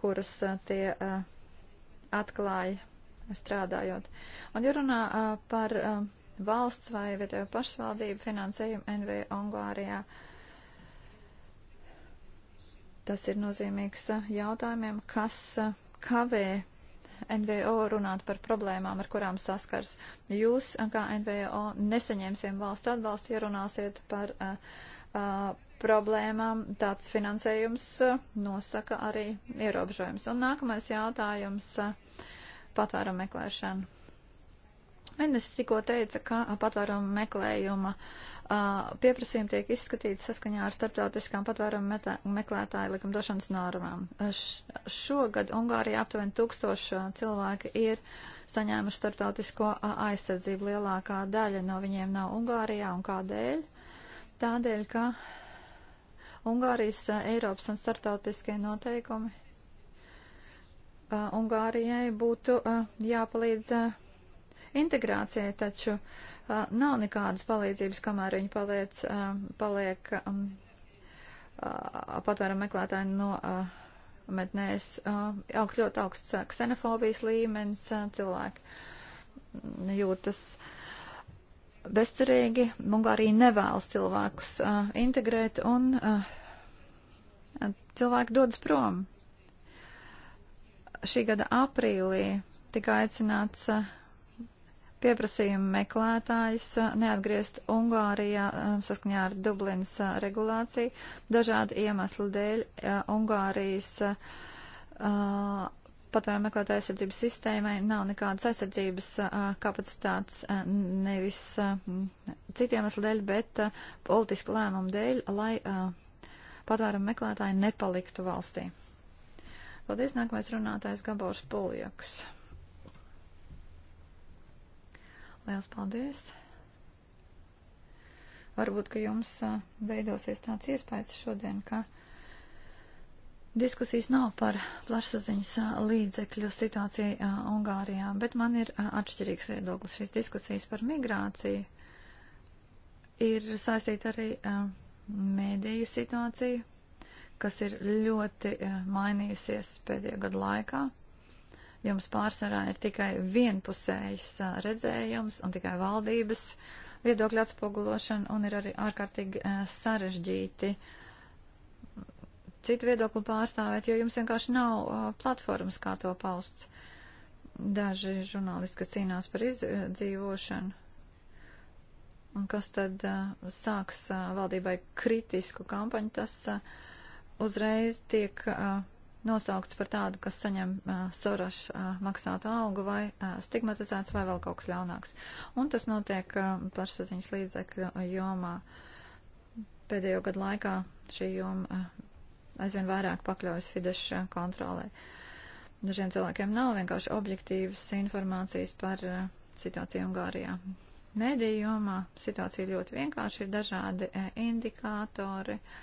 kuras tie atklāja strādājot. Un ja runā par valsts vai vietējo pašvaldību finansējumu NVO Ungārijā, tas ir nozīmīgs jautājumiem, kas kavē NVO runāt par problēmām, ar kurām saskars. Jūs, eh, kā NVO, nesaņemsim valsts atbalstu, ja runāsiet par uh, uh, problēmām. Tāds finansējums uh, nosaka arī ierobežojums. Un nākamais jautājums uh, - patvērumu meklēšana. Ministrs tikko teica, ka patvērumu meklējuma uh, pieprasījumi tiek izskatīti saskaņā ar starptautiskām patvērumu meklētāju likumdošanas normām. Šogad Ungārijā aptuveni tūkstoši cilvēki ir saņēmuši starptautisko aizsardzību. Lielākā daļa no viņiem nav Ungārijā un kādēļ? Tādēļ, ka Ungārijas, Eiropas un starptautiskie noteikumi Ungārijai būtu jāpalīdz integrācijai, taču uh, nav nekādas palīdzības, kamēr viņi paliec, paliek patvērumu meklētāji no metnēs. Aug ļoti augsts ksenofobijas līmenis, cilvēki jūtas bezcerīgi. Ungārija nevēlas cilvēkus integrēt un cilvēki dodas prom. Šī gada aprīlī tika aicināts uh, pieprasījumu meklētājus neatgriezt Ungārijā saskaņā ar Dublinas regulāciju. Dažādu iemeslu dēļ Ungārijas patvērumu meklētāju aizsardzības sistēmai nav nekādas aizsardzības kapacitātes nevis citu iemeslu dēļ, bet politiska lēmuma dēļ, lai patvērumu meklētāji nepaliktu valstī. Paldies, nākamais runātājs Gabors Puljaks. Liels paldies! Varbūt, ka jums veidosies tāds iespējas šodien, ka diskusijas nav par plašsaziņas līdzekļu situāciju Ungārijā, bet man ir atšķirīgs viedoklis. Šīs diskusijas par migrāciju ir saistīta arī mēdīju situāciju, kas ir ļoti mainījusies pēdējo gadu laikā. Jums pārsvarā ir tikai vienpusējs redzējums un tikai valdības viedokļa atspogulošana un ir arī ārkārtīgi sarežģīti citu viedokli pārstāvēt, jo jums vienkārši nav platformas, kā to pausts. Daži žurnālisti, kas cīnās par izdzīvošanu, un kas tad uh, sāks uh, valdībai kritisku kampaņu, tas uh, uzreiz tiek uh, nosaukts par tādu, kas saņem uh, sorašu uh, maksātu algu vai uh, stigmatizēts vai vēl kaut kas ļaunāks. Un tas notiek uh, plašsaziņas līdzekļu jomā. Pēdējo gadu laikā šī joma uh, aizvien vairāk pakļaujas Fideša kontrolē. Dažiem cilvēkiem nav vienkārši objektīvas informācijas par uh, situāciju Ungārijā. Mēdī jomā situācija ļoti vienkārši ir dažādi uh, indikātori. Uh,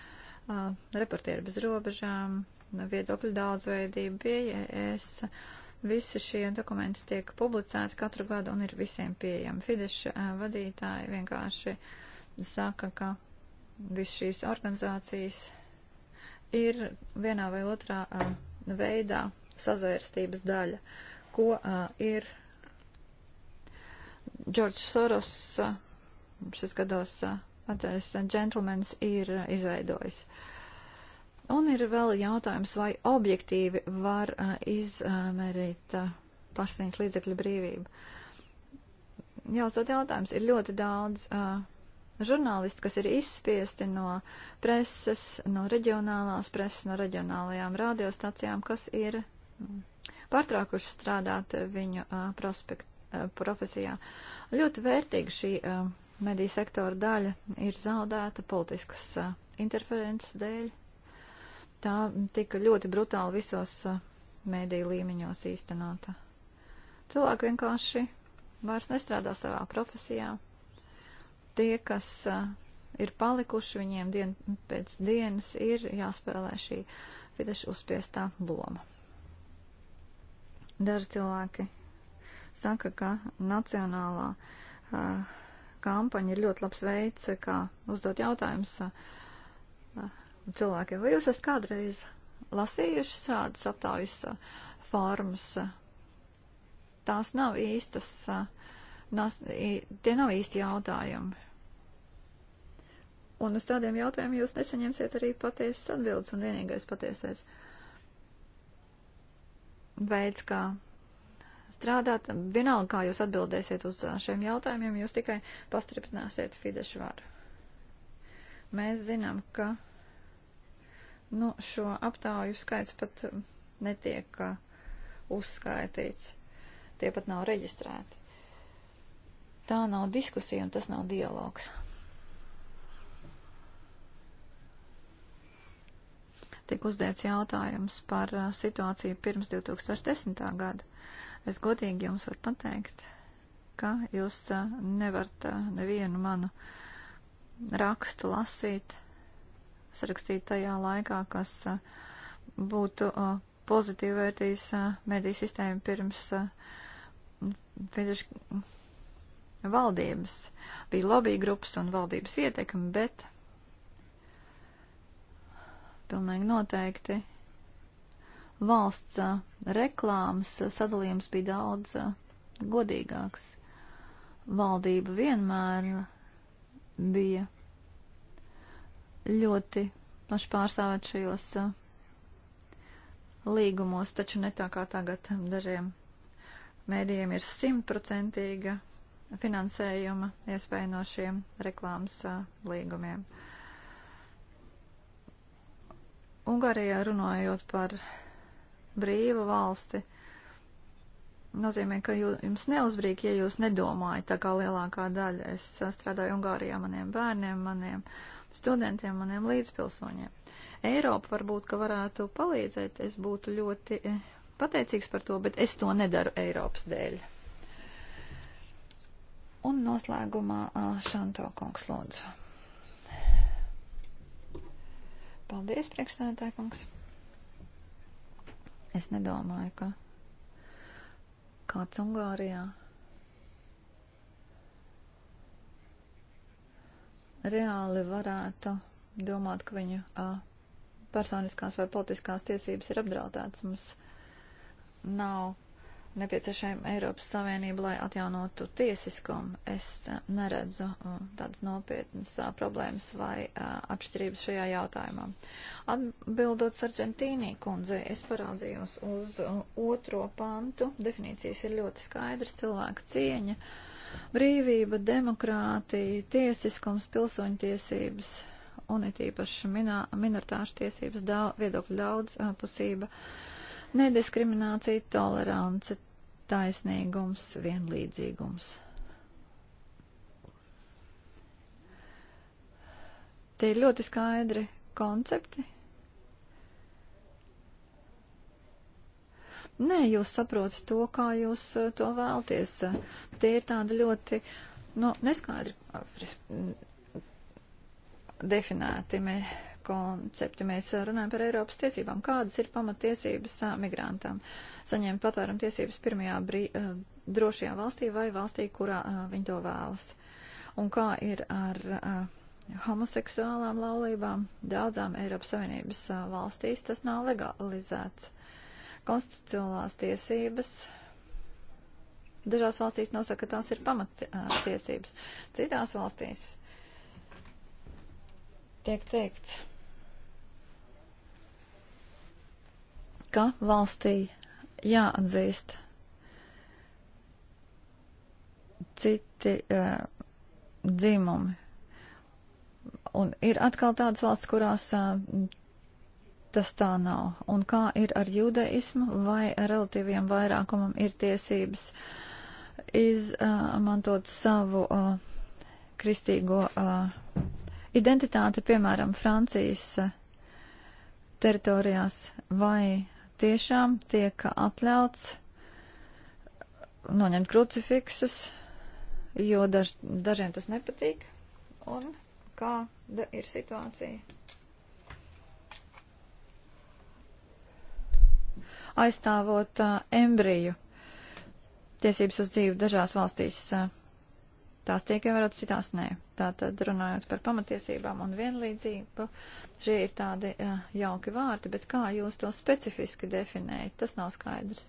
reportieri bez robežām, viedokļu daudzveidība, pieejas. Visi šie dokumenti tiek publicēti katru gadu un ir visiem pieejami. Fideša vadītāji vienkārši saka, ka visas šīs organizācijas ir vienā vai otrā veidā sazvērstības daļa, ko ir Džordžs Soros šis gados patēs uh, džentlmenis ir uh, izveidojis. Un ir vēl jautājums, vai objektīvi var uh, izmērīt uh, plašsaziņas līdzekļu brīvību. Jāuzdod jautājums, ir ļoti daudz uh, žurnālisti, kas ir izspiesti no preses, no reģionālās preses, no reģionālajām radiostacijām, kas ir mm, pārtraukuši strādāt viņu uh, prospekt, uh, profesijā. Ļoti vērtīga šī uh, mediju sektora daļa ir zaudēta politiskas uh, interferences dēļ. Tā tika ļoti brutāli visos uh, mediju līmeņos īstenota. Cilvēki vienkārši vairs nestrādā savā profesijā. Tie, kas uh, ir palikuši, viņiem dien pēc dienas ir jāspēlē šī Fideša uzspiestā loma. Daži cilvēki saka, ka nacionālā uh, kampaņa ir ļoti labs veids, kā uzdot jautājumus cilvēkiem. Vai jūs esat kādreiz lasījuši šādas aptaujas formas? Tās nav īstas, nas, tie nav īsti jautājumi. Un uz tādiem jautājumiem jūs nesaņemsiet arī patiesas atbildes un vienīgais patiesais veids, kā strādāt. Vienalga, kā jūs atbildēsiet uz uh, šiem jautājumiem, jūs tikai pastripināsiet Fidešu varu. Mēs zinām, ka nu, šo aptāju skaits pat uh, netiek uh, uzskaitīts. Tie pat nav reģistrēti. Tā nav diskusija un tas nav dialogs. Tik uzdēts jautājums par situāciju pirms 2010. gada. Es godīgi jums varu pateikt, ka jūs eh, nevarat eh, nevienu manu rakstu lasīt, sarakstīt tajā laikā, kas eh, būtu pozitīvi vērtījis mediju sistēmu pirms vienkārši valdības. Bija lobby grupas un valdības ietekme, bet pilnīgi noteikti valsts reklāmas sadalījums bija daudz godīgāks. Valdība vienmēr bija ļoti plaši pārstāvēt šajos līgumos, taču ne tā kā tagad dažiem mēdījiem ir simtprocentīga finansējuma iespēja no šiem reklāmas līgumiem. Ungārijā runājot par brīvu valsti, nozīmē, ka jums neuzbrīk, ja jūs nedomājat, tā kā lielākā daļa. Es strādāju Ungārijā maniem bērniem, maniem studentiem, maniem līdzpilsoņiem. Eiropa varbūt, ka varētu palīdzēt, es būtu ļoti eh, pateicīgs par to, bet es to nedaru Eiropas dēļ. Un noslēgumā Šanto kungs lūdzu. Paldies, priekšsēdētāj kungs. Es nedomāju, ka kāds Ungārijā reāli varētu domāt, ka viņu a, personiskās vai politiskās tiesības ir apdraudētas. Mums nav nepieciešama Eiropas Savienība, lai atjaunotu tiesiskumu. Es eh, neredzu eh, tādas nopietnas eh, problēmas vai atšķirības šajā jautājumā. Atbildot Sargentīnī kundzei, es paraudzījos uz otro pantu. Definīcijas ir ļoti skaidrs - cilvēka cieņa, brīvība, demokrātija, tiesiskums, pilsoņtiesības un it īpaši minoritāšu tiesības, viedokļu daudzpusība. Uh, Nediskriminācija, tolerance, taisnīgums, vienlīdzīgums. Tie ir ļoti skaidri koncepti. Nē, jūs saprotat to, kā jūs uh, to vēlties. Tie ir tādi ļoti nu, neskaidri uh, definēti. Mēs konceptu. Mēs eh, runājam par Eiropas tiesībām. Kādas ir pamatiesības eh, migrantam? Saņemt patvērumu tiesības pirmajā brī, eh, drošajā valstī vai valstī, kurā viņi to vēlas? Un kā ir ar homoseksuālām laulībām? Daudzām Eiropas Savienības valstīs tas nav legalizēts. Konstitucionālās tiesības Dažās valstīs nosaka, ka tās ir pamattiesības. Citās valstīs tiek teikts, ka valstī jāatzīst citi uh, eh, dzimumi. Un ir atkal tādas valsts, kurās uh, tas tā nav. Un kā ir ar judaismu, vai relatīviem vairākumam ir tiesības izmantot uh, savu uh, kristīgo uh, identitāti, piemēram, Francijas uh, teritorijās vai tiešām tiek atļauts noņemt krucifiksus, jo daž, dažiem tas nepatīk. Un kāda ir situācija? Aizstāvot uh, embriju tiesības uz dzīvi dažās valstīs. Uh, Tās tiek ievērotas, citās nē. Tātad runājot par pamatiesībām un vienlīdzību, šie ir tādi e, jauki vārdi, bet kā jūs to specifiski definējat, tas nav skaidrs.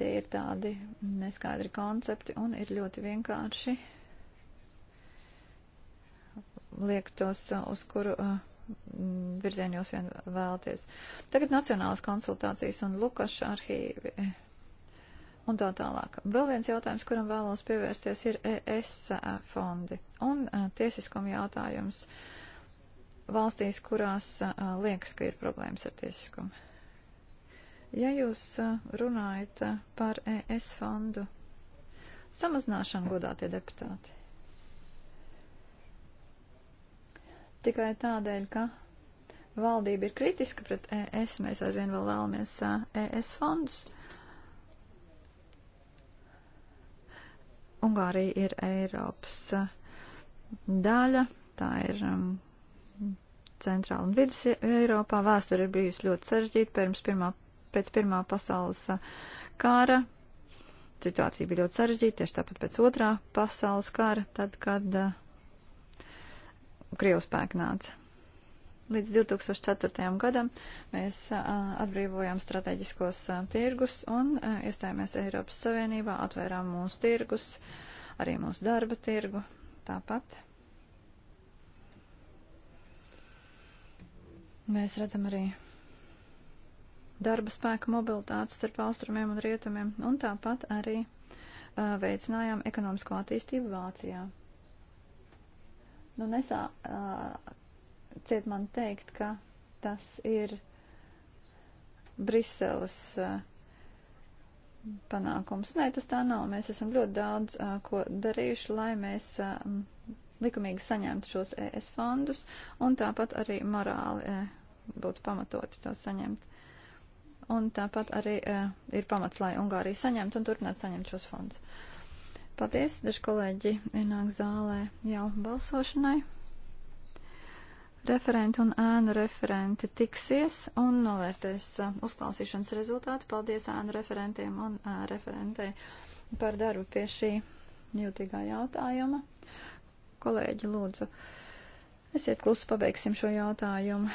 Tie ir tādi neskaidri koncepti un ir ļoti vienkārši liek tos, e, uz kuru e, virzienu jūs vien vēlaties. Tagad nacionālas konsultācijas un Lukaša arhīvi un tā tālāk. Vēl viens jautājums, kuram vēlos pievērsties, ir ES e, fondi un e, tiesiskuma jautājums valstīs, kurās e, liekas, ka ir problēmas ar tiesiskumu. Ja jūs runājat par ES fondu samazināšanu, godātie deputāti, tikai tādēļ, ka valdība ir kritiska pret ES, mēs aizvien vēl vēlamies ES fondus. Uh, Ungārija ir Eiropas eh, daļa, tā ir um, centrāla un vidus e- Eiropā. Vēsture ir bijusi ļoti sarežģīta pirms pirmā, pēc pirmā pasaules eh, kara. Situācija bija ļoti sarežģīta tieši tāpat pēc otrā pasaules kara, tad, kad uh, Krievu spēki nāca. Līdz 2004. gadam mēs atbrīvojām strateģiskos tirgus un iestājāmies Eiropas Savienībā, atvērām mūsu tirgus, arī mūsu darba tirgu tāpat. Mēs redzam arī darba spēka mobilitāti starp austrumiem un rietumiem, un tāpat arī veicinājām ekonomisko attīstību Vācijā. Nu, nesā, ciet man teikt, ka tas ir Briseles uh, panākums. Nē, tas tā nav. Mēs esam ļoti daudz uh, ko darījuši, lai mēs uh, likumīgi saņemtu šos ES fondus un tāpat arī morāli uh, būtu pamatoti to saņemt. Un tāpat arī uh, ir pamats, lai Ungārija saņemtu un turpinātu saņemt šos fondus. Paldies, daži kolēģi ienāk zālē jau balsošanai. Referenti un ēnu referenti tiksies un novērtēs uh, uzklausīšanas rezultātu. Paldies ēnu referentiem un ā, uh, referentei par darbu pie šī jūtīgā jautājuma. Kolēģi, lūdzu, esiet klusi, pabeigsim šo jautājumu.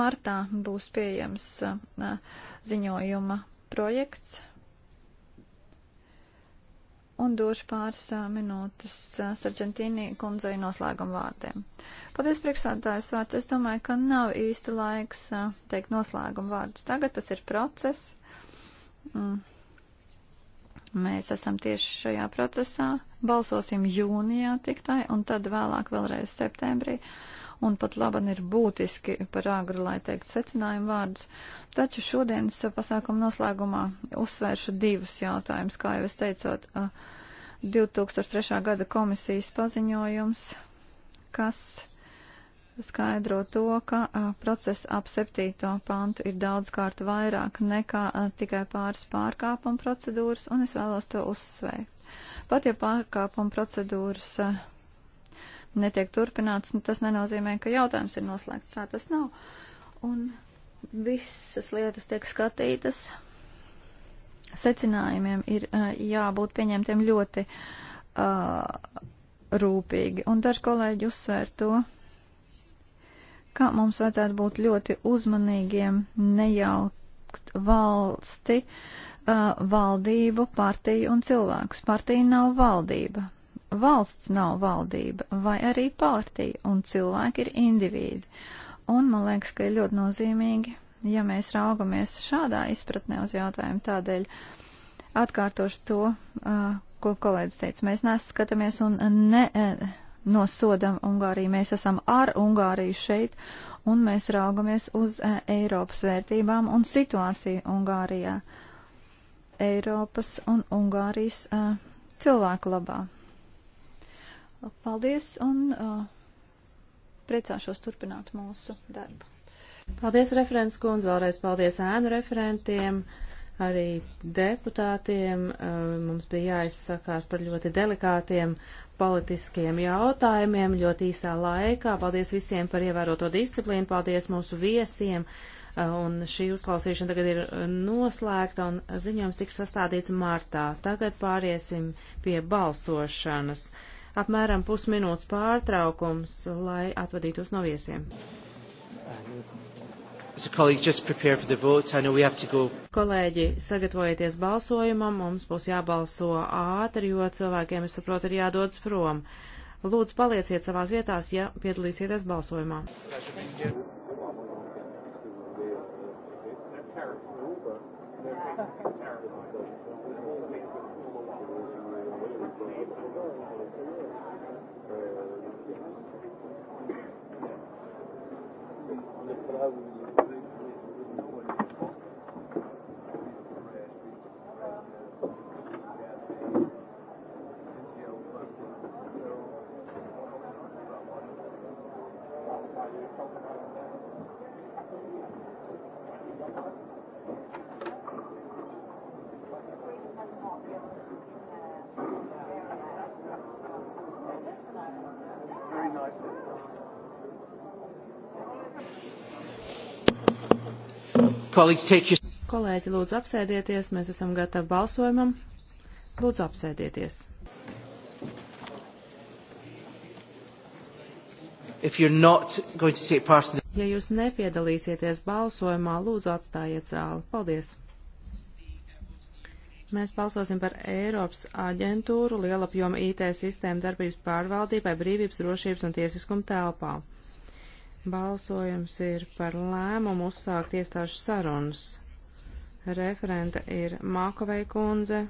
Martā būs pieejams uh, ziņojuma projekts un došu pāris minūtes Sargentīnī kundzei noslēguma vārdiem. Paldies, priekšsādātājs vārds. Es domāju, ka nav īsti laiks teikt noslēguma vārdus. Tagad tas ir process. Mm. Mēs esam tieši šajā procesā. Balsosim jūnijā tiktai un tad vēlāk vēlreiz septembrī. Uh, un pat laban ir būtiski par āgru, lai teikt secinājumu vārdus. Taču šodienas pasākuma noslēgumā uzsvēršu divus jautājumus, kā jau es teicot, 2003. gada komisijas paziņojums, kas skaidro to, ka process ap septīto pantu ir daudz kārt vairāk nekā a, tikai pāris pārkāpuma procedūras, un es vēlos to uzsvērt. Pat ja pārkāpuma procedūras netiek turpināts, nu, tas nenozīmē, ka jautājums ir noslēgts. Tā tas nav. Un visas lietas tiek skatītas. Secinājumiem ir jābūt pieņemtiem ļoti uh, rūpīgi. Un daži kolēģi uzsver to, ka mums vajadzētu būt ļoti uzmanīgiem, nejaukt valsti, uh, valdību, partiju un cilvēkus. Partija nav valdība valsts nav valdība vai arī partija, un cilvēki ir indivīdi. Un man liekas, ka ir ļoti nozīmīgi, ja mēs raugamies šādā izpratnē uz jautājumu tādēļ. Atkārtošu to, ko kolēģis teica. Mēs neskatāmies un ne, nosodam Ungāriju. Mēs esam ar Ungāriju šeit un mēs raugamies uz Eiropas vērtībām un situāciju Ungārijā. Eiropas un Ungārijas cilvēku labā. Paldies un uh, priecāšos turpināt mūsu darbu.
Paldies, referents kundze, vēlreiz paldies ēnu referentiem, arī deputātiem. Uh, mums bija jāizsakās par ļoti delikātiem politiskiem jautājumiem ļoti īsā laikā. Paldies visiem par ievēroto disciplīnu, paldies mūsu viesiem. Uh, un šī uzklausīšana tagad ir noslēgta un ziņojums tiks sastādīts martā. Tagad pāriesim pie balsošanas apmēram pusminūtes pārtraukums, lai atvadītos no viesiem. So, Kolēģi, sagatavojieties balsojumam, mums būs jābalso ātri, jo cilvēkiem, es saprotu, ir jādodas prom. Lūdzu, palieciet savās vietās, ja piedalīsieties balsojumā. Kolēģi, lūdzu apsēdieties, mēs esam gatavi balsojumam. Lūdzu apsēdieties. Ja jūs nepiedalīsieties balsojumā, lūdzu atstājiet zāli. Paldies! Mēs balsosim par Eiropas aģentūru lielapjoma IT sistēmu darbības pārvaldībai brīvības, drošības un tiesiskuma telpā. Balsojums ir par lēmumu uzsākt iestāžu sarunas. Referente ir Makovei kundze.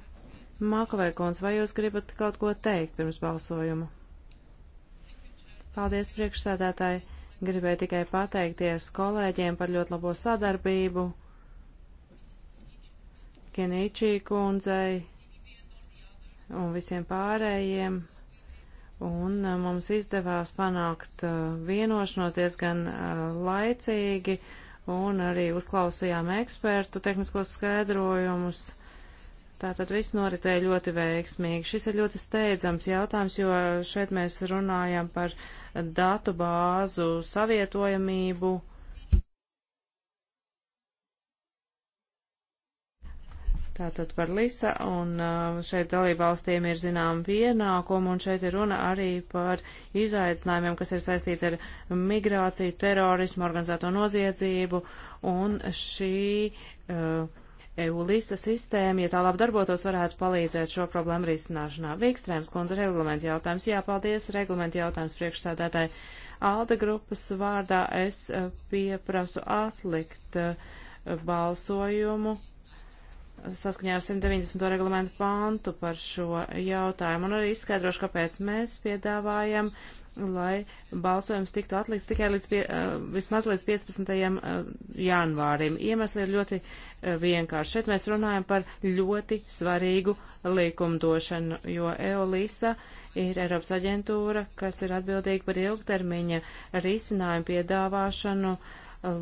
Makovei kundze, vai jūs gribat kaut ko teikt pirms balsojuma? Paldies, priekšsēdētāji. Gribēju tikai pateikties kolēģiem par ļoti labo sadarbību. Kenīčī kundzei un visiem pārējiem. Un eh, mums izdevās panākt eh, vienošanos diezgan eh, laicīgi un arī uzklausījām ekspertu tehniskos skaidrojumus. Tātad viss noritēja ļoti veiksmīgi. Šis ir ļoti steidzams jautājums, jo šeit mēs runājam par datu bāzu savietojamību Tātad par Lisa, un uh, šeit dalībvalstīm ir zinām pienākumu, un šeit ir runa arī par izaicinājumiem, kas ir saistīti ar migrāciju, terorismu, organizēto noziedzību, un šī uh, EULISA sistēma, ja tā labi darbotos, varētu palīdzēt šo problēmu risināšanā. Vīkstrēms kundze reglamentu jautājums. Jā, paldies. Reglamentu jautājums priekšsēdētāji. Alda grupas vārdā es uh, pieprasu atlikt uh, balsojumu saskaņā ar 190. reglamentu pāntu par šo jautājumu un arī izskaidrošu, kāpēc mēs piedāvājam, lai balsojums tiktu atlikts tikai līdz pie, eh, vismaz līdz 15. Eh, janvārim. Iemesli ir ļoti eh, vienkārši. Šeit mēs runājam par ļoti svarīgu likumdošanu, jo EOLISA ir Eiropas aģentūra, kas ir atbildīga par ilgtermiņa risinājumu piedāvāšanu,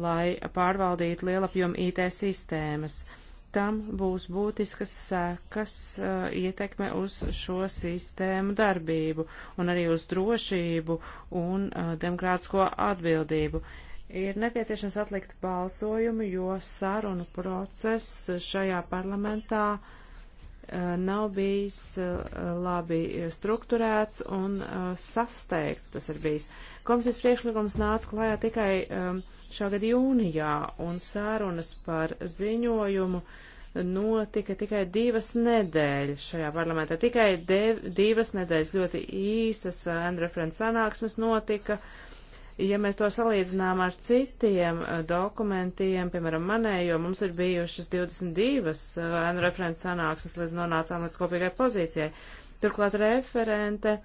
lai pārvaldītu lielapjomu IT sistēmas. Uh, tam būs būtiskas sekas uh, ietekme uz šo sistēmu darbību un arī uz drošību un uh, demokrātisko atbildību. Ir nepieciešams atlikt balsojumu, jo sarunu process šajā parlamentā uh, nav bijis labi strukturēts un sasteigts tas ir bijis. Komisijas priekšlikums nāca klājā tikai um, šā gada jūnijā, un sārunas par ziņojumu notika tikai divas nedēļas šajā parlamentā. Tikai dev, divas nedēļas ļoti īsas Andreferents sanāksmes notika. Ja mēs to salīdzinām ar citiem eh, dokumentiem, piemēram, manējo, mums ir bijušas 22 eh, Andreferents sanāksmes, līdz nonācām līdz kopīgai pozīcijai. Turklāt referente eh,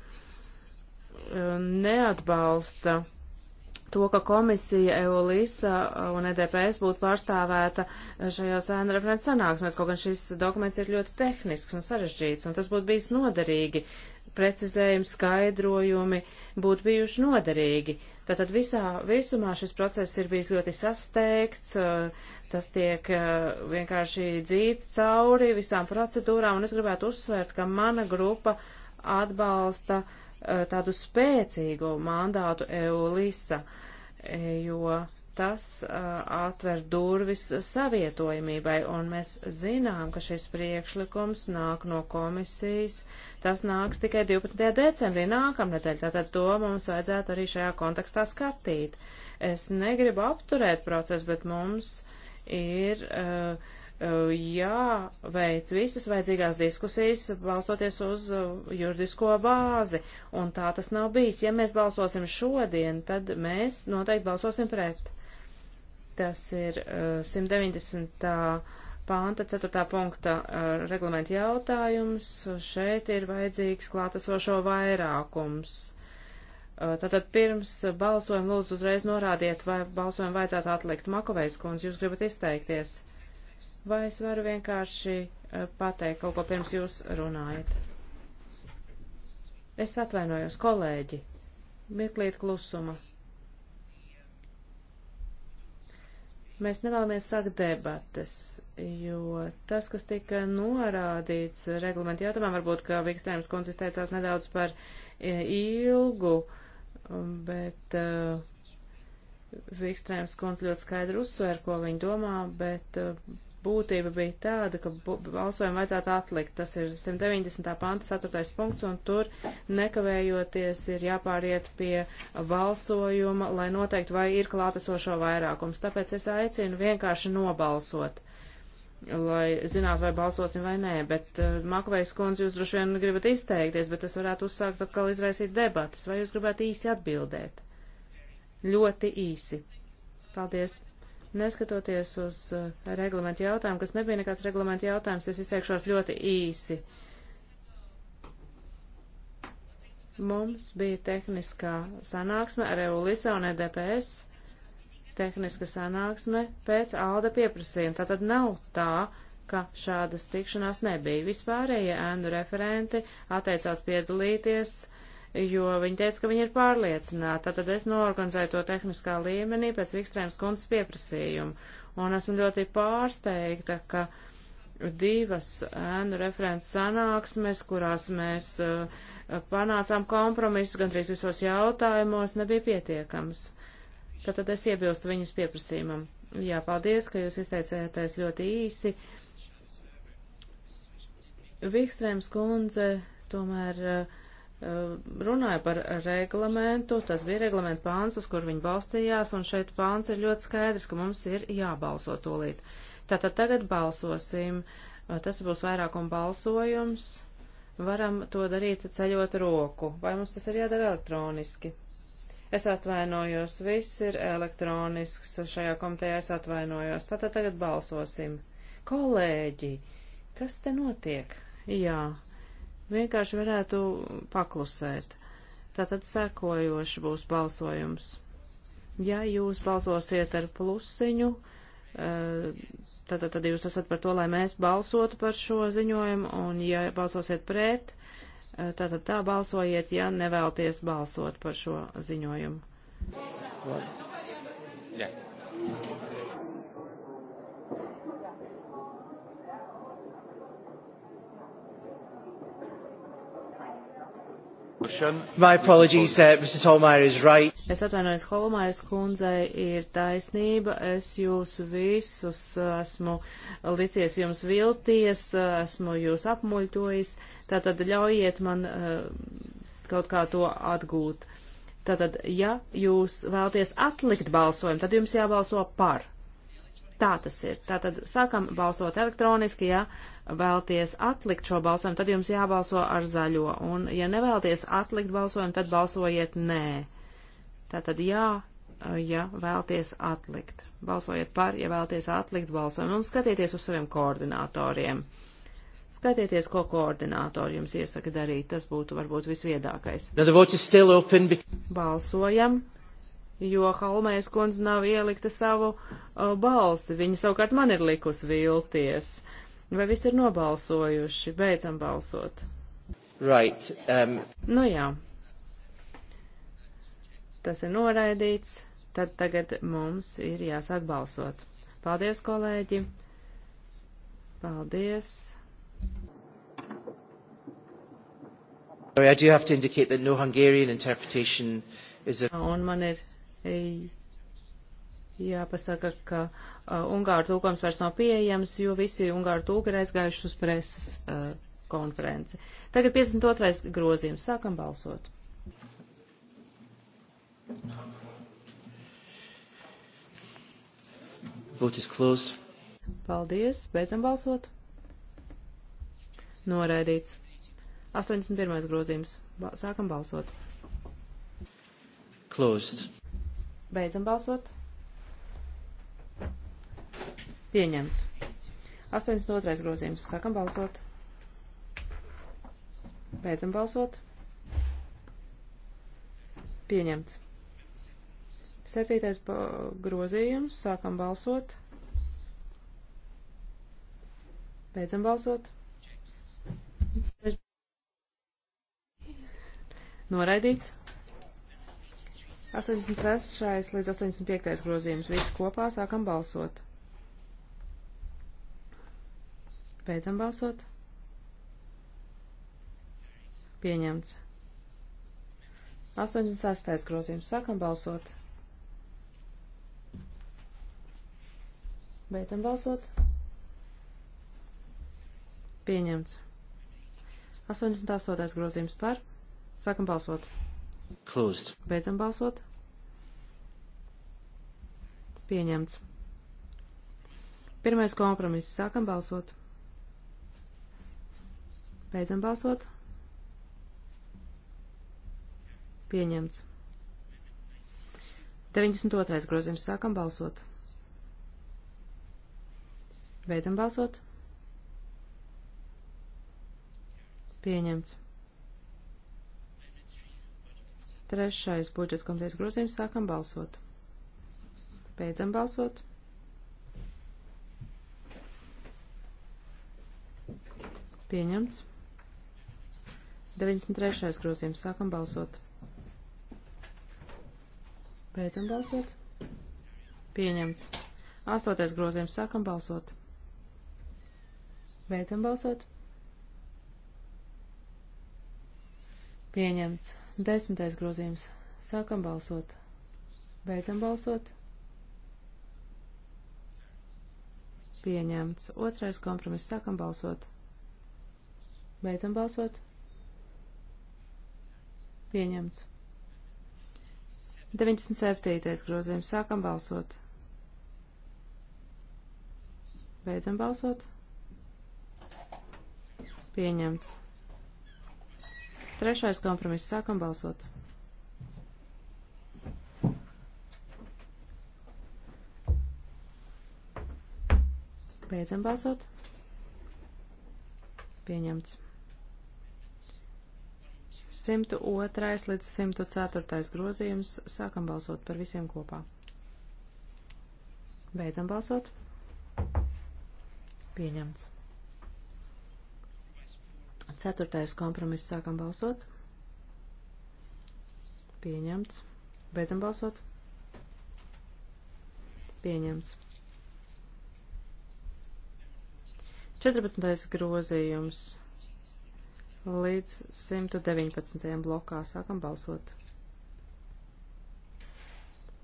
neatbalsta to, ka komisija EOLISA un EDPS būtu pārstāvēta šajos ēnu referents sanāksmēs, kaut gan šis dokuments ir ļoti tehnisks un sarežģīts, un tas būtu bijis noderīgi. Precizējumi, skaidrojumi būtu bijuši noderīgi. Tātad visā visumā šis process ir bijis ļoti sasteigts, tas tiek eh, vienkārši dzīts cauri visām procedūrām, un es gribētu uzsvērt, ka mana grupa atbalsta uh, Eh, tādu spēcīgu mandātu EULISA, eh, jo tas eh, atver durvis savietojamībai, un mēs zinām, ka šis priekšlikums nāk no komisijas. Tas nāks tikai 12. decembrī nākamnedēļ, tātad to mums vajadzētu arī šajā kontekstā skatīt. Es negribu apturēt procesu, bet mums ir uh, jāveic visas vajadzīgās diskusijas, balstoties uz uh, juridisko bāzi, un tā tas nav bijis. Ja mēs balsosim šodien, tad mēs noteikti balsosim pret. Tas ir 190. pānta 4. punkta uh, reglamenta jautājums. Šeit ir vajadzīgs klātesošo vairākums. Uh, tātad pirms balsojuma lūdzu uzreiz norādiet, vai balsojumu vajadzētu atlikt. Makovejas kundze, jūs gribat izteikties? Vai es varu vienkārši eh, pateikt kaut ko pirms jūs runājat? Es atvainojos, kolēģi. Mirklīt klusuma. Mēs nevēlamies sākt debates, jo tas, kas tika norādīts reglamentu jautājumā, varbūt, ka Vikstēmas kundze izteicās nedaudz par e, ilgu, um, bet uh, e, Vikstēmas kundze ļoti skaidri uzsver, ko viņa domā, bet uh, būtība bija tāda, ka balsojumu vajadzētu atlikt. Tas ir 190. panta 4. punkts, un tur nekavējoties ir jāpāriet pie balsojuma, lai noteikti vai ir klātesošo vairākums. Tāpēc es aicinu vienkārši nobalsot lai zinātu, vai balsosim vai nē, bet uh, Makvejas kundze jūs droši vien gribat izteikties, bet tas varētu uzsākt atkal izraisīt debatas, vai jūs gribētu īsi atbildēt? Ļoti īsi. Paldies. Neskatoties uz eh, reglamentu jautājumu, kas nebija nekāds reglamentu jautājums, es izteikšos ļoti īsi. Mums bija tehniskā sanāksme ar EULISA un EDPS, tehniska sanāksme pēc ALDE pieprasījuma. Tātad nav tā, ka šādas tikšanās nebija. Vispārējie ēnu referenti atteicās piedalīties jo viņi teica, ka viņi ir pārliecināti. Tātad es norganizēju to tehniskā līmenī pēc Vikstrēmas kundzes pieprasījuma. Un esmu ļoti pārsteigta, ka divas ēnu referentu sanāksmes, kurās mēs uh, panācām kompromisus gandrīz visos jautājumos, nebija pietiekams. Tātad es iebilstu viņas pieprasījumam. Jā, paldies, ka jūs izteicēties ļoti īsi. Vikstrēms kundze tomēr uh, Eh, runāja par reglamentu, tas bija reglamentu pāns, uz kur viņi balstījās, un šeit pāns ir ļoti skaidrs, ka mums ir jābalso tūlīt. Tātad tagad balsosim, eh, tas būs vairākuma balsojums, varam to darīt ceļot roku, vai mums tas ir jādara elektroniski. Es atvainojos, viss ir elektronisks, šajā komitejā es atvainojos, tātad tagad balsosim. Kolēģi, kas te notiek? Jā, vienkārši varētu paklusēt. Tātad sekojoši būs balsojums. Ja jūs balsosiet ar plusiņu, eh, tātad tad jūs esat par to, lai mēs balsotu par šo ziņojumu, un ja balsosiet pret, eh, tātad tā balsojiet, ja nevēlties balsot par šo ziņojumu. Yeah. My apologies, uh, Mrs. Holmeyer is right. Es atvainojos, Holmairs kundzei ir taisnība. Es jūs visus esmu licies jums vilties, esmu jūs apmuļtojis. Tātad ļaujiet man uh, kaut kā to atgūt. Tātad, ja jūs vēlaties atlikt balsojumu, tad jums jābalso par. Tā tas ir. Tātad sākam balsot elektroniski, ja uh, vēlties atlikt šo balsojumu, tad jums jābalso ar zaļo, un ja nevēlties atlikt balsojumu, tad balsojiet nē. Tātad jā, ja vēlties atlikt. Balsojiet par, ja vēlties atlikt balsojumu, un skatieties uz saviem koordinatoriem. Skatieties, ko koordinātori jums iesaka darīt. Tas būtu varbūt visviedākais. Open, but... Balsojam, jo Halmējas kundze nav ielikta savu uh, balsi. Viņa savukārt man ir likus vilties. Uh, Vai viss ir nobalsojuši? Beidzam balsot. Right. Um... Nu jā. Tas ir noraidīts. Tad tagad mums ir jāsāk balsot. Paldies, kolēģi. Paldies. Sorry, I do have to indicate that no Hungarian
interpretation is a... Un
man ir Jāpasaka, ka uh, Ungāru tūkums vairs nav pieejams, jo visi Ungāru tūki ir aizgājuši uz preses uh, konferenci. Tagad 52. grozījums. Sākam balsot.
Vote is closed.
Paldies. Beidzam balsot. Noraidīts. 81. grozījums. Ba sākam balsot. Closed. Beidzam balsot. Pieņemts. 82. grozījums. Sākam balsot. Beidzam balsot. Pieņemts. 7. grozījums. Sākam balsot. Beidzam balsot. Noraidīts. 83. līdz 85. grozījums. Visi kopā sākam balsot. Beidzam balsot. Pieņemts. 86. grozījums. Sākam balsot. Beidzam balsot. Pieņemts. 88. grozījums par. Sākam balsot. Closed. Beidzam balsot. Pieņemts. Pirmais kompromiss. Sākam balsot. Beidzam balsot. Pieņemts. 92. grozījums sākam balsot. Beidzam balsot. Pieņemts. Trešais budžeta komitejas grozījums sākam balsot. Beidzam balsot. Pieņemts. 93. grozījums. Sākam balsot. Beidzam balsot. Pieņemts. 8. grozījums. Sākam balsot. Beidzam balsot. Pieņemts. 10. grozījums. Sākam balsot. Beidzam balsot. Pieņemts. Otrais kompromiss. Sākam balsot. Beidzam balsot. Pieņemts. 97. grozījums. Sākam balsot. Beidzam balsot. Pieņemts. Trešais kompromiss. Sākam balsot. Beidzam balsot. Pieņemts. 102. līdz 104. grozījums. Sākam balsot par visiem kopā. Beidzam balsot. Pieņemts. Ceturtais kompromiss. Sākam balsot. Pieņemts. Beidzam balsot. Pieņemts. 14. grozījums līdz 119. blokā. Sākam balsot.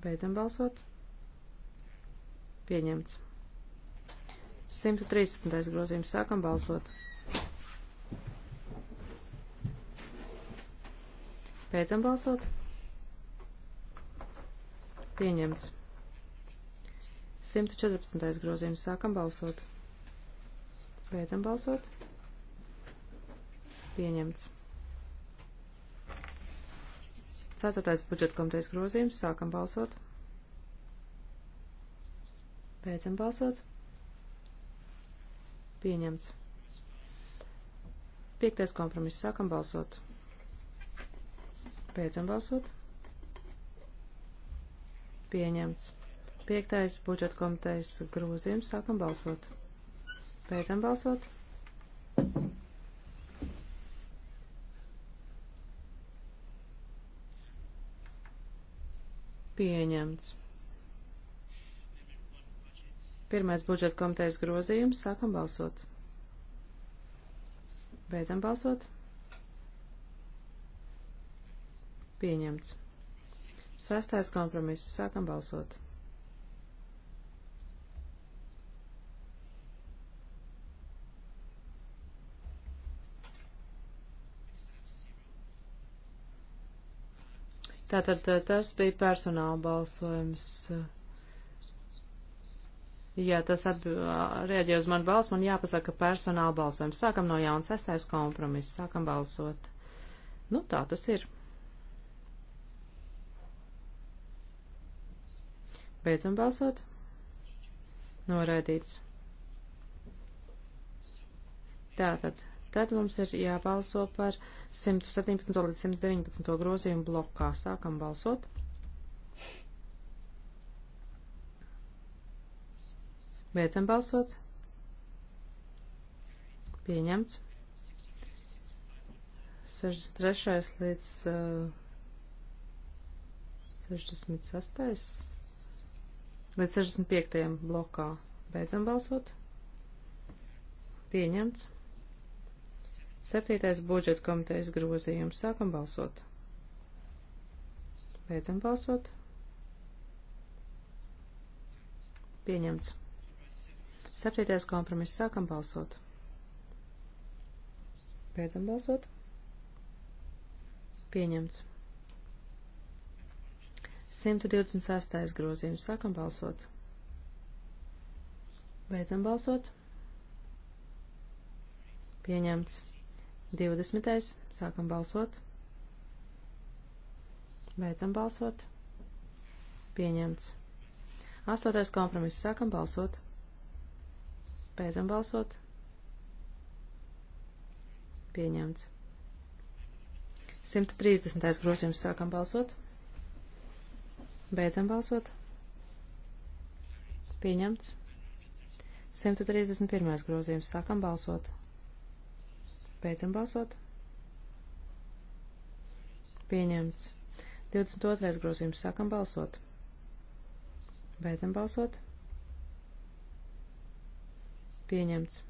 Beidzam balsot. Pieņemts. 113. grozījums. Sākam balsot. Beidzam balsot. Pieņemts. 114. grozījums. Sākam balsot. Beidzam balsot. Pieņemts. Ceturtais budžeta komitejas grozījums. Sākam balsot. Beidzam balsot. Pieņemts. Piektais kompromiss. Sākam balsot. Beidzam balsot. Pieņemts. Piektais budžeta komitejas grozījums. Sākam balsot. Beidzam balsot. Pieņemts. Pirmais budžeta komitejas grozījums. Sākam balsot. Beidzam balsot. Pieņemts. Sastais kompromiss. Sākam balsot. Tātad tas bija personāla balsojums. Jā, tas reaģē uz manu balsu, man jāpasaka personāla balsojums. Sākam no jauna sestais kompromiss, sākam balsot. Nu, tā tas ir. Beidzam balsot. Noraidīts. Tātad, tad mums ir jābalso par 117 līdz 119 grozījumu blokā. Sākam balsot. Beidzam balsot. Pieņemts. 63. līdz uh, 66. līdz 65. blokā. Beidzam balsot. Pieņemts. Septītais budžeta komitejas grozījums. Sākam balsot. Beidzam balsot. Pieņemts. Septītais kompromiss. Sākam balsot. Beidzam balsot. Pieņemts. 126. grozījums. Sākam balsot. Beidzam balsot. Pieņemts. 20. Sākam balsot. Beidzam balsot. Pieņemts. 8. kompromiss. Sākam balsot. Beidzam balsot. Pieņemts. 130. grozījums. Sākam balsot. Beidzam balsot. Pieņemts. 131. grozījums. Sākam balsot. Beidzam balsot. Pieņemts. 22. grozījums. Sākam balsot. Beidzam balsot. Pieņemts.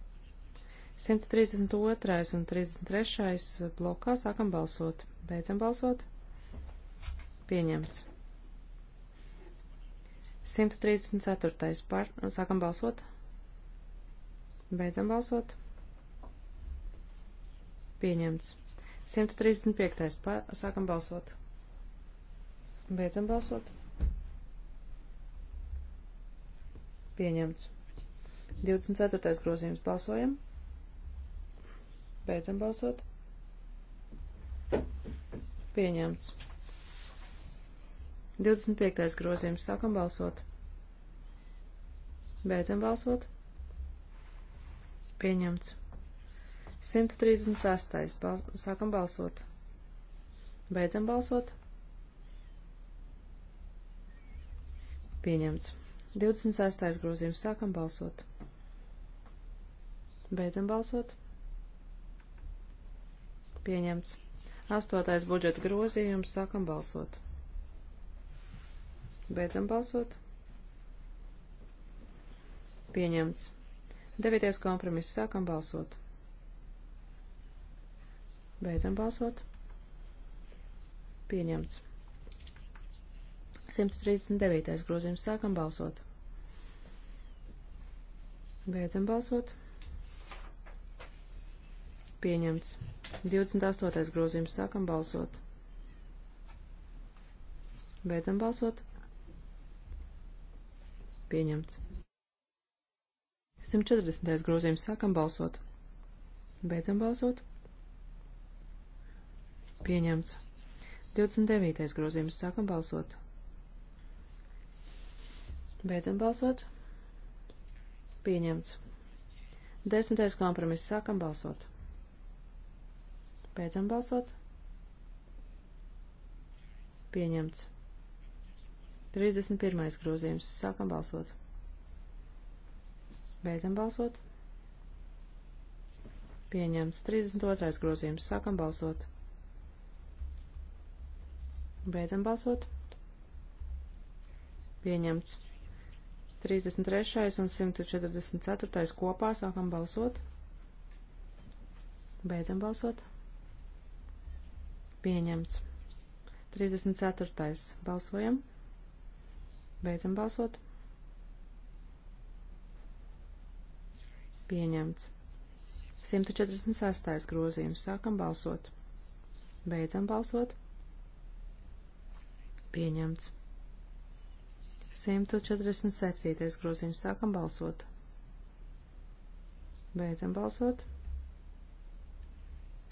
132. un 33. blokā sākam balsot. Beidzam balsot. Pieņemts. 134. par. Sākam balsot. Beidzam balsot. Pieņemts. 135. Pa, sākam balsot. Beidzam balsot. Pieņemts. 24. grozījums balsojam. Beidzam balsot. Pieņemts. 25. grozījums sākam balsot. Beidzam balsot. Pieņemts. 136. Bal sākam balsot. Beidzam balsot. Pieņemts. 26. grozījums. Sākam balsot. Beidzam balsot. Pieņemts. 8. budžeta grozījums. Sākam balsot. Beidzam balsot. Pieņemts. 9. kompromiss. Sākam balsot. Beidzam balsot. Pieņemts. 139. grozījums sākam balsot. Beidzam balsot. Pieņemts. 28. grozījums sākam balsot. Beidzam balsot. Pieņemts. 140. grozījums sākam balsot. Beidzam balsot. Pieņemts. 29. grozījums. Sākam balsot. Beidzam balsot. Pieņemts. Desmitais kompromiss. Sākam balsot. Beidzam balsot. Pieņemts. 31. grozījums. Sākam balsot. Beidzam balsot. Pieņemts. 32. grozījums. Sākam balsot. Beidzam balsot. Pieņemts. 33. un 144. kopā sākam balsot. Beidzam balsot. Pieņemts. 34. balsojam. Beidzam balsot. Pieņemts. 146. grozījums sākam balsot. Beidzam balsot pieņemts. 147. grozījums sākam balsot. Beidzam balsot.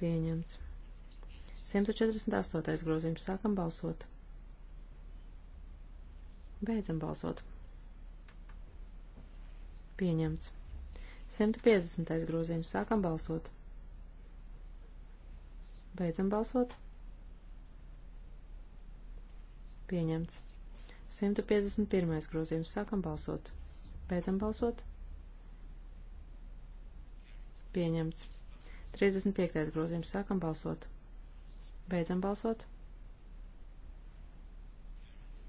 Pieņemts. 148. grozījums sākam balsot. Beidzam balsot. Pieņemts. 150. grozījums sākam balsot. Beidzam balsot. Pieņemts. 151. grozījums. Sākam balsot. Beidzam balsot. Pieņemts. 35. grozījums. Sākam balsot. Beidzam balsot.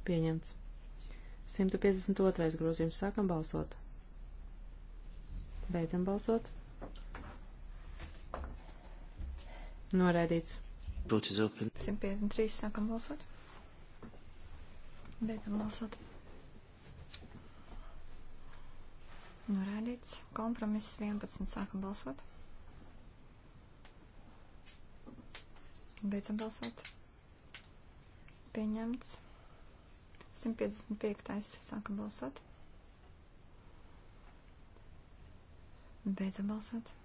Pieņemts. 152. grozījums. Sākam balsot. Beidzam balsot. Noraidīts. 153. Sākam balsot.
Beidzam balsot. Norādīts. Kompromiss 11. Sākam balsot. Beidzam balsot. Pieņemts. 155. Sākam balsot. Beidzam balsot.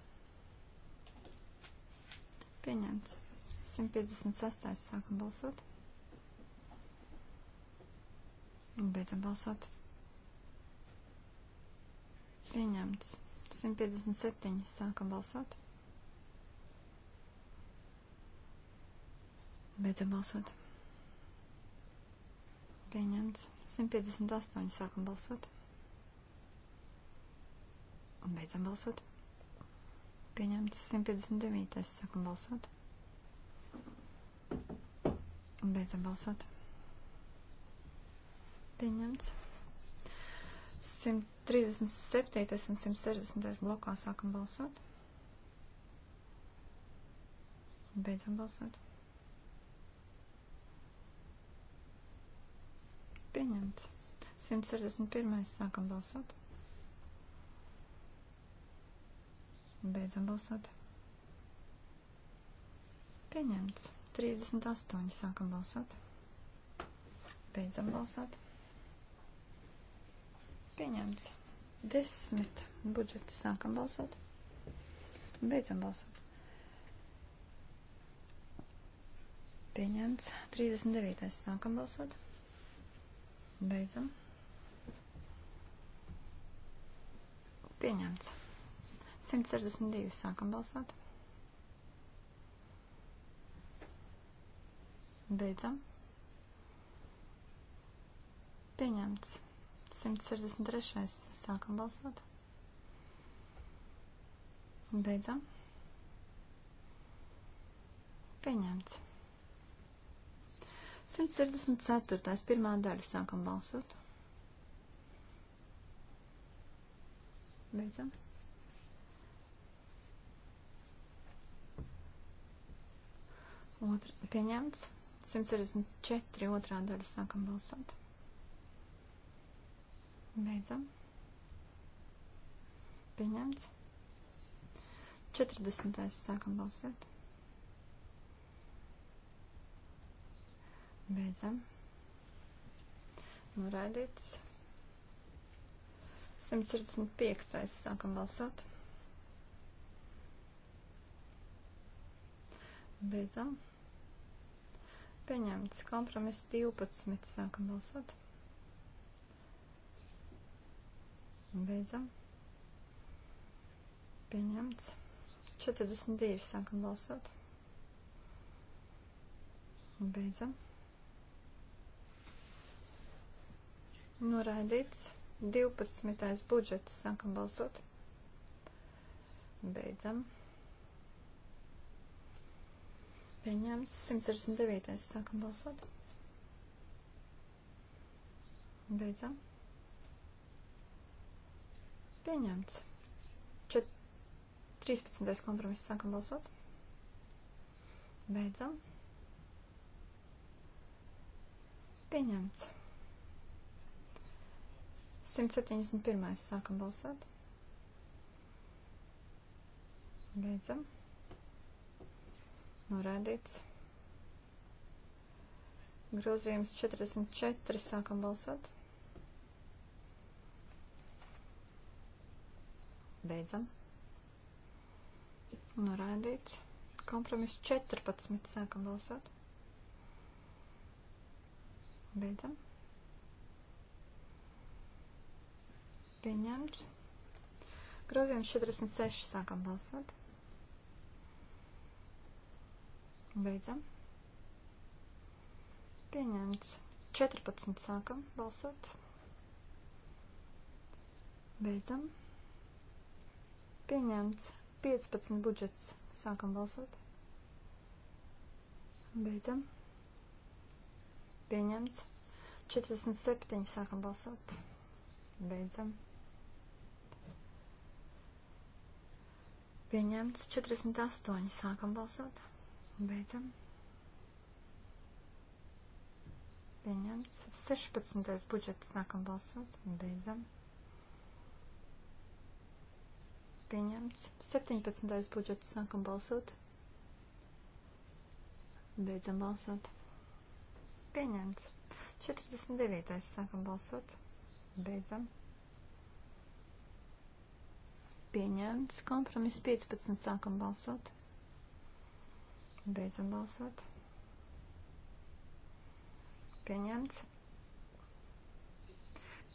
Pieņemts. 156. Sākam balsot. Beidzam balsot. Pieņemts. 157. Sākam balsot. Beidzam balsot. Pieņemts. 158. Sākam balsot. Un beidzam balsot. Pieņemts. 159. Sākam balsot. Un beidzam balsot pieņemts. 137. un 160. blokā sākam balsot. Beidzam balsot. Pieņemts. 161. sākam balsot. Beidzam balsot. Pieņemts. 38. sākam balsot. Beidzam balsot. Pieņemts. Desmit budžets. Sākam balsot. Beidzam balsot. Pieņemts. 39. Sākam balsot. Beidzam. Pieņemts. 162. Sākam balsot. Beidzam. Pieņemts. 163. Sākam balsot. Beidzam. Pieņemts. 164. pirmā daļa. Sākam balsot. Beidzam. Otra, pieņemts. 164. otrā daļa. Sākam balsot. Beidzam. Pieņemts. 40. sākam balsot. Beidzam. Noraidīts. 165. sākam balsot. Beidzam. Pieņemts kompromiss 12. Sākam balsot. Beidzam. Pieņemts. 42. Sākam balsot. Beidzam. Noraidīts. 12. budžets. Sākam balsot. Beidzam. Pieņemts. 169. Sākam balsot. Beidzam. Pieņemts. 4, 13. kompromiss. Sākam balsot. Beidzam. Pieņemts. 171. Sākam balsot. Beidzam. Norādīts. Grozījums 44. Sākam balsot. Beidzam. Noraidīts. Kompromiss 14. Sākam balsot. Beidzam. Pieņemts. Grozījums 46. Sākam balsot. Beidzam. Pieņemts. 14. Sākam balsot. Beidzam. Pieņemts 15 budžets. Sākam balsot. Beidzam. Pieņemts 47. Sākam balsot. Beidzam. Pieņemts 48. Sākam balsot. Beidzam. Pieņemts 16. budžets. Sākam balsot. Beidzam. Pieņemts. 17. budžets sākam balsot. Beidzam balsot. Pieņemts. 49. sākam balsot. Beidzam. Pieņemts. Kompromiss 15. sākam balsot. Beidzam balsot. Pieņemts.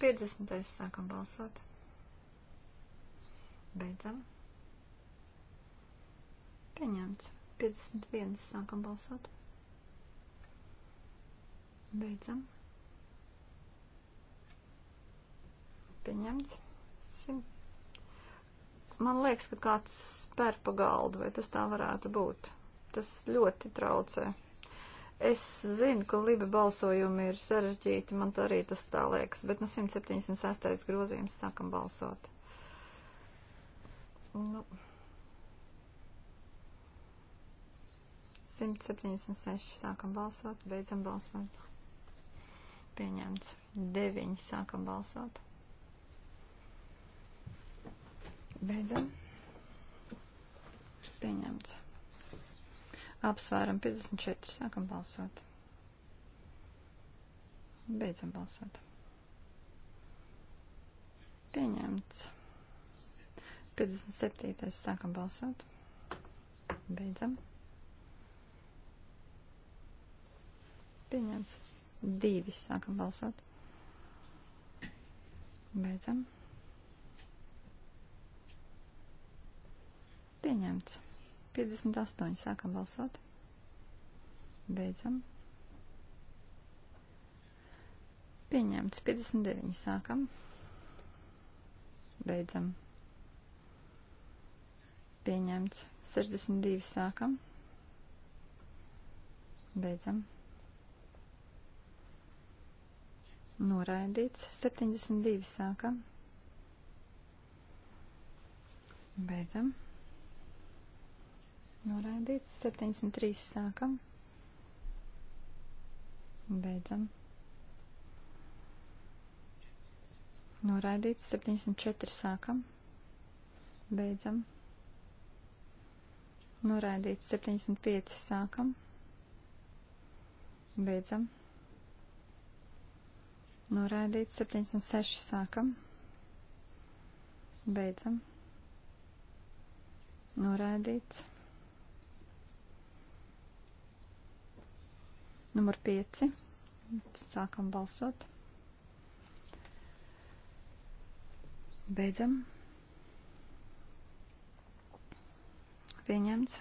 50. sākam balsot. Beidzam. Pieņemts. 51. Sākam balsot. Beidzam. Pieņemts. Sim. Man liekas, ka kāds spēr pa galdu, vai tas tā varētu būt. Tas ļoti traucē. Es zinu, ka liba balsojumi ir sarežģīti, man arī tas tā liekas, bet no 176. grozījums sākam balsot. Nu, 176 sākam balsot, beidzam balsot. Pieņemts. 9 sākam balsot. Beidzam. Pieņemts. Apsvēram 54 sākam balsot. Beidzam balsot. Pieņemts. 57. sākam balsot. Beidzam. Pieņemts. 2. Sākam balsot. Beidzam. Pieņemts. 58. Sākam balsot. Beidzam. Pieņemts. 59. Sākam. Beidzam. Pieņemts. 62 sākam. Beidzam. Noraidīts. 72 sākam. Beidzam. Noraidīts. 73 sākam. Beidzam. Noraidīts. 74 sākam. Beidzam. Noraidīts 75. Sākam. Beidzam. Noraidīts 76. Sākam. Beidzam. Noraidīts. Numur 5. Sākam balsot. Beidzam. pieņemts.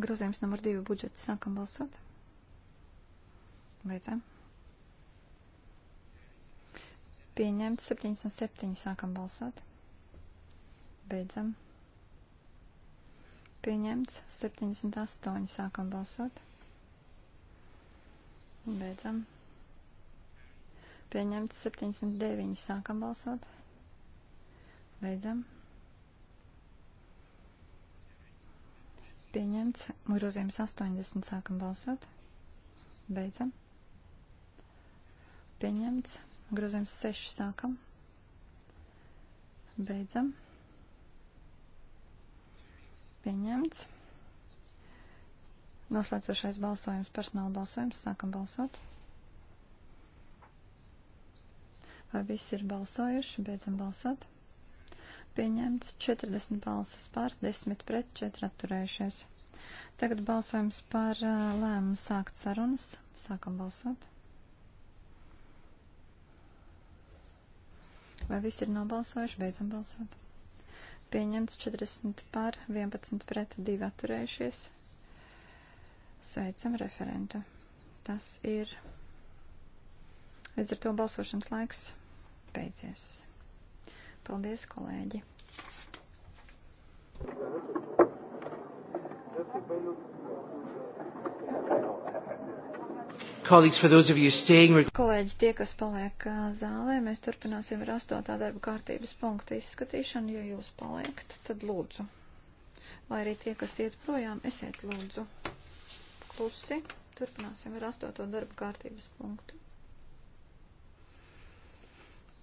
Grozījums numur divi budžets. Sākam balsot. Beidzam. Pieņemts 77. Sākam balsot. Beidzam. Pieņemts 78. Sākam balsot. Beidzam. Pieņemts 79. Sākam balsot. Beidzam. pieņemts. Grozījums 80. Sākam balsot. Beidzam. Pieņemts. Grozījums 6. Sākam. Beidzam. Pieņemts. Noslēdzošais balsojums, personāla balsojums. Sākam balsot. Vai visi ir balsojuši? Beidzam balsot. Pieņemts 40 balsas pār, 10 pret, 4 atturējušies. Tagad balsojums par lēmumu sākt sarunas. Sākam balsot. Vai visi ir nobalsojuši? Beidzam balsot. Pieņemts 40 pār, 11 pret, 2 atturējušies. Sveicam referentu. Tas ir. Līdz ar to balsošanas laiks beidzies. Paldies, kolēģi! Kolēģi, tie, kas paliek uh, zālē, mēs turpināsim ar astotā darba kārtības punktu izskatīšanu. Ja jūs paliekat, tad lūdzu. Vai arī tie, kas iet projām, esiet lūdzu. Klusi, turpināsim ar astoto darba kārtības punktu.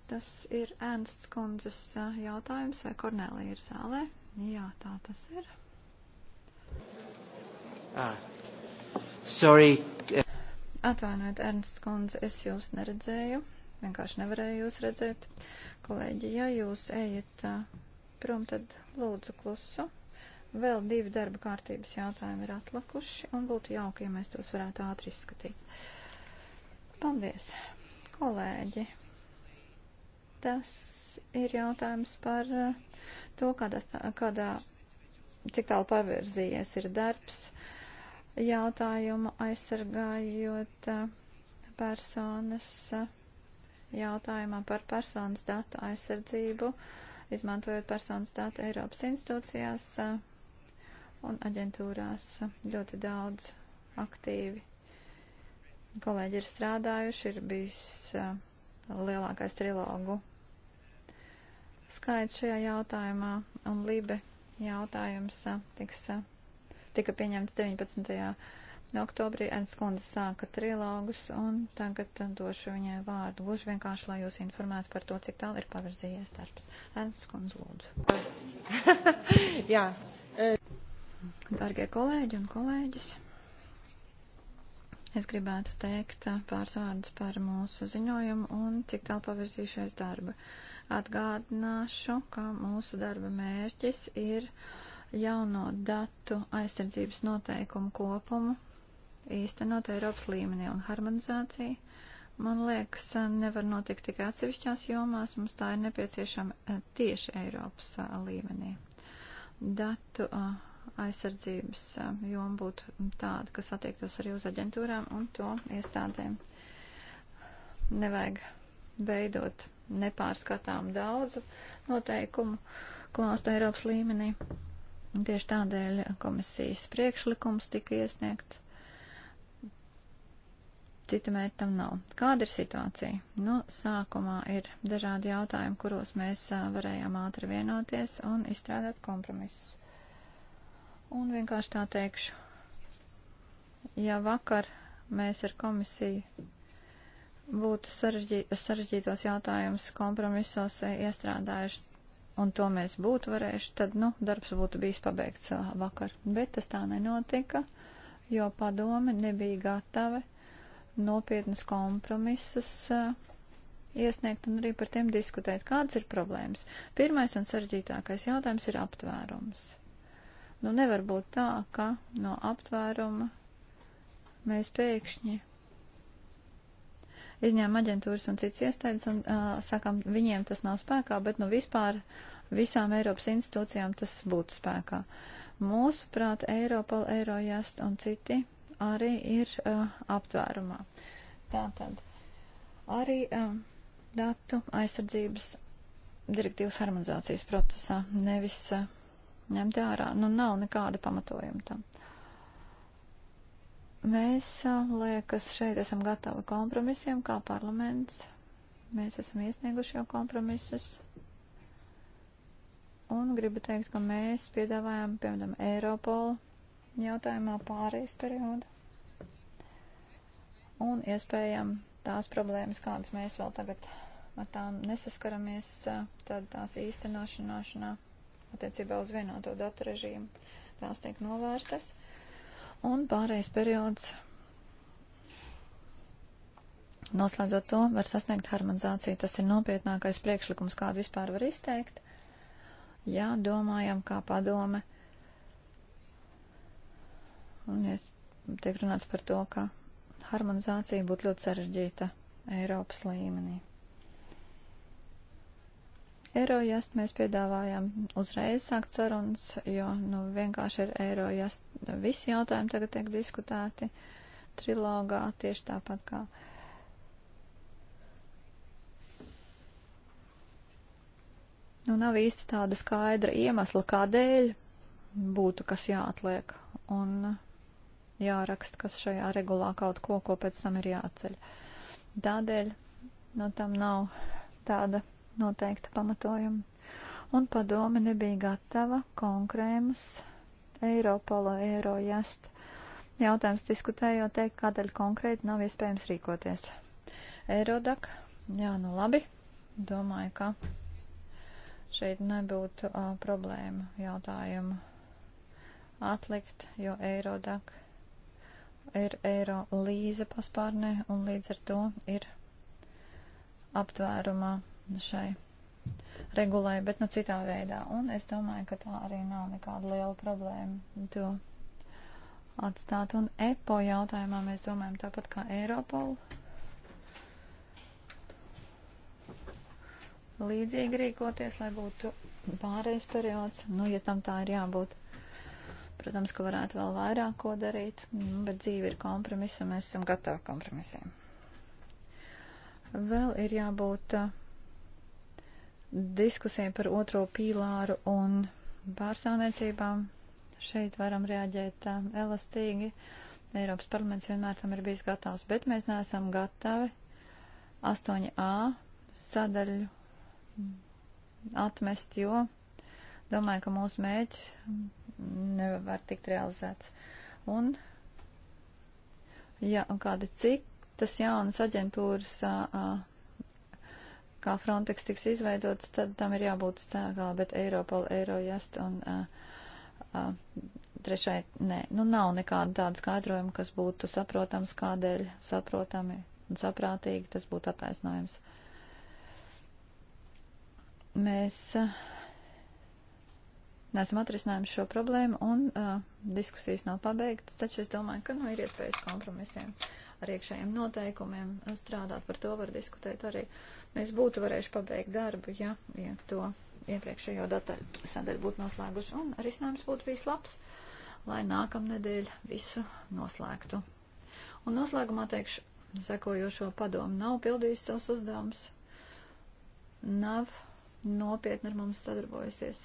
Tas ir Ernsts kundzes eh, jautājums, vai Kornēlija ir zālē? Jā, tā tas ir.
Ah. Sorry.
Atvainojiet, Ernsts kundze, es jūs neredzēju. Vienkārši nevarēju jūs redzēt. Kolēģi, ja jūs ejat eh, prom, tad lūdzu klusu. Vēl divi darba kārtības jautājumi ir atlikuši, un būtu jauki, ja mēs tos varētu ātri izskatīt. Paldies, kolēģi! Tas ir jautājums par uh, to, kādās, kādā, cik tālu pavirzījies ir darbs jautājumu aizsargājot uh, personas uh, jautājumā par personas datu aizsardzību, izmantojot personas datu Eiropas institūcijās un aģentūrās ļoti daudz aktīvi. Kolēģi ir strādājuši, ir bijis lielākais trilogu skaits šajā jautājumā un Libe jautājums tiks, tika pieņemts 19. oktobrī. Ernsts Kundze sāka trilogus un tagad došu viņai vārdu. Gluži vienkārši, lai jūs informētu par to, cik tālu ir pavirzījies darbs. Ernsts Kundze, lūdzu.
Jā. E.
Dargie kolēģi un kolēģis. Es gribētu teikt pāris vārdus par mūsu ziņojumu un cik tālu pavirzījušies darba. Atgādināšu, ka mūsu darba mērķis ir jauno datu aizsardzības noteikumu kopumu īstenot Eiropas līmenī un harmonizāciju. Man liekas, nevar notikt tikai atsevišķās jomās, mums tā ir nepieciešama tieši Eiropas līmenī. Datu uh, aizsardzības um, joma būtu tāda, kas attiektos arī uz aģentūrām un to iestādēm. Nevajag veidot nepārskatām daudzu noteikumu klāstu Eiropas līmenī. Tieši tādēļ komisijas priekšlikums tika iesniegts. Cita mērķa tam nav. Kāda ir situācija? Nu, sākumā ir dažādi jautājumi, kuros mēs uh, varējām ātri vienoties un izstrādāt kompromisu. Un vienkārši tā teikšu, ja vakar mēs ar komisiju būtu sarežģītos jautājumus kompromisos iestrādājuši, un to mēs būtu varējuši, tad, nu, darbs būtu bijis pabeigts uh, vakar. Bet tas tā nenotika, jo padome nebija gatava nopietnus kompromisus uh, iesniegt un arī par tiem diskutēt, kādas ir problēmas. Pirmais un sarežģītākais jautājums ir aptvērums. Nu, nevar būt tā, ka no aptvēruma mēs pēkšņi izņēmām aģentūras un citas iestādes un uh, sakām, viņiem tas nav spēkā, bet nu vispār visām Eiropas institūcijām tas būtu spēkā. Mūsuprāt, Eiropa, Eirojust un citi arī ir uh, aptvērumā. Tātad arī uh, datu aizsardzības direktīvas harmonizācijas procesā, nevis uh, ņemti ārā. Nu, nav nekāda pamatojuma tam. Mēs, liekas, šeit esam gatavi kompromisiem kā parlaments. Mēs esam iesnieguši jau kompromisus. Un gribu teikt, ka mēs piedāvājam, piemēram, Eiropolu jautājumā pārējais periodu. Un iespējam tās problēmas, kādas mēs vēl tagad ar tām nesaskaramies, tad tās īstenošanāšanā. Īstenošanā attiecībā uz vienoto datu režīmu. Tās tiek novērstas. Un pārējais periods, noslēdzot to, var sasniegt harmonizāciju. Tas ir nopietnākais priekšlikums, kādu vispār var izteikt. Jā, domājam, kā padome. Un ja tiek runāts par to, ka harmonizācija būtu ļoti sarežģīta Eiropas līmenī. Eirojust mēs piedāvājam uzreiz sākt sarunas, jo nu, vienkārši ar Eirojust visi jautājumi tagad tiek diskutēti trilogā tieši tāpat kā. Nu, nav īsti tāda skaidra iemesla, kādēļ būtu kas jāatliek un jāraksta, kas šajā regulā kaut ko, ko pēc tam ir jāceļ. Tādēļ, nu, tam nav tāda noteiktu pamatojumu. Un padome nebija gatava konkrēmus Eiropolo, Eirojust jautājums diskutējot, teikt, kādēļ konkrēti nav iespējams rīkoties. Eirodak, jā, nu labi, domāju, ka šeit nebūtu uh, problēma jautājumu atlikt, jo Eirodak ir Eiro līze paspārnē un līdz ar to ir aptvērumā šai regulai, bet nu citā veidā. Un es domāju, ka tā arī nav nekāda liela problēma to atstāt. Un EPO jautājumā mēs domājam tāpat kā Eiropol. Līdzīgi rīkoties, lai būtu pārējais periods, nu, ja tam tā ir jābūt. Protams, ka varētu vēl vairāk ko darīt, nu, bet dzīve ir kompromiss, un mēs esam gatavi kompromisiem. Vēl ir jābūt uh, diskusijām par otro pīlāru un pārstāvniecībām. Šeit varam reaģēt uh, elastīgi. Eiropas parlaments vienmēr tam ir bijis gatavs, bet mēs neesam gatavi 8a sadaļu atmest, jo domāju, ka mūsu mēģis nevar tikt realizēts. Un, ja un kādi cik tas jaunas aģentūras uh, uh, kā Frontex tiks izveidots, tad tam ir jābūt stāvā, bet Eiropola, Eirojust un uh, uh, trešai, nē, nu nav nekāda tāda skaidrojuma, kas būtu saprotams, kādēļ saprotami un saprātīgi tas būtu attaisnojums. Mēs uh, nesam atrisinājuši šo problēmu un uh, diskusijas nav pabeigtas, taču es domāju, ka nu ir iespējas kompromisiem. Uh, ar iekšējiem noteikumiem strādāt, par to var diskutēt arī. Mēs būtu varējuši pabeigt darbu, ja, ja to iepriekšējo data sadaļu būtu noslēguši, un risinājums būtu bijis labs, lai nākamnedēļ visu noslēgtu. Un noslēgumā teikšu, sekojošo padomu nav pildījis savus uzdevumus, nav nopietni ar mums sadarbojusies.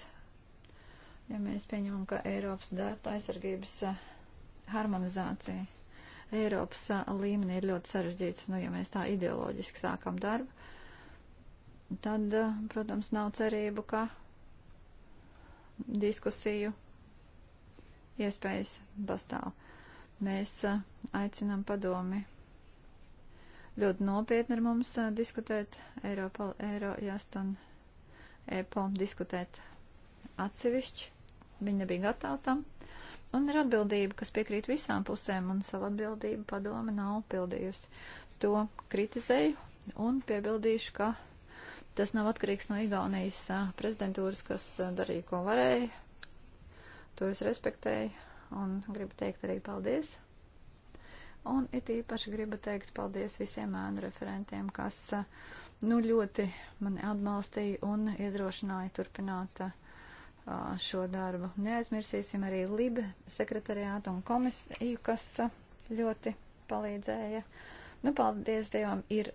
Ja mēs pieņemam, ka Eiropas data aizsardzības eh, harmonizācija Eiropas līmenī ir ļoti sarežģīts, nu, ja mēs tā ideoloģiski sākam darbu, tad, protams, nav cerību, ka diskusiju iespējas pastāv. Mēs aicinām padomi ļoti nopietni ar mums diskutēt, Eiropa, Eiro, Jaston, EPO diskutēt atsevišķi. Viņi nebija gatavi tam. Un ir atbildība, kas piekrīt visām pusēm, un savu atbildību padome nav pildījusi. To kritizēju un piebildīšu, ka tas nav atkarīgs no Igaunijas prezidentūras, kas darīja, ko varēja. To es respektēju un gribu teikt arī paldies. Un it īpaši gribu teikt paldies visiem ēnu referentiem, kas nu, ļoti mani atbalstīja un iedrošināja turpināt uh, šo darbu. Neaizmirsīsim arī LIBE sekretariātu un komisiju, kas ļoti palīdzēja. Nu, paldies Dievam, ir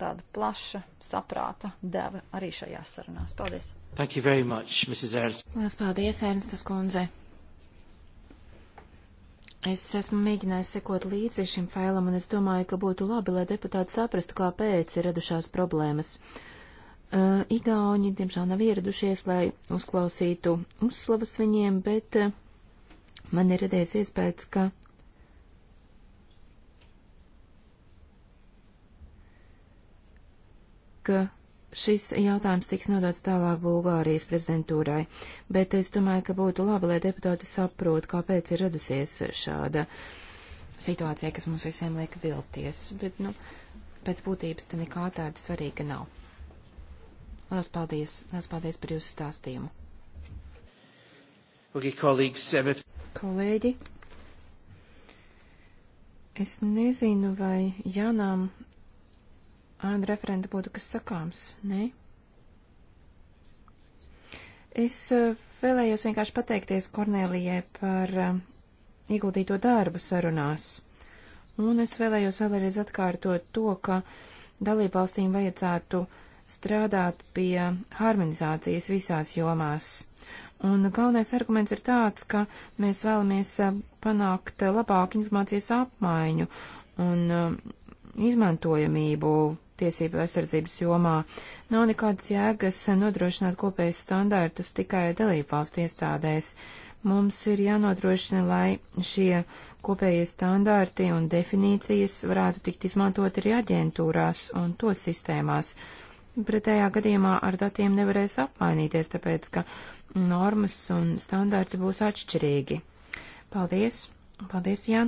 tāda plaša saprāta deva arī šajās sarunās. Paldies!
Thank you very much, Mrs. Ernst.
Lielas paldies, Ernstas kundze. Es esmu mēģinājis sekot līdzi šim failam, un es domāju, ka būtu labi, lai deputāti saprastu, kāpēc ir radušās problēmas. Uh, Uh, Igauni, diemžēl, nav ieradušies, lai uzklausītu uzslavas viņiem, bet uh, man ir radies iespējas, ka ka šis jautājums tiks nodots tālāk Bulgārijas prezidentūrai, bet es domāju, ka būtu labi, lai deputāti saprot, kāpēc ir radusies šāda situācija, kas mums visiem liek vilties, bet, nu, pēc būtības te nekā tāda svarīga nav. Lielas paldies! Lielas paldies par jūsu stāstījumu! Okay, Kolēģi, es nezinu, vai Jānām āna referenta būtu kas sakāms, ne? Es eh, vēlējos vienkārši pateikties Kornēlijai par eh, ieguldīto darbu sarunās. Un es vēlējos vēlreiz atkārtot to, ka dalībvalstīm vajadzētu uh, strādāt pie harmonizācijas visās jomās. Un galvenais arguments ir tāds, ka mēs vēlamies eh, panākt eh, labāku informācijas apmaiņu un eh, izmantojamību tiesību aizsardzības jomā. Nav nekādas jēgas nodrošināt kopējus standārtus tikai dalību valstu iestādēs. Mums ir jānodrošina, lai šie kopējie standārti un definīcijas varētu tikt izmantot arī aģentūrās un to sistēmās Pretējā gadījumā ar datiem nevarēs apmainīties, tāpēc ka normas un standarti būs atšķirīgi. Paldies! Paldies, Jā!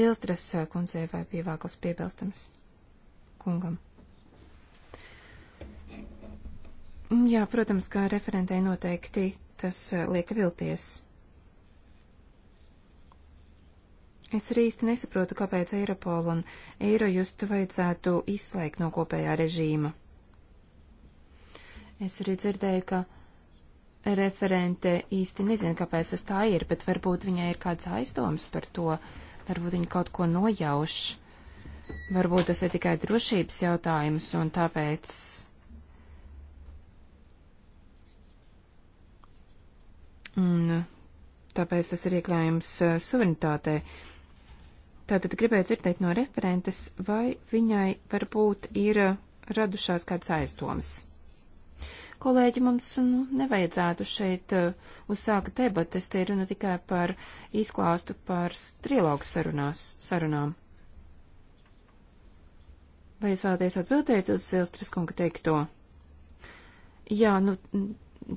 Zilstras eh, kundzei vai pievākos piebilstams kungam. Jā, protams, kā referentei noteikti tas eh, liek vilties. Es arī īsti nesaprotu, kāpēc Eiropol un Eirojustu vajadzētu izslēgt no kopējā režīma. Es arī dzirdēju, ka referente īsti nezina, kāpēc tas tā ir, bet varbūt viņai ir kāds aizdoms par to, varbūt viņa kaut ko nojauš. Varbūt tas ir tikai drošības jautājums un tāpēc Un tāpēc tas ir iekļaujams uh, suverenitātei. Tātad gribēju dzirdēt no referentes, vai viņai varbūt ir uh, radušās kādas aizdomas. Kolēģi, mums nu, nevajadzētu šeit uh, uzsākt debates, te ir runa tikai par izklāstu par trilogu sarunās, sarunām. Vai jūs vēlaties atbildēt uz Zilstras kunga teikto? Jā, nu,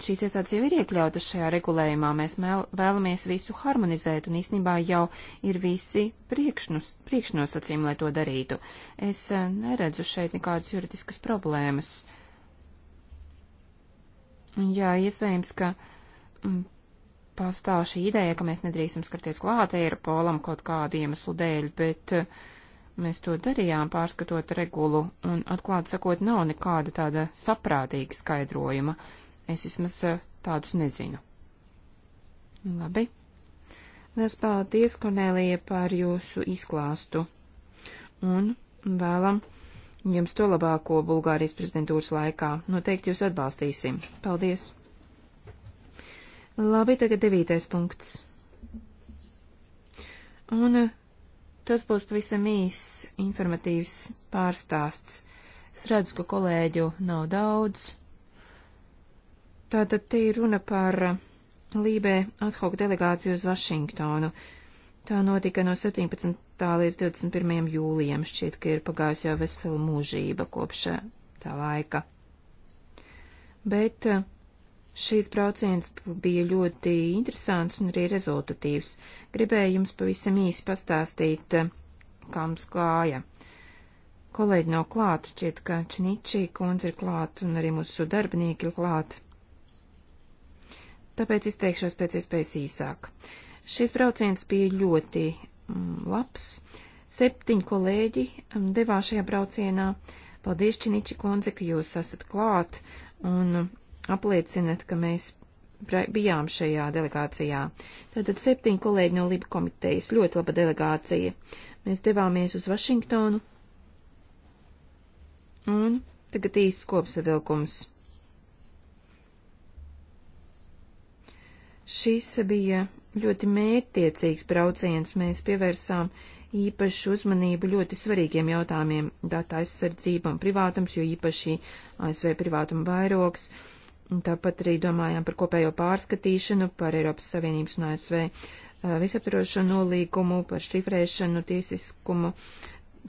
šīs iestādes jau ir iekļautas šajā regulējumā. Mēs mēl, vēlamies visu harmonizēt, un īstenībā jau ir visi priekšnos, priekšnosacījumi, lai to darītu. Es eh, neredzu šeit nekādas juridiskas problēmas. Jā, iespējams, ka mm, pastāv šī ideja, ka mēs nedrīkstam skarties klāt Eiropolam kaut kādu iemeslu dēļ, bet eh, mēs to darījām pārskatot regulu, un atklāt sakot, nav nekāda tāda saprātīga skaidrojuma. Uh, Es vismaz eh, tādus nezinu. Labi. Lielas paldies, Kornelija, par jūsu izklāstu. Un vēlam jums to labāko Bulgārijas prezidentūras laikā. Noteikti jūs atbalstīsim. Paldies! Labi, tagad devītais punkts. Un eh, tas būs pavisam īss informatīvs pārstāsts. Es redzu, ka kolēģu nav daudz. Tātad te ir runa par eh, Lībē athauk delegāciju uz Vašingtonu. Tā notika no 17. līdz 21. jūlijam, šķiet, ka ir pagājusi jau vesela mūžība kopš eh, tā laika. Bet eh, šīs brauciens bija ļoti interesants un arī rezultatīvs. Gribēju jums pavisam īsi pastāstīt, kā mums klāja. Kolēģi nav klāt, šķiet, ka Činičī kundze ir klāt un arī mūsu darbinieki ir klāt tāpēc izteikšos pēc iespējas īsāk. Šis brauciens bija ļoti mm, labs. Septiņi kolēģi mm, devās šajā braucienā. Paldies, Činiči kundze, ka jūs esat klāt un mm, apliecinat, ka mēs bijām šajā delegācijā. Tātad septiņi kolēģi no Liba komitejas, ļoti laba delegācija. Mēs devāmies uz Vašingtonu. Un tagad īsts kopsavilkums. Šis bija ļoti mērķtiecīgs brauciens. Mēs pievērsām īpašu uzmanību ļoti svarīgiem jautājumiem - data aizsardzība un privātums, jo īpaši ASV privātuma vairogs. Tāpat arī domājām par kopējo pārskatīšanu, par Eiropas Savienības un ASV visaptvarošo nolīgumu, par šifrēšanu, tiesiskumu,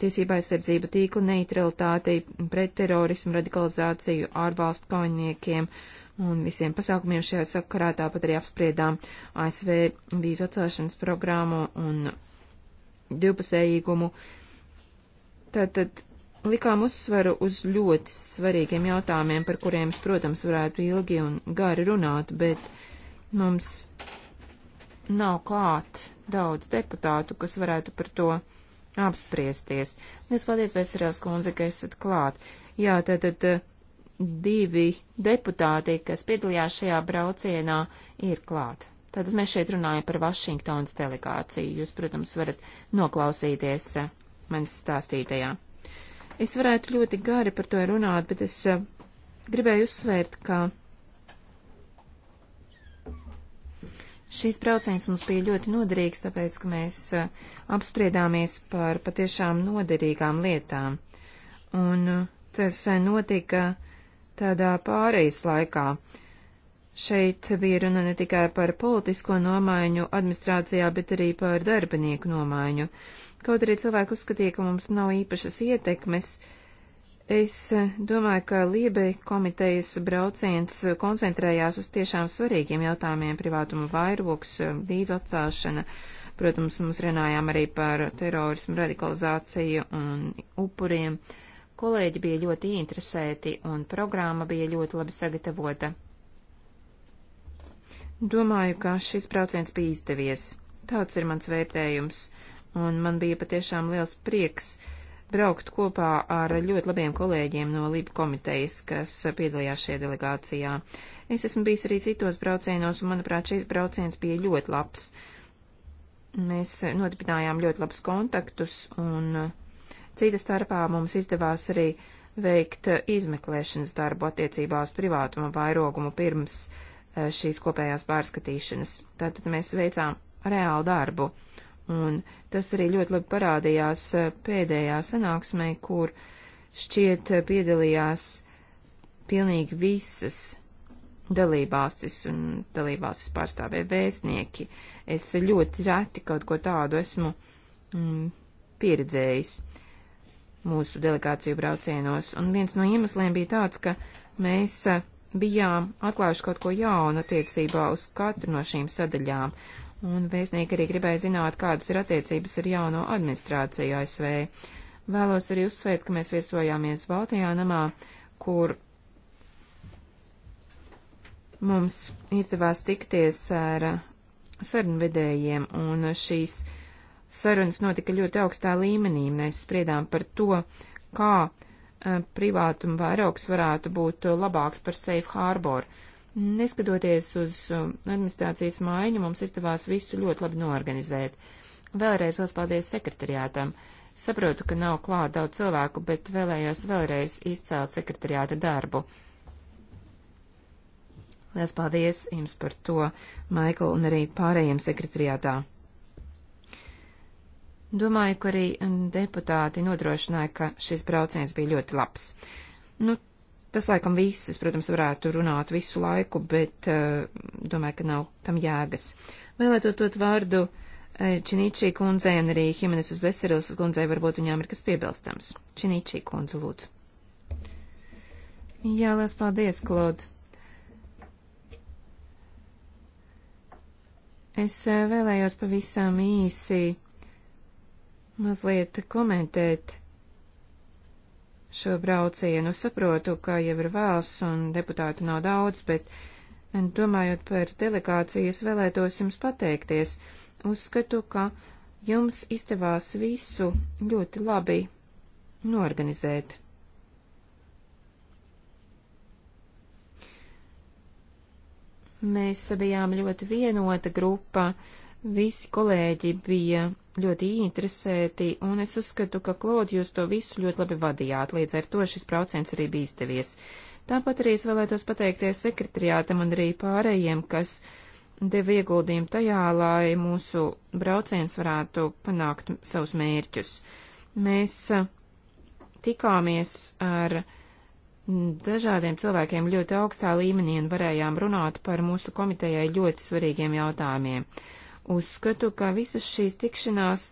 tiesība aizsardzību, tīkla neutralitāti, pretterorismu, radikalizāciju, ārvalstu kaujiniekiem, uh, un visiem pasākumiem šajā sakarā. Tāpat arī apspriedām ASV vīzu atcelšanas programmu un divpusējīgumu. Tātad likām uzsvaru uz ļoti svarīgiem jautājumiem, par kuriem es, protams, varētu ilgi un gari runāt, bet mums nav klāt daudz deputātu, kas varētu par to apspriesties. Liels paldies, Veserēls kundze, ka esat klāt. Jā, tātad. Tā, divi deputāti, kas piedalījās šajā braucienā, ir klāt. Tātad mēs šeit runājam par Vašingtonas delegāciju. Jūs, protams, varat noklausīties eh, manis stāstītajā. Es varētu ļoti gari par to runāt, bet es eh, gribēju uzsvērt, ka Šīs brauciens mums bija ļoti noderīgs, tāpēc, ka mēs eh, apspriedāmies par patiešām noderīgām lietām. Un tas notika tādā pārejas laikā. Šeit bija runa ne tikai par politisko nomaiņu administrācijā, bet arī par darbinieku nomaiņu. Kaut arī cilvēki uzskatīja, ka mums nav īpašas ietekmes, es domāju, ka Lībe komitejas brauciens koncentrējās uz tiešām svarīgiem jautājumiem - privātuma vairogs, dīzu atcelšana. Protams, mums runājām arī par terorismu radikalizāciju un upuriem. Uh, Kolēģi bija ļoti interesēti un programma bija ļoti labi sagatavota. Domāju, ka šis brauciens bija izdevies. Tāds ir mans vērtējums, un man bija patiešām liels prieks braukt kopā ar ļoti labiem kolēģiem no Lība komitejas, kas piedalījās šajā delegācijā. Es esmu bijis arī citos braucienos, un manuprāt, šis brauciens bija ļoti labs. Mēs nodibinājām ļoti labus kontaktus, un uh, Cita starpā mums izdevās arī veikt eh, izmeklēšanas darbu attiecībā uz privātuma vairogumu pirms eh, šīs kopējās pārskatīšanas. Tātad mēs veicām reālu darbu, un tas arī ļoti labi parādījās eh, pēdējā sanāksmē, kur šķiet piedalījās pilnīgi visas dalībvalstis un dalībvalstis pārstāvē vēstnieki. Es ļoti reti kaut ko tādu esmu mm, pieredzējis mūsu delegāciju braucienos, un viens no iemesliem bija tāds, ka mēs bijām atklājuši kaut ko jaunu attiecībā uz katru no šīm sadaļām, un vēstnieki arī gribēja zināt, kādas ir attiecības ar jauno administrāciju ASV. Vēlos arī uzsvērt, ka mēs viesojāmies Baltijā namā, kur mums izdevās tikties ar sarunvedējiem, un šīs uh, sarunas notika ļoti augstā līmenī. Mēs spriedām par to, kā e, privātuma vairogs varētu būt labāks par Safe Harbor. Neskatoties uz e, administrācijas maiņu, mums izdevās visu ļoti labi norganizēt. Vēlreiz liels paldies sekretariātam. Saprotu, ka nav klāt daudz cilvēku, bet vēlējos vēlreiz izcelt sekretariāta darbu. Liels paldies jums par to, Maikl, un arī pārējiem sekretariātā. Domāju, ka arī um, deputāti nodrošināja, ka šis brauciens bija ļoti labs. Nu, tas laikam viss, es, protams, varētu runāt visu laiku, bet uh, domāju, ka nav tam jēgas. Vēlētos dot vārdu uh, Činīčī kundzei un arī Himenesas Beserilas kundzei, varbūt viņām ir kas piebilstams. Činīčī kundze, lūdzu. Jā, liels paldies, Klod. Es uh, vēlējos pavisam īsi mazliet komentēt šo braucienu. Saprotu, ka jau ir vēls un deputātu nav daudz, bet domājot par delegācijas vēlētos jums pateikties. Uzskatu, ka jums izdevās visu ļoti labi norganizēt. Mēs bijām ļoti vienota grupa, visi kolēģi bija ļoti interesēti, un es uzskatu, ka, Klod, jūs to visu ļoti labi vadījāt, līdz ar to šis brauciens arī bija izdevies. Tāpat arī es vēlētos pateikties sekretariātam un arī pārējiem, kas deva ieguldījumu tajā, lai mūsu brauciens varētu panākt savus mērķus. Mēs tikāmies ar dažādiem cilvēkiem ļoti augstā līmenī un varējām runāt par mūsu komitejai ļoti svarīgiem jautājumiem. Uzskatu, ka visas šīs tikšanās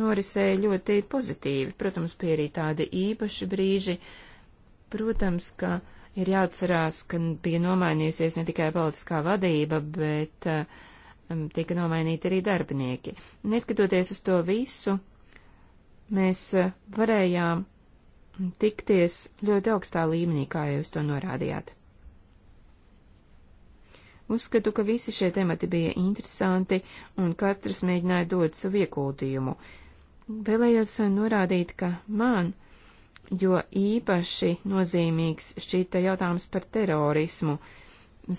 norisēja ļoti pozitīvi. Protams, bija arī tādi īpaši brīži. Protams, ka ir jāatcerās, ka bija nomainījusies ne tikai politiskā vadība, bet um, tika nomainīti arī darbinieki. Neskatoties uz to visu, mēs eh, varējām tikties ļoti augstā līmenī, kā jūs to norādījāt. Uzskatu, ka visi šie temati bija interesanti un katrs mēģināja dot savu iekultījumu. Vēlējos norādīt, ka man, jo īpaši nozīmīgs šķita jautājums par terorismu,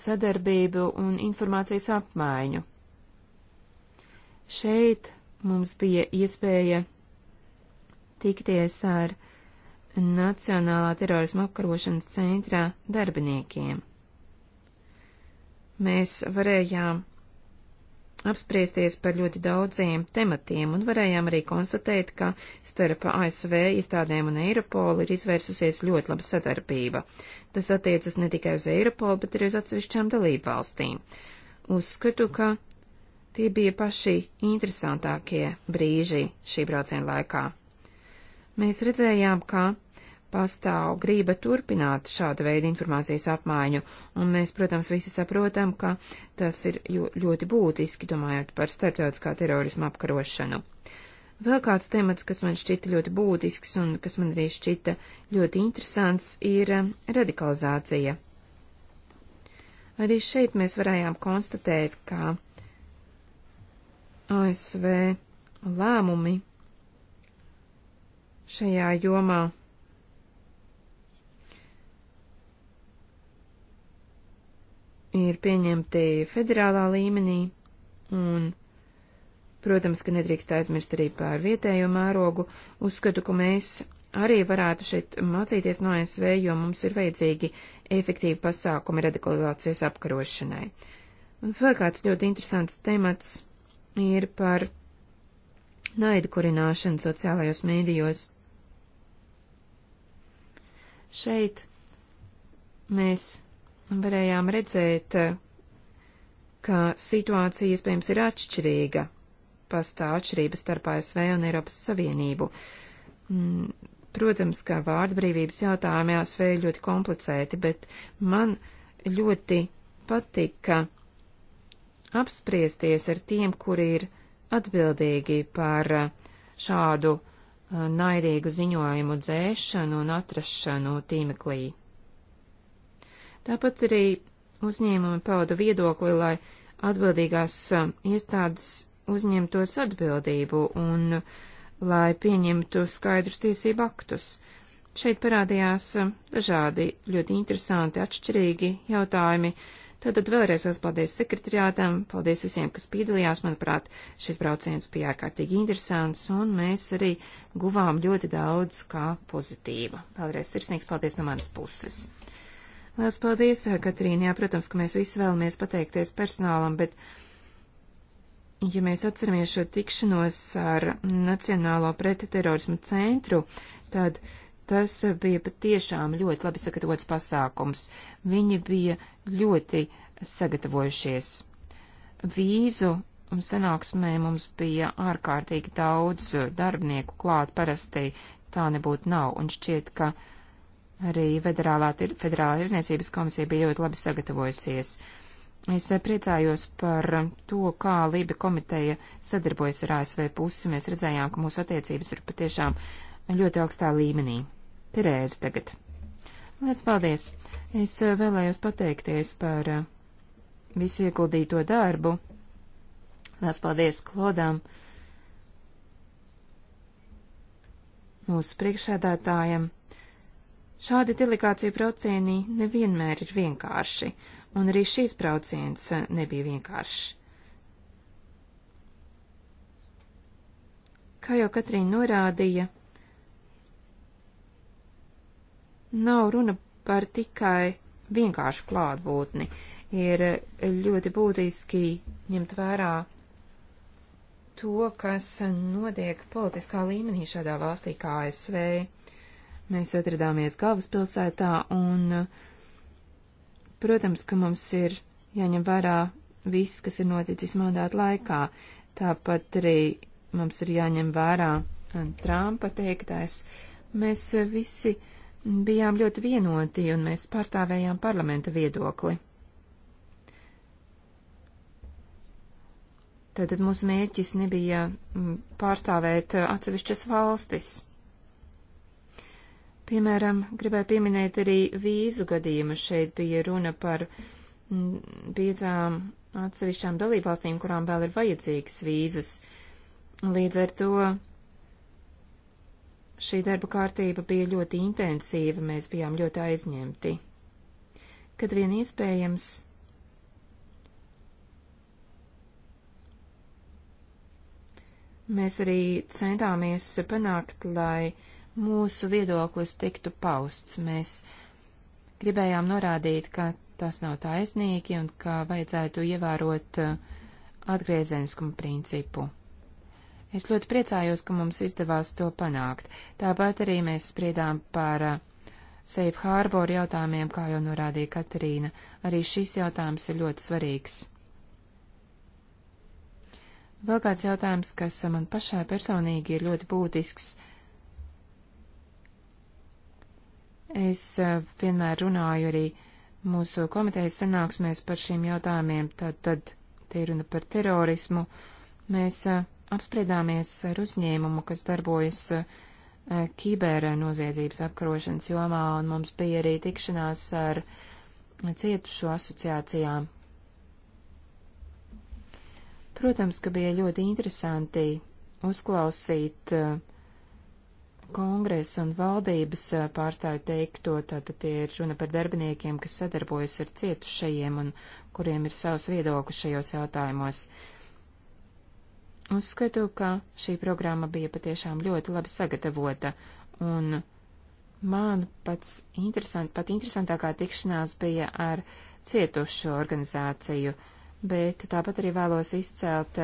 sadarbību un informācijas apmaiņu. Šeit mums bija iespēja tikties ar Nacionālā terorisma apkarošanas centrā darbiniekiem mēs varējām apspriesties par ļoti daudziem tematiem un varējām arī konstatēt, ka starp ASV iestādēm un Eiropolu ir izvērsusies ļoti laba sadarbība. Tas attiecas ne tikai uz Eiropolu, bet arī uz atsevišķām dalību valstīm. Uzskatu, ka tie bija paši interesantākie brīži šī brauciena laikā. Mēs redzējām, ka pastāv grība turpināt šādu veidu informācijas apmaiņu, un mēs, protams, visi saprotam, ka tas ir ļoti būtiski, domājot par starptautiskā terorisma apkarošanu. Vēl kāds temats, kas man šķita ļoti būtisks un kas man arī šķita ļoti interesants, ir radikalizācija. Arī šeit mēs varējām konstatēt, ka ASV lēmumi šajā jomā ir pieņemti federālā līmenī, un, protams, ka nedrīkst aizmirst arī par vietējo mērogu, uzskatu, ka mēs arī varētu šeit mācīties no ASV, jo mums ir vajadzīgi efektīvi pasākumi radikalizācijas apkarošanai. Un vēl kāds ļoti interesants temats ir par naida kurināšanu sociālajos mēdījos. Šeit mēs varējām redzēt, ka situācija iespējams ir atšķirīga. Pastāv atšķirības starp ASV un Eiropas Savienību. Mm, protams, ka vārdbrīvības jautājumi ASV ir ļoti komplicēti, bet man ļoti patika apspriesties ar tiem, kuri ir atbildīgi par uh, šādu uh, naidīgu ziņojumu dzēšanu un atrašanu tīmeklī. Tāpat arī uzņēmumi pauda viedokli, lai atbildīgās iestādes uzņemtos atbildību un lai pieņemtu skaidrus tiesību aktus. Šeit parādījās dažādi ļoti interesanti, atšķirīgi jautājumi. Tātad vēlreiz liels paldies sekretariātam, paldies visiem, kas piedalījās. Manuprāt, šis brauciens bija ārkārtīgi interesants, un mēs arī guvām ļoti daudz kā pozitīva. Vēlreiz sirsnīgs paldies no manas puses. Lielas paldies, Katrīna. Jā, protams, ka mēs visi vēlamies pateikties personālam, bet, ja mēs atceramies šo tikšanos ar Nacionālo pretterorismu centru, tad tas bija patiešām ļoti labi sagatavots pasākums. Viņi bija ļoti sagatavojušies. Vīzu un sanāksmē mums bija ārkārtīgi daudz darbinieku klāt, parasti tā nebūtu nav, un šķiet, ka uh, Arī federālā, tir, federālā tirzniecības komisija bija ļoti labi sagatavojusies. Es eh, priecājos par to, kā Lība komiteja sadarbojas ar ASV pusi. Mēs redzējām, ka mūsu attiecības ir patiešām ļoti augstā līmenī. Terēze tagad. Lielas paldies! Es eh, vēlējos pateikties par eh, visu ieguldīto darbu. Lielas paldies Klodām, mūsu priekšsēdētājiem. Šādi delegāciju braucieni nevienmēr ir vienkārši, un arī šīs brauciens eh, nebija vienkāršs. Kā jau Katrīna norādīja, nav runa par tikai vienkāršu klātbūtni. Ir ļoti būtiski ņemt vērā to, kas notiek politiskā līmenī šādā valstī kā ASV Mēs atradāmies galvaspilsētā un, protams, ka mums ir jāņem vērā viss, kas ir noticis mandāta laikā. Tāpat arī mums ir jāņem vērā Trumpa teiktais. Mēs visi bijām ļoti vienoti un mēs pārstāvējām parlamenta viedokli. Tātad mūsu mērķis nebija mm, pārstāvēt uh, atsevišķas valstis. Piemēram, gribēju pieminēt arī vīzu gadījumu. Šeit bija runa par mm, piecām atsevišķām dalībvalstīm, kurām vēl ir vajadzīgas vīzas. Līdz ar to šī darba kārtība bija ļoti intensīva, mēs bijām ļoti aizņemti. Kad vien iespējams, mēs arī centāmies panākt, lai mūsu viedoklis tiktu pausts. Mēs gribējām norādīt, ka tas nav taisnīgi un ka vajadzētu ievērot uh, atgriezeniskumu principu. Es ļoti priecājos, ka mums izdevās to panākt. Tāpat arī mēs spriedām par uh, Safe Harbor jautājumiem, kā jau norādīja Katrīna. Arī šis jautājums ir ļoti svarīgs. Vēl kāds jautājums, kas man pašai personīgi ir ļoti būtisks Es eh, vienmēr runāju arī mūsu komitejas sanāksmēs par šiem jautājumiem, tad, tad te ir runa par terorismu. Mēs eh, apspriedāmies ar uzņēmumu, kas darbojas eh, kibera noziedzības apkarošanas jomā, un mums bija arī tikšanās ar cietušo asociācijām. Protams, ka bija ļoti interesanti uzklausīt uh, kongresa un valdības pārstāvi teikto, tātad tie ir runa par darbiniekiem, kas sadarbojas ar cietušajiem un kuriem ir savs viedoklis šajos jautājumos. Uzskatu, ka šī programma bija patiešām ļoti labi sagatavota, un man pats interesant, pat interesantākā tikšanās bija ar cietušo organizāciju, bet tāpat arī vēlos izcelt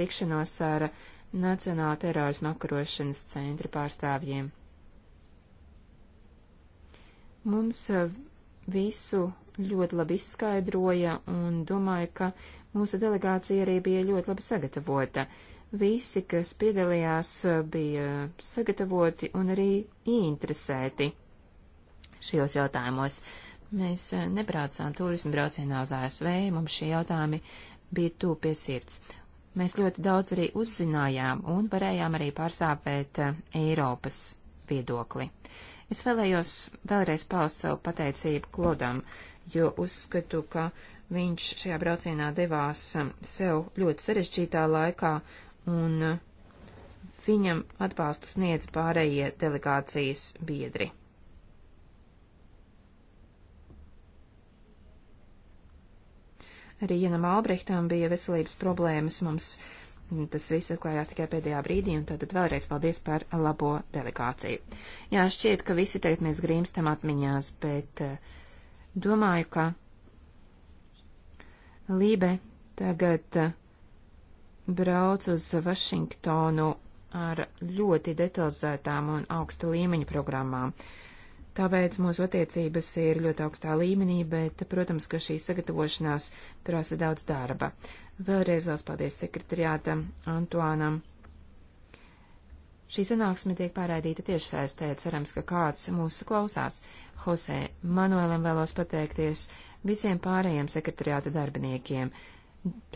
tikšanos ar uh, Nacionāla terorisma apkarošanas centra pārstāvjiem. Mums eh, visu ļoti labi izskaidroja un domāju, ka mūsu delegācija arī bija ļoti labi sagatavota. Visi, kas piedalījās, eh, bija sagatavoti un arī ieinteresēti šajos jautājumos. Mēs eh, nebraucām turismu braucienā uz ASV, mums šie jautājumi bija tūpies sirds mēs ļoti daudz arī uzzinājām un varējām arī pārstāvēt eh, Eiropas viedokli. Es vēlējos vēlreiz paust savu pateicību Klodam, jo uzskatu, ka viņš šajā braucienā devās eh, sev ļoti sarežģītā laikā un eh, viņam atbalstu sniedz pārējie delegācijas biedri. Arī Janam Albrehtam bija veselības problēmas. Mums tas viss atklājās tikai pēdējā brīdī, un tātad vēlreiz paldies par labo delegāciju. Jā, šķiet, ka visi tagad mēs grīmstam atmiņās, bet eh, domāju, ka Lībe tagad eh, brauc uz Vašingtonu ar ļoti detalizētām un augsta līmeņa programmām. Uh, Tāpēc mūsu attiecības ir ļoti augstā līmenī, bet, protams, ka šī sagatavošanās prasa daudz darba. Vēlreiz liels paldies sekretariātam Antuānam. Šī sanāksme tiek pārraidīta tieši saistē, cerams, ka kāds mūs klausās. Hosē Manuēlam vēlos pateikties visiem pārējiem sekretariāta darbiniekiem.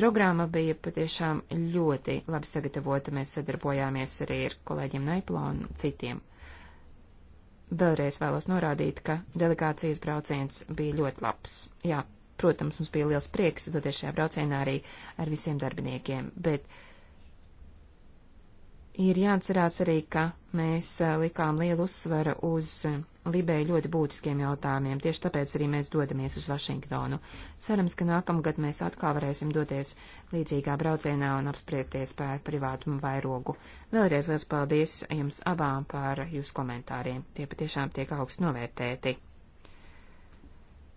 Programma bija patiešām ļoti labi sagatavota, mēs sadarbojāmies arī ar kolēģiem Naiplo un citiem vēlreiz vēlos norādīt, ka delegācijas brauciens bija ļoti labs. Jā, protams, mums bija liels prieks doties šajā braucienā arī ar visiem darbiniekiem, bet Ir jāatcerās arī, ka mēs eh, likām lielu uzsvaru uz eh, Libēju ļoti būtiskiem jautājumiem, tieši tāpēc arī mēs dodamies uz Vašingtonu. Cerams, ka nākamgad mēs atkal varēsim doties līdzīgā braucienā un apspriesties par privātumu vairogu. Vēlreiz liels paldies jums abām par jūsu komentāriem. Tie patiešām tiek augst novērtēti.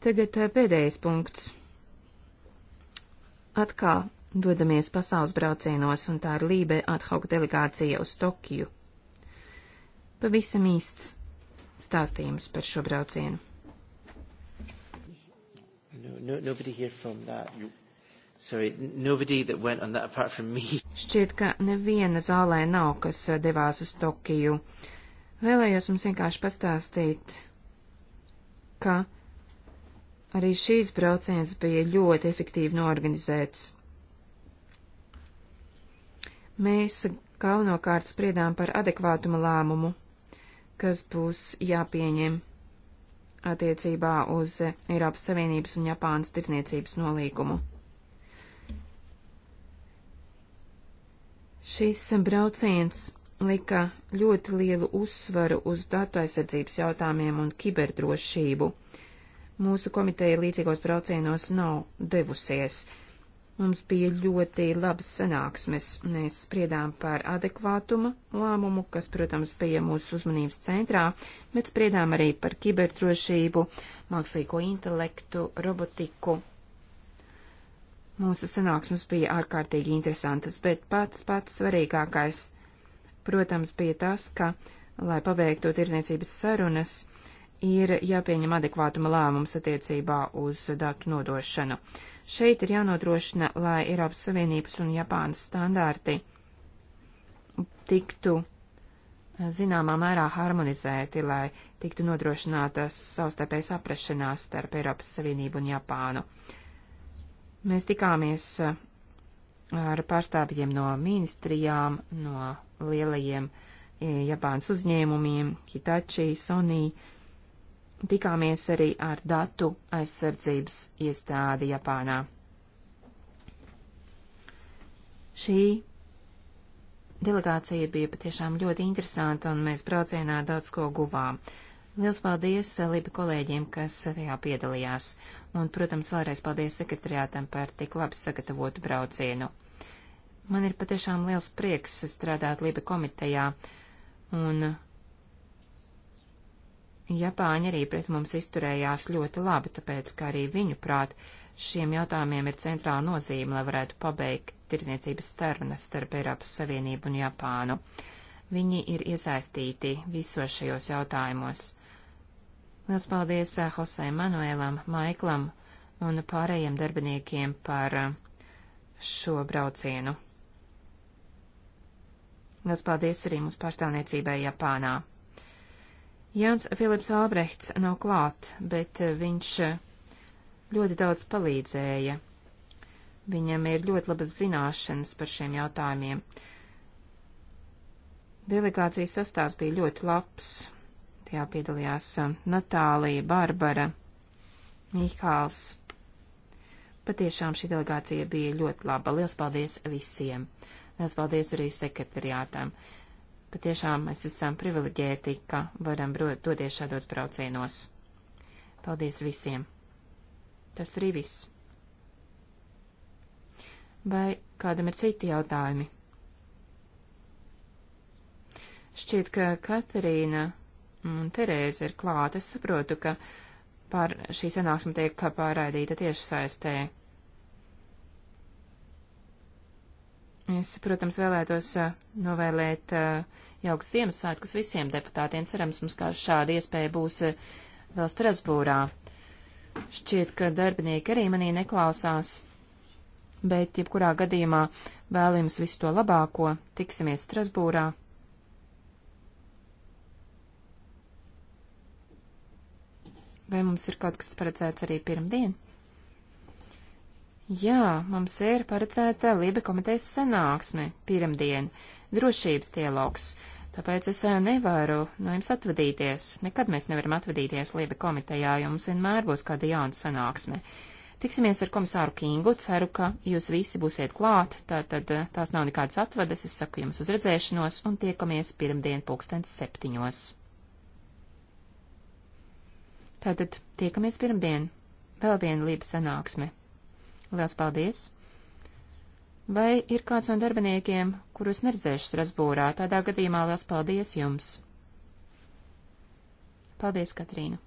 Tagad eh, pēdējais punkts. Atkal dodamies pasaules braucienos, un tā ir Lībe athauk delegācija uz Tokiju. Pavisam īsts stāstījums par šo braucienu.
No, no, nobody here from that. You. Sorry, nobody that went on that apart from me.
Šķiet, ka neviena zālē nav, kas eh, devās uz Tokiju. Vēlējos jums vienkārši pastāstīt, ka arī šīs brauciens bija ļoti efektīvi norganizēts. Mēs galvenokārt spriedām par adekvātuma lēmumu, kas būs jāpieņem attiecībā uz Eiropas Savienības un Japānas tirdzniecības nolīgumu. Šis brauciens lika ļoti lielu uzsvaru uz datu aizsardzības jautājumiem un kiberdrošību. Mūsu komiteja līdzīgos braucienos nav devusies. Mums bija ļoti labas sanāksmes. Mēs spriedām par adekvātuma lēmumu, kas, protams, bija mūsu uzmanības centrā, bet spriedām arī par kiberdrošību, mākslīgo intelektu, robotiku. Mūsu sanāksmes bija ārkārtīgi interesantas, bet pats pats svarīgākais, protams, bija tas, ka, lai pabeigtu tirzniecības sarunas, ir jāpieņem adekvātuma lēmums attiecībā uz datu nodošanu. Šeit ir jānodrošina, lai Eiropas Savienības un Japānas standārti tiktu eh, zināmā mērā harmonizēti, lai tiktu nodrošinātas savstarpējas aprašanās starp Eiropas Savienību un Japānu. Mēs tikāmies eh, ar pārstāvjiem no ministrijām, no lielajiem eh, Japānas uzņēmumiem, Hitachi, Sony, tikāmies arī ar datu aizsardzības iestādi Japānā. Šī delegācija bija patiešām ļoti interesanta, un mēs braucienā daudz ko guvām. Liels paldies eh, Libi kolēģiem, kas tajā piedalījās, un, protams, vēlreiz paldies sekretariātam par tik labi sagatavotu braucienu. Man ir patiešām liels prieks strādāt Libi komitejā, un Japāņi arī pret mums izturējās ļoti labi, tāpēc, ka arī viņu prāt šiem jautājumiem ir centrāla nozīme, lai varētu pabeigt tirdzniecības starpnes starp Eiropas Savienību un Japānu. Viņi ir iesaistīti visos šajos jautājumos. Lielas paldies Hosē eh, Manuēlam, Maiklam un pārējiem darbiniekiem par eh, šo braucienu. Lielas paldies arī mūsu pārstāvniecībai Japānā. Jānis Filips Albrechts nav klāt, bet eh, viņš eh, ļoti daudz palīdzēja. Viņam ir ļoti labas zināšanas par šiem jautājumiem. Delegācijas sastāvs bija ļoti labs. Tajā piedalījās eh, Natālija, Barbara, Mihāls. Patiešām šī delegācija bija ļoti laba. Lielas paldies visiem! Lielas paldies arī sekretariātām! Patiešām mēs esam privileģēti, ka varam doties šādos braucienos. Paldies visiem! Tas arī viss. Vai kādam ir citi jautājumi? Šķiet, ka Katerīna un Terēze ir klāta. Es saprotu, ka par šī sanāksme tiek pārraidīta tiešsaistē. saistē. Es, protams, vēlētos novēlēt jauks Ziemassvētkus visiem deputātiem. Cerams, mums kā šāda iespēja būs vēl Strasbūrā. Šķiet, ka darbinieki arī manī neklausās, bet jebkurā gadījumā vēl jums visu to labāko. Tiksimies Strasbūrā. Vai mums ir kaut kas paredzēts arī pirmdien? Jā, mums ir paredzēta Lība komitejas sanāksme pirmdien, drošības dialogs, tāpēc es eh, nevaru no jums atvadīties. Nekad mēs nevaram atvadīties Lība komitejā, jo mums vienmēr būs kāda jauna sanāksme. Tiksimies ar komisāru Kingu, ceru, ka jūs visi būsiet klāt, tātad eh, tās nav nekādas atvadas, es saku jums uzredzēšanos un tiekamies pirmdien pulkstens septiņos. Tātad tiekamies pirmdien. Vēl viena Lība sanāksme. Lielas paldies! Vai ir kāds no darbiniekiem, kurus neredzēšu Strasbūrā? Tādā gadījumā liels paldies jums! Paldies, Katrīna!